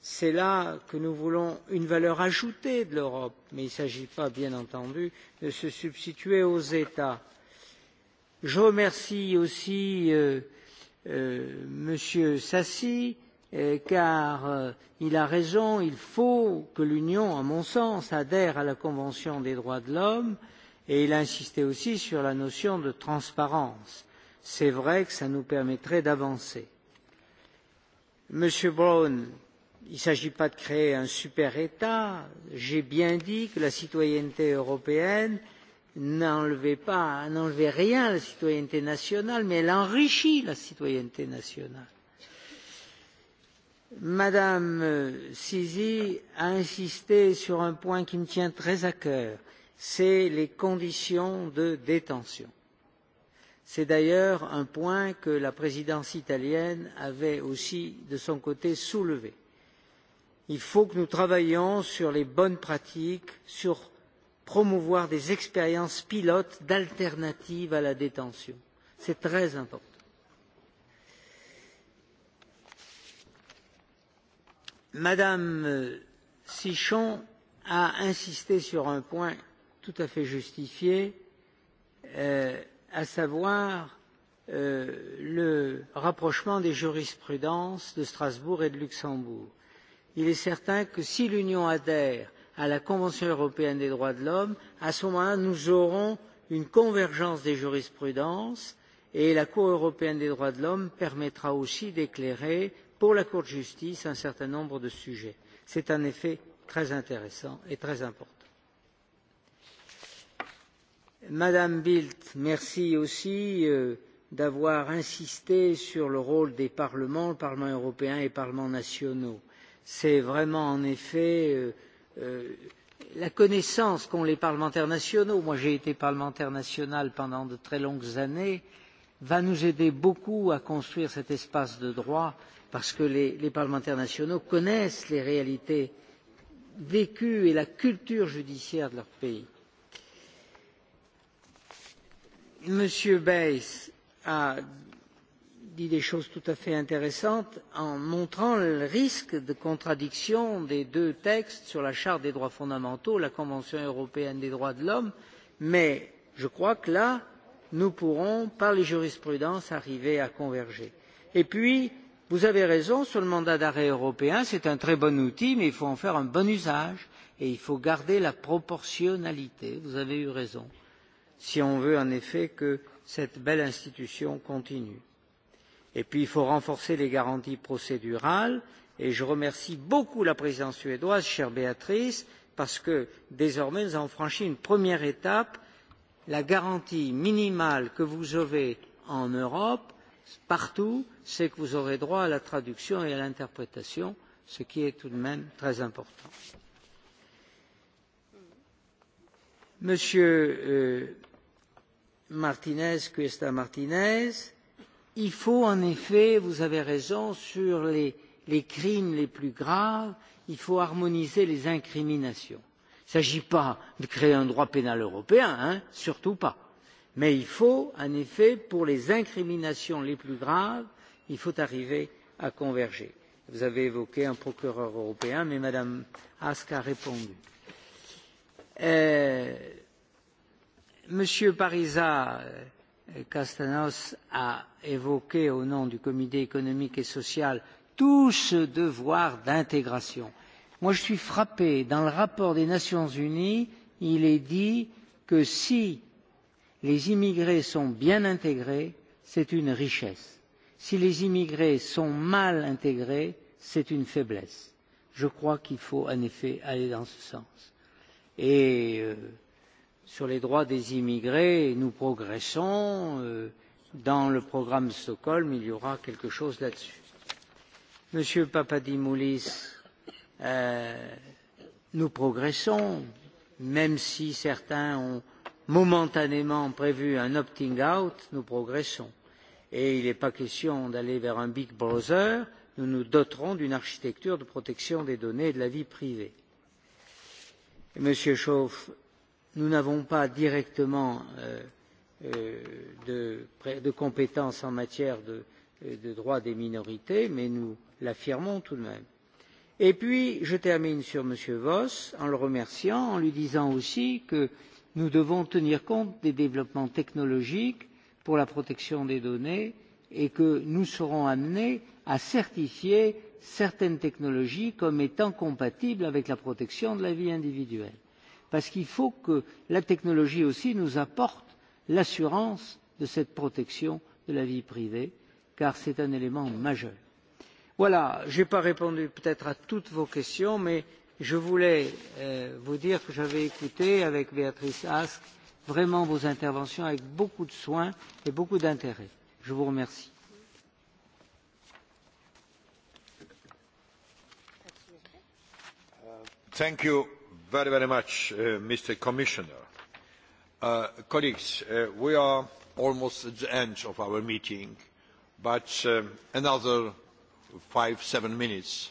C'est là que nous voulons une valeur ajoutée de l'Europe, mais il ne s'agit pas, bien entendu, de se substituer aux États. Je remercie aussi euh, euh, M. Sassi, euh, car euh, il a raison, il faut que l'Union, à mon sens, adhère à la Convention des droits de l'homme, et il a insisté aussi sur la notion de transparence. C'est vrai que ça nous permettrait d'avancer. Monsieur Brown, Il ne s'agit pas de créer un super État. J'ai bien dit que la citoyenneté européenne n'enlevait pas, n'enlevait rien à la citoyenneté nationale, mais elle enrichit la citoyenneté nationale. Madame Sisi a insisté sur un point qui me tient très à cœur, c'est les conditions de détention. C'est d'ailleurs un point que la présidence italienne avait aussi de son côté soulevé. Il faut que nous travaillions sur les bonnes pratiques, sur promouvoir des expériences pilotes d'alternatives à la détention. C'est très important. Madame euh, Sichon a insisté sur un point tout à fait justifié, euh, à savoir euh, le rapprochement des jurisprudences de Strasbourg et de Luxembourg. Il est certain que si l'Union adhère à la Convention européenne des droits de l'homme, à ce moment-là, nous aurons une convergence des jurisprudences et la Cour européenne des droits de l'homme permettra aussi d'éclairer pour la Cour de justice un certain nombre de sujets. C'est en effet très intéressant et très important. Madame Bildt, merci aussi euh, d'avoir insisté sur le rôle des parlements, le Parlement européen et les parlements nationaux c'est vraiment en effet euh, euh, la connaissance qu'ont les parlementaires nationaux. Moi, j'ai été parlementaire national pendant de très longues années va nous aider beaucoup à construire cet espace de droit parce que les, les parlementaires nationaux connaissent les réalités vécues et la culture judiciaire de leur pays. M. Beyss a dit des choses tout à fait intéressantes en montrant le risque de contradiction des deux textes sur la Charte des droits fondamentaux, la Convention européenne des droits de l'homme, mais je crois que là, nous pourrons, par les jurisprudences, arriver à converger. Et puis, vous avez raison sur le mandat d'arrêt européen, c'est un très bon outil, mais il faut en faire un bon usage et il faut garder la proportionnalité, vous avez eu raison, si on veut en effet que cette belle institution continue. Et puis, il faut renforcer les garanties procédurales. Et je remercie beaucoup la présidence suédoise, chère Béatrice, parce que désormais, nous avons franchi une première étape. La garantie minimale que vous avez en Europe, partout, c'est que vous aurez droit à la traduction et à l'interprétation, ce qui est tout de même très important. Monsieur euh, Martinez, Cuesta Martinez, Il faut en effet, vous avez raison, sur les, les crimes les plus graves, il faut harmoniser les incriminations. Il ne s'agit pas de créer un droit pénal européen, hein, surtout pas. Mais il faut, en effet, pour les incriminations les plus graves, il faut arriver à converger. Vous avez évoqué un procureur européen, mais Madame Ask a répondu. Euh, Monsieur Parisa, Castanos a évoqué au nom du comité économique et social tout ce devoir d'intégration. Moi, je suis frappé, dans le rapport des Nations Unies, il est dit que si les immigrés sont bien intégrés, c'est une richesse. Si les immigrés sont mal intégrés, c'est une faiblesse. Je crois qu'il faut en effet aller dans ce sens. Et euh, sur les droits des immigrés, nous progressons. Euh, dans le programme Stockholm, il y aura quelque chose là-dessus. Monsieur Papadimoulis, euh, nous progressons, même si certains ont momentanément prévu un opting out, nous progressons. Et il n'est pas question d'aller vers un big brother, nous nous doterons d'une architecture de protection des données et de la vie privée. Monsieur Chauffe, nous n'avons pas directement euh, euh, de, de compétences en matière de, de droits des minorités, mais nous l'affirmons tout de même. Et puis, je termine sur M. Voss en le remerciant, en lui disant aussi que nous devons tenir compte des développements technologiques pour la protection des données et que nous serons amenés à certifier certaines technologies comme étant compatibles avec la protection de la vie individuelle parce qu'il faut que la technologie aussi nous apporte l'assurance de cette protection de la vie privée, car c'est un élément majeur. Voilà, je n'ai pas répondu peut-être à toutes vos questions, mais je voulais euh, vous dire que j'avais écouté avec Béatrice Ask vraiment vos interventions avec beaucoup de soin et beaucoup d'intérêt. Je vous remercie. Thank you very, very much, uh, Mr. Commissioner. Uh, colleagues, uh, we are almost at the end of our meeting, but um, another five, seven minutes,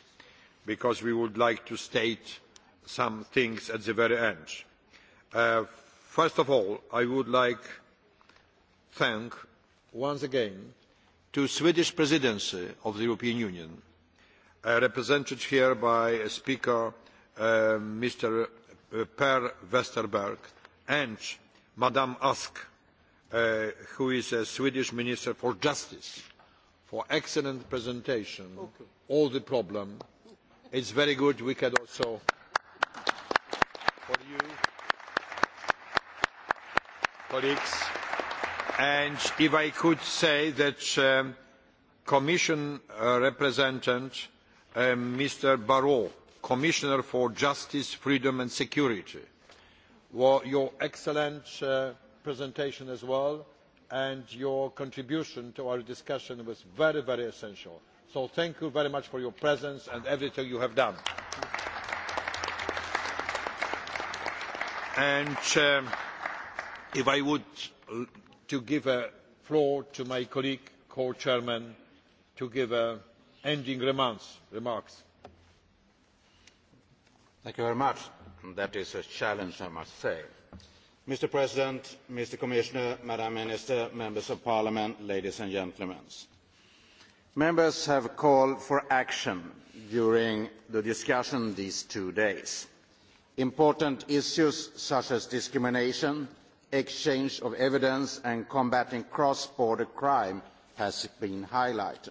because we would like to state some things at the very end. Uh, first of all, I would like to thank once again to Swedish presidency of the European Union, uh, represented here by a Speaker Uh, Mr. Uh, per Westerberg and Madam Ask, uh, who is a Swedish Minister for Justice, for excellent presentation, okay. all the problem. It's very good. We can also for you, colleagues. And if I could say that um, Commission uh, representative uh, Mr. Barrot Commissioner for Justice, Freedom and Security, for your excellent uh, presentation as well and your contribution to our discussion was very, very essential. So thank you very much for your presence and everything you have done. And um, if I would to give a floor to my colleague, co-chairman, to give ending remarks. remarks. Thank you very much. That is a challenge, I must say. Mr. President, Mr. Commissioner, Madam Minister, Members of Parliament, ladies and gentlemen. Members have called for action during the discussion these two days. Important issues such as discrimination, exchange of evidence and combating cross-border crime has been highlighted.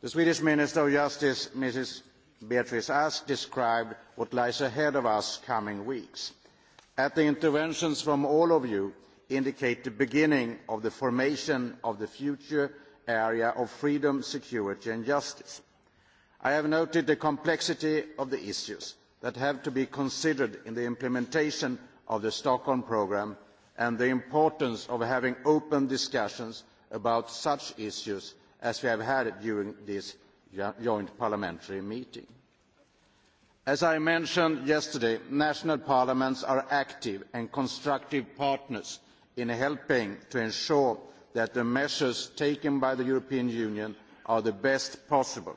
The Swedish Minister of Justice, Mrs. Beatrice Ask described what lies ahead of us coming weeks. At the interventions from all of you indicate the beginning of the formation of the future area of freedom, security and justice. I have noted the complexity of the issues that have to be considered in the implementation of the Stockholm programme and the importance of having open discussions about such issues as we have had during this joint parliamentary meeting. As I mentioned yesterday, national parliaments are active and constructive partners in helping to ensure that the measures taken by the European Union are the best possible.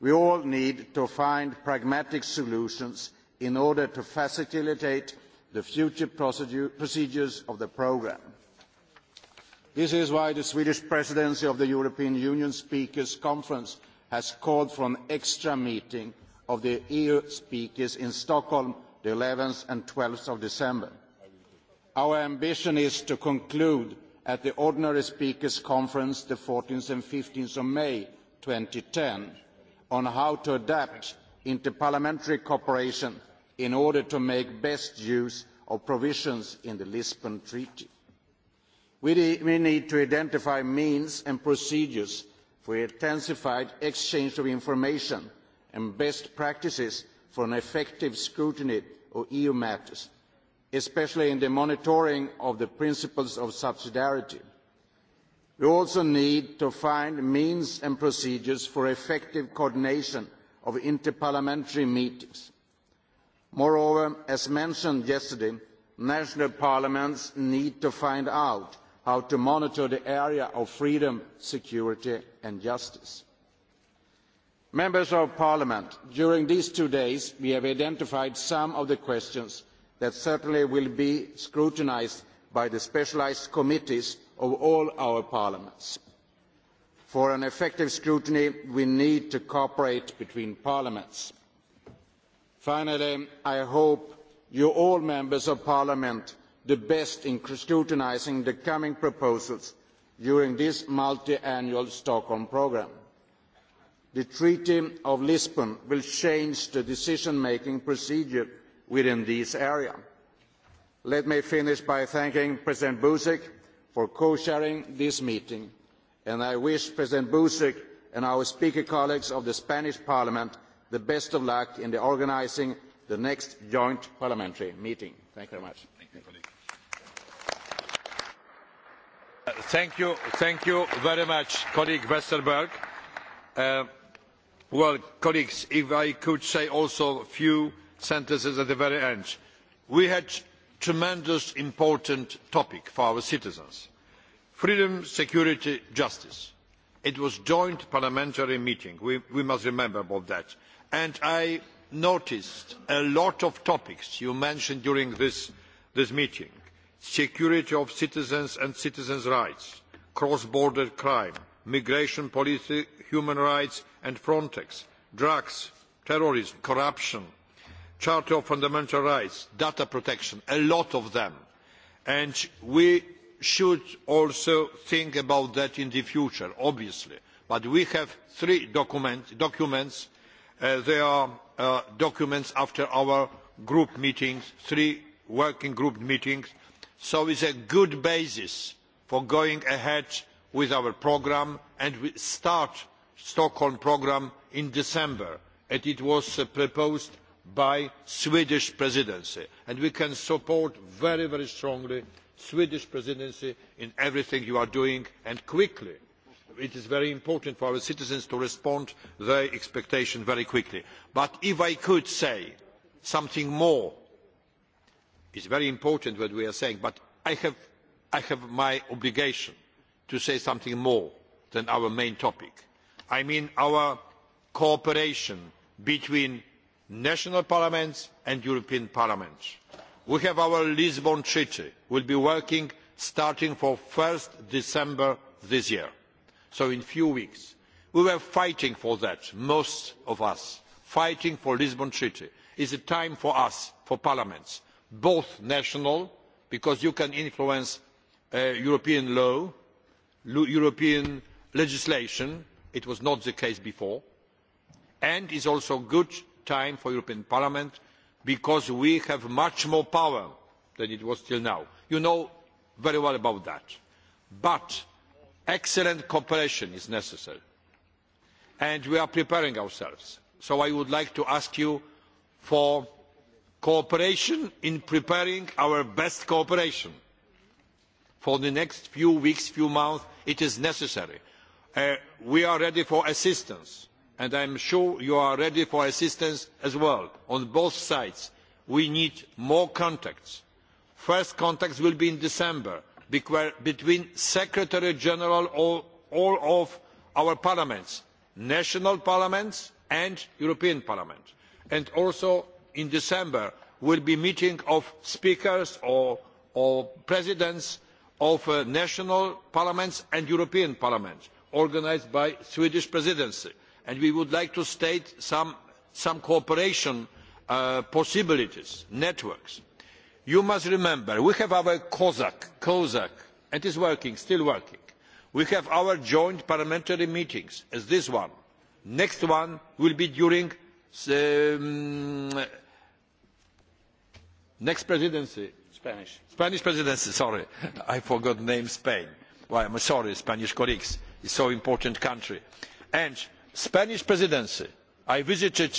We all need to find pragmatic solutions in order to facilitate the future procedures of the programme. This is why the Swedish presidency of the European Union Speakers Conference has called for an extra meeting of the EU speakers in Stockholm the 11th and 12th of December. Our ambition is to conclude at the Ordinary Speakers Conference the 14th and 15th of May ten on how to adapt interparliamentary cooperation in order to make best use of provisions in the Lisbon Treaty. We, need to identify means and procedures for intensified exchange of information and best practices for an effective scrutiny of EU matters, especially in the monitoring of the principles of subsidiarity. We also need to find means and procedures for effective coordination of interparliamentary meetings. Moreover, as mentioned yesterday, national parliaments need to find out how to monitor the area of freedom, security and justice. Members of Parliament, during these two days we have identified some of the questions that certainly will be scrutinised by the specialised committees of all our parliaments. For an effective scrutiny, we need to cooperate between parliaments. Finally, I hope you all members of parliament the best in scrutinising the coming proposals during this multiannual Stockholm programme. The Treaty of Lisbon will change the decision-making procedure within this area. Let me finish by thanking President Buzek for co-chairing this meeting, and I wish President Buzek and our speaker colleagues of the Spanish Parliament the best of luck in organising the next joint parliamentary meeting. Thank you very much. Thank you, thank you very much, colleague Westerberg. Uh, well, colleagues, if I could say also a few sentences at the very end. We had tremendous important topic for our citizens. Freedom, security, justice. It was a joint parliamentary meeting. We, we must remember about that. And I noticed a lot of topics you mentioned during this, this meeting security of citizens and citizens' rights, cross-border crime, migration policy, human rights and Frontex, drugs, terrorism, corruption, Charter of Fundamental Rights, data protection, a lot of them. And we should also think about that in the future, obviously. But we have three document, documents. Uh, they are uh, documents after our group meetings, three working group meetings so is a good basis for going ahead with our programme and we start the Stockholm programme in December and it was uh, proposed by the Swedish presidency and we can support very very strongly the Swedish presidency in everything you are doing and quickly it is very important for our citizens to respond to their expectations very quickly but if I could say something more is very important what we are saying, but I have, I have my obligation to say something more than our main topic. I mean our cooperation between national parliaments and European Parliament. We have our Lisbon Treaty. will be working starting from 1st December this year. So in a few weeks. We were fighting for that, most of us, fighting for the Lisbon Treaty. It is a time for us, for parliaments, both national because you can influence uh, European law, European legislation. It was not the case before. And is also a good time for European Parliament because we have much more power than it was till now. You know very well about that. But excellent cooperation is necessary. And we are preparing ourselves. So I would like to ask you for cooperation in preparing our best cooperation. For the next few weeks, few months, it is necessary. Uh, we are ready for assistance, and I am sure you are ready for assistance as well, on both sides. We need more contacts. First contacts will be in December between Secretary General of all of our parliaments, national parliaments and European Parliament, and also in December will be a meeting of speakers or, or presidents of uh, national parliaments and European parliaments organised by the Swedish presidency. And we would like to state some, some cooperation uh, possibilities, networks. You must remember, we have our COSAC, COSAC, and is working, still working. We have our joint parliamentary meetings, as this one. Next one will be during Mm, next presidency. Spanish. Spanish presidency, sorry. I forgot the name Spain. Well, I'm sorry, Spanish colleagues. It's so important country. And Spanish presidency. I visited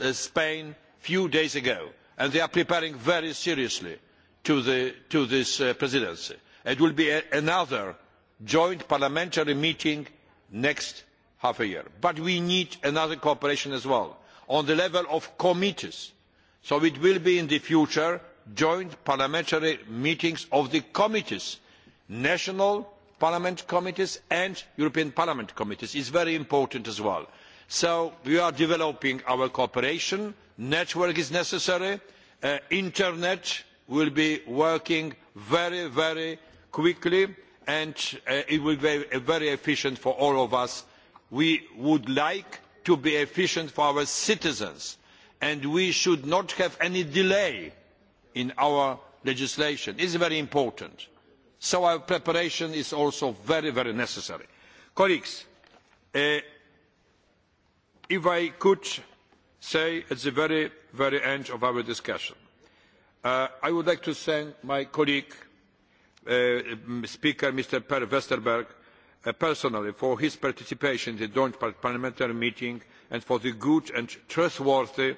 uh, Spain a few days ago, and they are preparing very seriously to, the, to this uh, presidency. It will be a, another joint parliamentary meeting next half a year. But we need another cooperation as well on the level of committees. So it will be in the future joint parliamentary meetings of the committees, national parliament committees and European Parliament committees is very important as well. So we are developing our cooperation, network is necessary, uh, internet will be working very, very quickly and uh, it will be very efficient for all of us. We would like to be efficient for our citizens and we should not have any delay in our legislation. It is very important. So our preparation is also very, very necessary. Colleagues, uh, if I could say at the very, very end of our discussion, uh, I would like to thank my colleague, uh, Speaker Mr. Per Westerberg, Uh, personally for his participation in the joint parliamentary meeting and for the good and trustworthy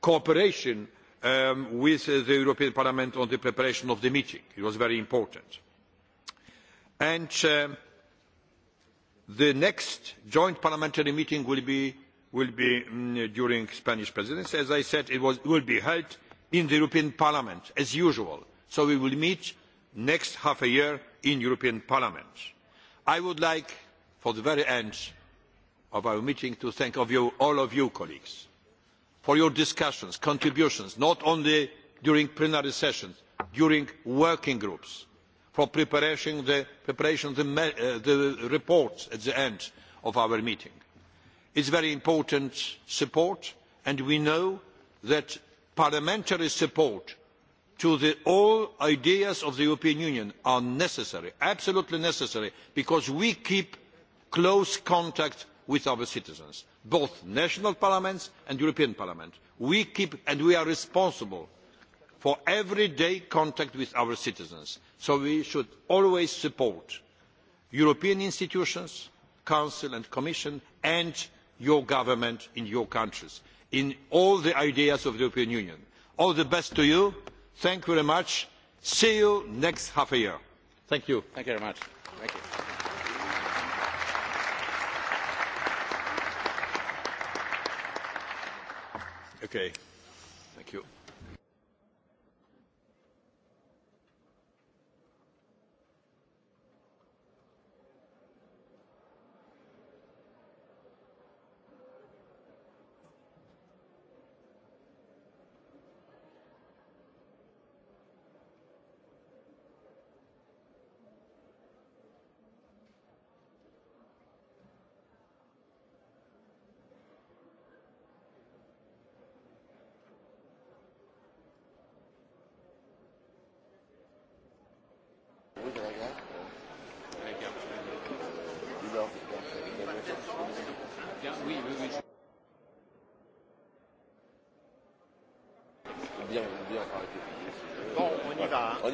cooperation um, with uh, the European Parliament on the preparation of the meeting. It was very important. And um, the next joint parliamentary meeting will be, will be um, during the Spanish presidency. As I said, it was, will be held in the European Parliament, as usual. So we will meet next half a year in European Parliament. I would like, for the very end of our meeting, to thank of you, all of you colleagues for your discussions, contributions, not only during plenary sessions, during working groups, for preparation the, preparation the, uh, the reports at the end of our meeting. It is very important support, and we know that parliamentary support to the, all ideas of the European Union are necessary, absolutely necessary, because we keep close contact with our citizens, both national parliaments and European Parliament. We keep and we are responsible for everyday contact with our citizens. So we should always support European institutions, Council and Commission, and your government in your countries, in all the ideas of the European Union. All the best to you. Thank you very much. See you next half a year. Thank you. Thank you very much. Thank you. Okay.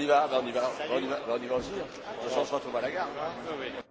y va, on y va, on y va, on y va aussi. De toute façon, on à la gare.